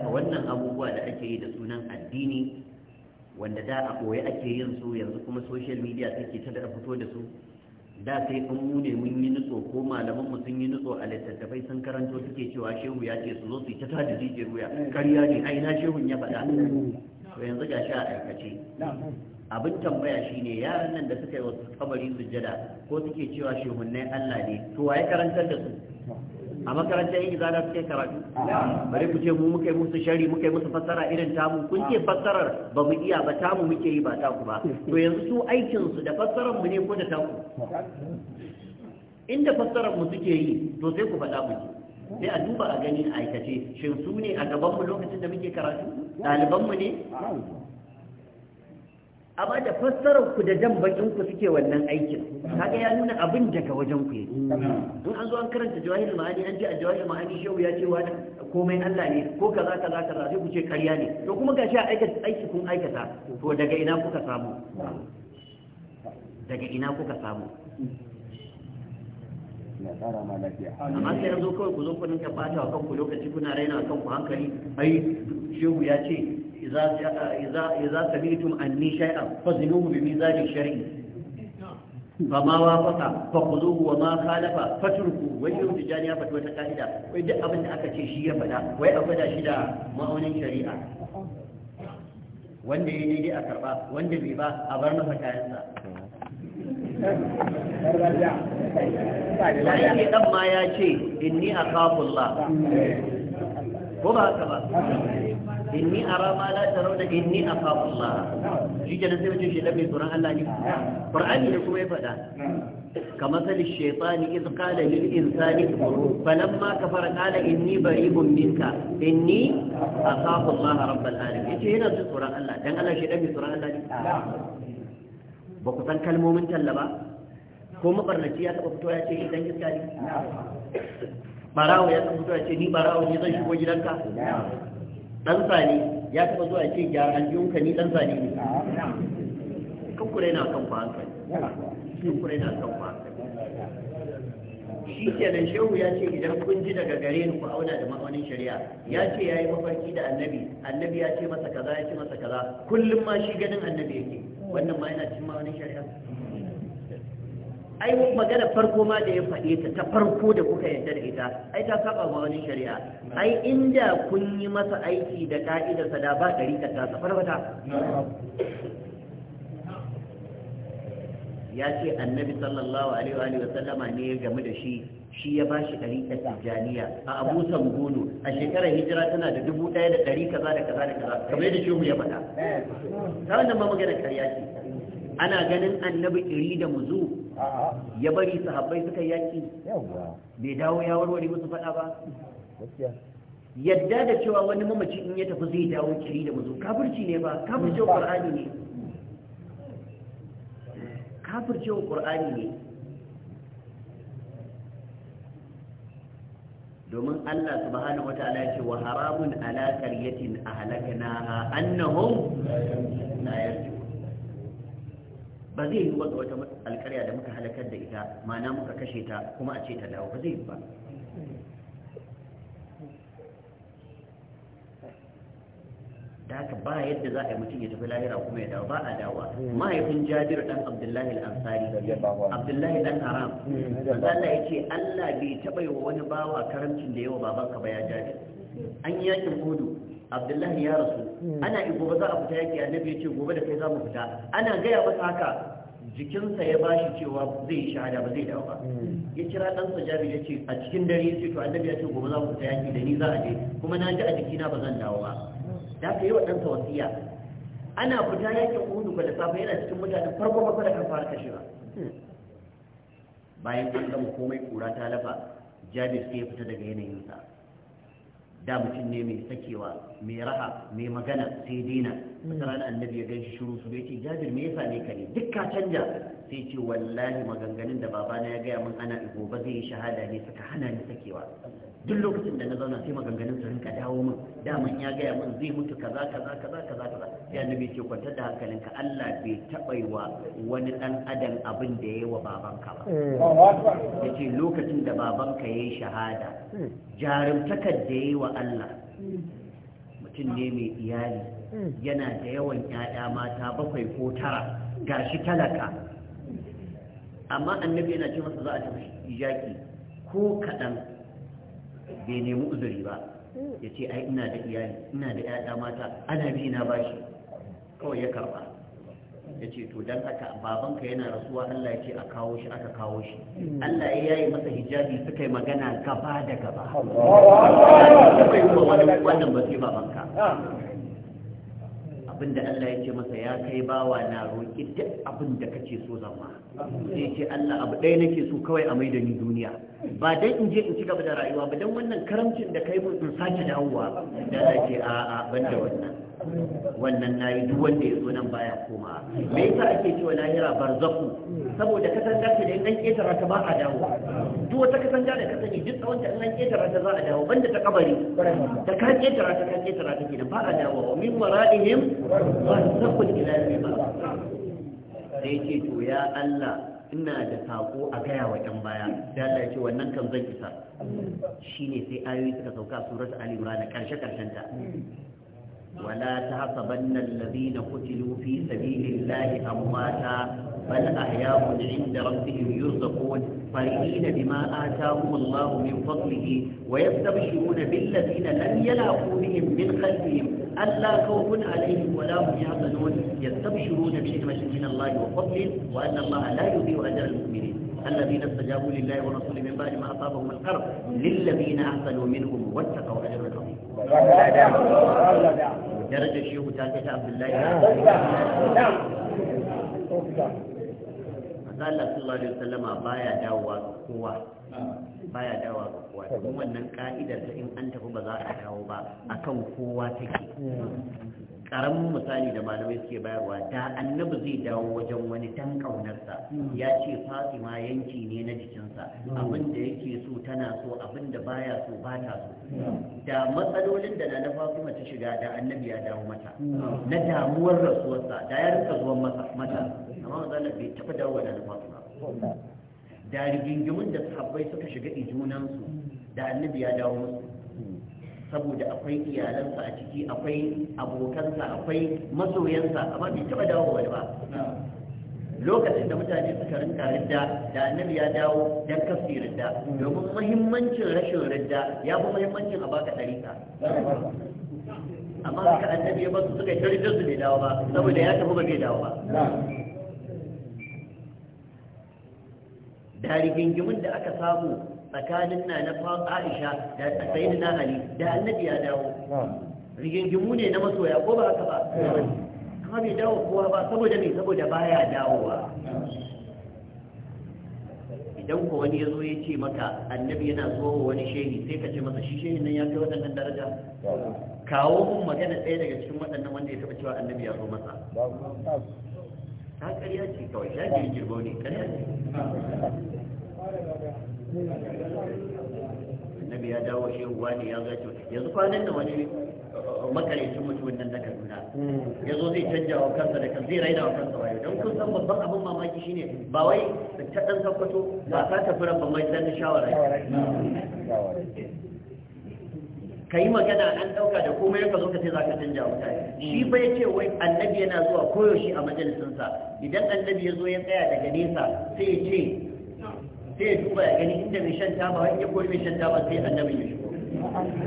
wannan abubuwa da ake yi da sunan addini wanda da a ɓoye ake yin su yanzu kuma social media take ta da fito da su da sai an mu mun yi nutso ko malaman mu sun yi nutso a littattafai sun karanto suke cewa shehu ya ce su zo su yi. ta da jijiyar wuya eh. karya ne ai na shehun ya faɗa eh. to yanzu ga sha a aikace abin tambaya shine yaran nan da suka yi wasu kabari sujjada ko suke cewa shehunnai Allah ne to waye karantar da su a makarantar yin izala suke karatu bari ku ce mu muka yi musu shari muka yi musu fassara irin tamu kun ce fassarar ba mu iya ba tamu muke yi ba ku ba to yanzu su aikin su da fassarar mu ne ko da taku inda fassarar mu suke yi to sai ku faɗa mu sai a duba a gani a aikace shin su ne a gaban mu lokacin da muke karatu ɗaliban mu ne amma da fassarar ku da jan bakin ku suke wannan aikin kaga ya nuna abin daga wajen ku yake in an zo an karanta jawahir ma'ani an ji a jawahir ma'ani shehu ya ce wa komai Allah ne ko kaza kaza kaza sai ku ce ƙarya ne to kuma gashi a aika aiki kun aikata to daga ina kuka samu daga ina kuka samu amma sai yanzu kawai ku zo ku ninka fata wa kanku lokaci kuna raina kanku hankali ai shehu ya ce إذا إذا إذا سمعتم أني شيئا فزنوه بميزان الشرعي فما وافق فخذوه وما خالف فتركوه وإن رجال فتوى تقاليدا وإذا أبن أكتي شيئا فلا وإذا شدا مؤمن شريعا wanda ya daidai a karba wanda bai ba a bar masa kayansa bayan ke dan ma ya ce inni a kafullah ko ba haka ba inni ara ma la da inni akhafu Allah shi ke da sai mutum shi da mai tsoron Allah ne Qur'ani ne kuma ya faɗa kamar sali shaytani iz qala lil insani kufur falamma kafara qala inni bari'un minka inni akhafu Allah rabbul alamin yace yana tsoron Allah dan Allah shi da mai tsoron Allah ne ba ku san kalmomin tallaba? ba ko mabarnaci ya taɓa fito ya ce idan iska ne barawo ya taɓa fito ya ce ni barawo ne zan shigo gidanka dan sani ya taba zuwa ce gyara aljihunka ni dan sani ne kankure na kan kwa hankali kan na kan kwa hankali shi kenan shehu ya ce idan kun ji daga gare ni ku auna da ma'aunin shari'a ya ce ya yi mafarki da annabi annabi ya ce masa kaza ya ce masa kaza kullum ma shi ganin annabi yake wannan ma yana cin ma'aunin shari'a ai magana farko ma da ya faɗe ta ta farko da kuka yarda da ita ai ta saba ma wani shari'a ai inda kun yi masa aiki da ka'idarsa da ba ɗari ta tasa ta. ya ce annabi sallallahu alaihi wa sallama ne ya gamu da shi shi ya ba shi ɗari ta tijjaniya a abu samgono a shekarar hijira tana da dubu ɗaya da ɗari kaza da kaza da kaza kamar yadda mu ya faɗa ta wannan ma magana karya ce ana ganin annabi iri da muzu ya bari sahabbai suka yaki bai dawo ya warware musu faɗa ba yadda da cewa wani mamaci in ya tafi zai dawo kiri da muzu kafirci ne ba kafirce wa ƙur'ani ne kafirce wa ƙur'ani ne domin Allah subhanahu wataala ya ce wa haramun ala qaryatin ahlaknaha annahum la yarji'un ba zai yi wata wata alƙarya da muka halakar da ita mana muka kashe ta kuma a ce ta dawo ba zai yi ba da haka ba yadda za a yi mutum ya tafi lahira kuma ya dawo ba a dawa mahaifin jabir dan abdullahi al-ansari abdullahi dan haram manzo Allah ya ce Allah bai taɓa yi wa wani bawa karamcin da yawa babanka ba ya jabir an yakin hudu abdullahi ya rasu hmm. ana yi gobe za a fita yaki annabi ya ce gobe da kai za mu fita ana gaya masa haka jikinsa ya bashi cewa zai yi shahada ba zai dawo ba hmm. ya kira ɗansa jabi ya ce a cikin dare ya ce to annabi ya ce gobe za mu fita yaki da ni za a je kuma na ji a jikina ba zan dawo ba hmm. da ka yi wa ɗansa wasiya ana fita yakin uhudu ba da safe yana cikin mutane farko ba da kan fara kashewa bayan an gama komai kura ta lafa jabir sai ya fita daga yanayinsa da mutum ne mai sakewa mai raha mai magana sai dina wata rana annabi ya gan shi shiru su ce jabir me yasa ne kare duk ka canja sai ce wallahi maganganun da babana ya gaya min ana ba zai yi shahada ne suka hana ni sakewa duk lokacin da na zauna sai maganganun su rinka dawo min daman ya gaya min zai mutu kaza kaza kaza kaza kaza ya nabi ce kwantar da hankalinka Allah bai taɓa yi wa wani ɗan adam abin da ya yi wa babanka ba ya lokacin da babanka ya yi shahada jarumtakar da ya yi wa Allah mutum ne mai iyali yana da yawan 'ya'ya mata bakwai ko tara gashi talaka amma annabi yana ce masa za a tafi yaki ko kaɗan bai nemi uzuri ba ya ce ai ina da iyali ina da 'ya'ya mata ana bi na bashi kawai ya karba ya ce to don haka babanka yana rasuwa Allah ya ce a kawo shi aka kawo shi Allah ya yi masa hijabi suka yi magana gaba da gaba wannan ba sai babanka abinda Allah ya ce masa ya kai bawa na roƙi duk abin da kake so zama sai ce Allah abu ɗaya nake so kawai a mai da ni duniya ba dan in je in ci gaba da rayuwa ba dan wannan karamcin da kai mun in sake dawowa da ce a a banda wannan wannan nayi duk wanda ya zo nan baya koma me yasa ake cewa lahira barzaku saboda kasan da in dan ketara ta ba a dawowa duk wata katanga da ka sani duk tsawon ta nan ketara ta za a dawo banda ta kabari da ka ketara ta ka ketara ta kenan ba a dawo wa min wara'ihim wa tasaqul ila al-iman sai ce to ya Allah ina da sako a gaya wa ɗan baya da Allah ya ce wannan kan zan isa shine sai ayoyi suka sauka surat Ali Imran karshe karshen ta wala الذين قتلوا في سبيل الله أمواتا بل أحياء 'inda ربهم يرزقون فرحين بما آتاهم الله من فضله ويستبشرون بالذين لم يلحقوا بهم من خلفهم ألا خوف عليهم ولا هم يحزنون يستبشرون بنعمة من الله وفضله وأن الله لا يضيع أجر المؤمنين الذين استجابوا لله ورسوله من بعد ما أصابهم القرب للذين أحسنوا منهم واتقوا أجر عظيم درجة الشيخ تاكيت عبد الله Allah sallallahu alaihi baya dawowa ga kowa baya dawowa ga kowa kuma wannan ka'idar ta in an tafi ba za a dawo ba akan kowa take karamin misali da malamai suke bayarwa da annabi zai dawo wajen wani dan kaunarsa hmm. ya ce fatima yanki ne na jikinsa hmm. abin da yake so tana so abin da baya so ba ta so hmm. da matsalolin da na fatima ta shiga da annabi ya dawo mata na damuwar rasuwarsa da ya rinka zuwa mata, mata amma manzon bai taba dawo da na fatima da rigingimin da sahabbai suka shiga ijunansu da annabi ya dawo musu saboda akwai iyalansa a ciki akwai abokansa akwai masoyansa amma bai taba dawo wani ba lokacin da mutane suka rinka ridda da annabi ya dawo dan kafi ridda hmm. domin muhimmancin rashin ridda ya fi muhimmancin a baka ɗarika amma suka annabi ya basu suka yi ridda su bai dawo ba saboda ya tafi ba bai dawo ba da rigingimin da aka samu tsakanin na na Aisha da na Ali da Annabi ya dawo rigingimu ne na masoya ko ba haka ba Kuma bai dawo kowa ba saboda me saboda baya dawowa idan ko wani ya zo ya ce maka annabi yana zuwa wani shehi sai ka ce masa shi shehin nan ya kai waɗannan daraja kawo mun magana ɗaya daga cikin waɗannan wanda ya taɓa cewa annabi ya zo masa ta ƙarya ce kawai shaƙi girbo ne ƙarya ce annabi ya dawo shi shehu ne ya gato yanzu kwanan da wani makarancin mutumin nan na kaduna hmm. ya zo zai canja wa kansa da kansa zai raina wa kansa wayo don kun san babban abin mamaki shine ba wai ta dan sakwato ba ta tafi babban mai dan shawara ka yi magana an ɗauka da komai ka zo ka sai za ka canja mutane shi fa ya ce wai annabi yana zuwa koyaushe a majalisinsa idan annabi ya zo ya tsaya daga nesa sai ya ce sai ya duba ya gani inda mai shan taba in ya kori mai shan taba sai annabi ya shigo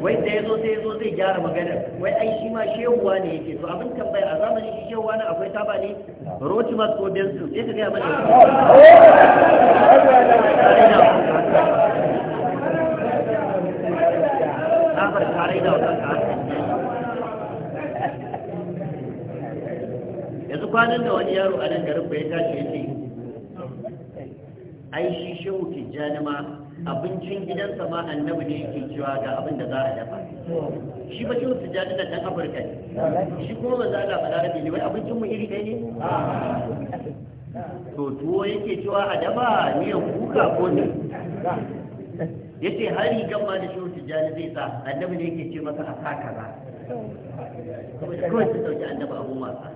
wai da ya zo sai ya zo zai gyara magana wai ai shi ma shehuwa ne yake to abin tambaya a zamanin shi shehuwa ne akwai taba ne rotimas ko bensu sai ka gaya mana tare da yanzu kwanan da wani yaro a nan garin bai tashi yake ai shi shehu tijjani ma abincin gidansa ma annabi ne yake cewa ga abin da za a dafa shi ba shehu tijjani na dan afirka ne shi kuma ba za a balarabe ne wai abincin mu iri ɗaya ne to tuwo yake cewa a dafa ya kuka ko ne yace har rigan ma da shehu tijjani zai sa annabi ne yake ce masa a sa kaza kawai su dauki annabi abun wasa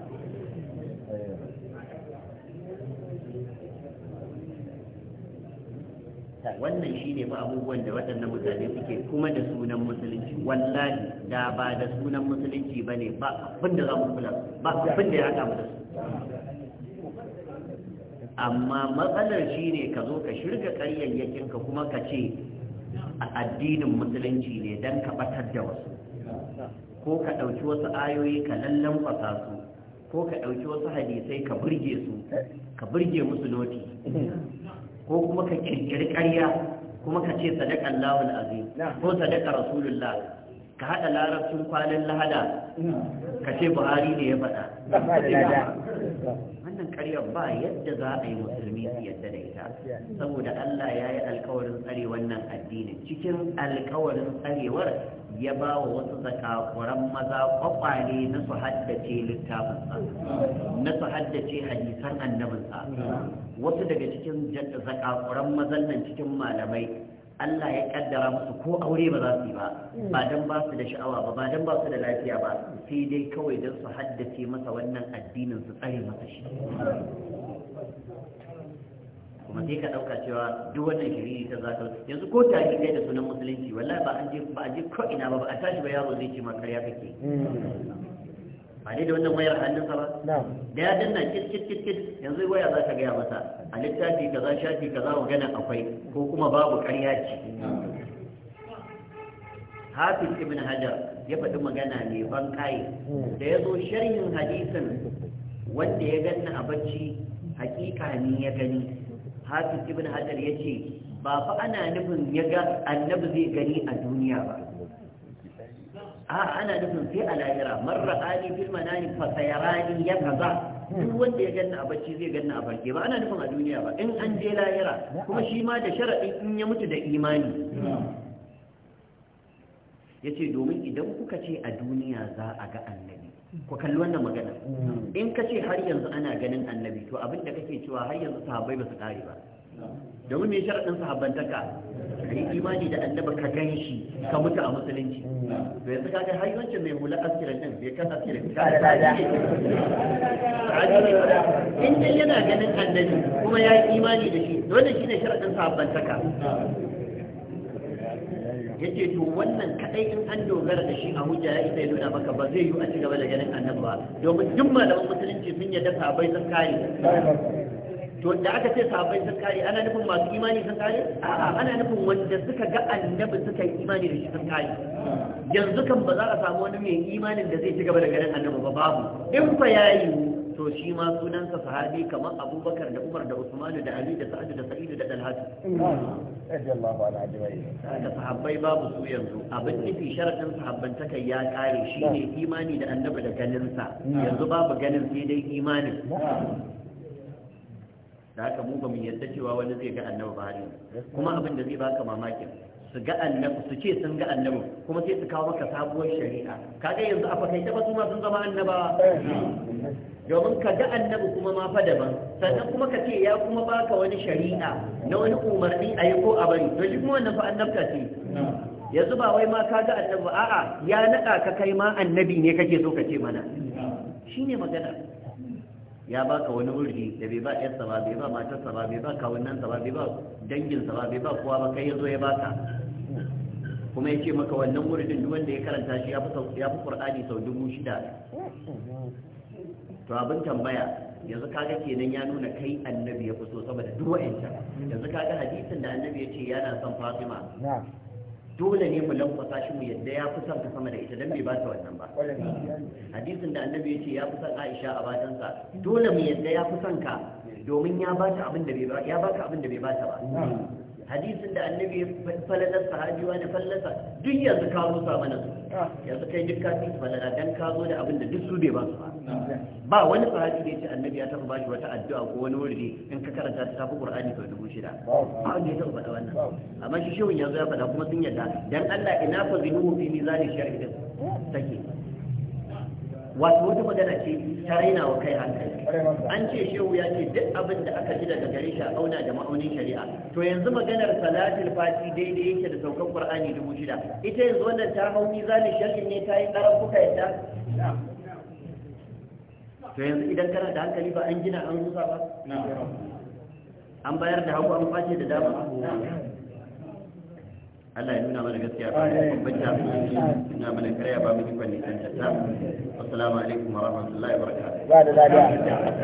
wannan shi ne ba abubuwan da waɗannan mutane suke kuma da sunan musulunci wallahi da ba da sunan musulunci ba ne ba abin da za mu kula ba abin da ya haɗa mu da su amma matsalar shi ne ka zo ka shirga ka kuma ka ce a addinin musulunci ne don ka batar da wasu ko ka ɗauki wasu ayoyi ka lallan fasa su ko ka ɗauki wasu hadisai ka burge su ka burge musu noti ko kuma ka kirkiri ƙarya kuma ka ce sadaka Allahul azim ko sadaka rasulullah ka haɗa larabcin kwanan lahada ka ce buhari ne ya faɗa wannan karyar ba yadda za a yi musulmi su yadda da ita saboda allah ya yi alkawarin tsare wannan addinin cikin alkawarin tsarewar ya ba wa wasu zakakuran maza kwakwale na su haddace littafinsa na su haddace hadisan annabinsa wasu daga cikin zakakuran mazan nan cikin malamai Allah ya kaddara musu ko aure ba za su yi ba ba don ba su da sha'awa ba ba don ba su da lafiya ba sai dai kawai don su haddace masa wannan addinin su tsare masa shi kuma sai ka ɗauka cewa duk wannan shirini ta za ta yanzu ko ta kai da sunan musulunci wallahi ba an je ba a je ko ina ba ba a tashi ba yaro zai ce ma karya kake ba dai da wannan wayar sa ba da ya danna kit kit kit kit yanzu waya za ta gaya masa a littafi kaza shafi kaza maganan akwai ko kuma babu karya ce hafi ibn hajar ya faɗi magana ne ban kai da ya zo sharhin hadisin wanda ya ganna a bacci hakika ne ya gani hafi ibn hajar ya ce ba fa ana nufin ya ga annabi zai gani a duniya ba a ana nufin sai a lahira marra ali fil manani fa ya kaza duk wanda ya ganna a bacci zai ganna a barke ba ana nufin a duniya ba in an je lahira kuma shi ma da sharaɗi in ya mutu da imani Ya ce domin idan kuka ce a duniya za a ga annabi ku kalli wannan magana in ka ce har yanzu ana ganin annabi to abin da kake cewa har yanzu sahabbai ba su kare ba domin me sharaɗin sahabbantaka ka yi imani da annaba ka gan shi ka mutu a musulunci to yanzu ka ga har yawancin mai hula askirin din bai kan askirin ka da tsada in dai yana ganin annabi kuma ya yi imani da shi dole shine sharaɗin sahabbantaka yace to wannan kadai in an dogara da shi a hujja ya isa ya nuna maka ba zai yi a ci gaba da ganin annabi ba domin duk malaman musulunci sun yadda sahabbai sun kare to da aka ce sahabbai sun kare ana nufin masu imani sun kare a'a ana nufin wanda suka ga annabi suka yi imani da shi sun kare yanzu kan ba za a samu wani mai imanin da zai ci gaba da ganin annabi ba babu in fa yayi to shi ma sunansa sahabi kamar abubakar da umar da usmanu da ali da sa'adu da sa'idu da dalhatu radiyallahu anhu ajma'in da sahabbai babu su yanzu abin nufi sharadin sahabbantaka ya kare shine imani da annabi da ganin yanzu babu ganin sai dai imanin da haka mu ba mu yarda cewa wani zai ga annabi ba har kuma abin da zai baka mamakin su ga annabi su ce sun ga annabi kuma sai su kawo maka sabuwar shari'a kaga yanzu a fakaice ba su ma sun zama annabawa eh, domin ka ga annabi kuma ma fa daban sannan kuma ka ce ya kuma baka wani shari'a na wani umarni a yi ko a bari to shi kuma wannan fa annabta ce yanzu ba wai ma ka ga annabi a'a ya naɗa ka kai ma annabi ne kake so ka ce mana shine magana ya baka wani wurdi da bai ba ɗan ba bai ba matarsa ba bai ba kawunnansa ba bai ba danginsa ba bai ba kowa ba kai yazo ya baka kuma ya ce maka wannan wurin duk wanda ya karanta shi ya fi Qur'ani sau dubu shida to abin tambaya yanzu kaga kenan ya nuna kai annabi ya fi so sama da yanzu kaga hadisin da annabi ya ce yana son fatima dole ne mu lankwasa shi mu yadda ya fi son ta sama da ita don bai ba ta wannan ba hadisin da annabi ya ce ya fi son aisha a batansa dole mu yadda ya fi son ka domin ya ba ta abin da bai ba ta ba hadisin da annabi ya falala sahabiwa da fallasa duk yanzu ka rusa mana su ah. yanzu kai duk kafin su falala dan ka zo da abin da duk su bai ba su ba ba wani sahabi da ce annabi ya taɓa bashi wata addu'a ko wani wuri in ka karanta ta tafi qur'ani sau dubu shida ba wanda ya taɓa faɗa wannan amma shi shehun yanzu ya faɗa kuma sun yarda dan Allah ina fa zinuhu fi mizani shari'a take wato wata magana ce ta raina wa kai hankali an ce shehu ya ce duk abin da aka ji daga gare shi a auna da ma'aunin shari'a to yanzu maganar salatul fati daidai yake da saukan qur'ani dubu shida ita yanzu wannan ta hau mizanin shari'in ne ta yi karar kuka yadda to yanzu idan kana da hankali ba an gina an rusa ba an bayar da hagu an face da dama Allah ya nuna mana gaskiya ba ne kuma mu bambanta mu nuna mana karya ba mu ikon nisan ta assalamu alaikum wa rahmatullahi wa barakatuh da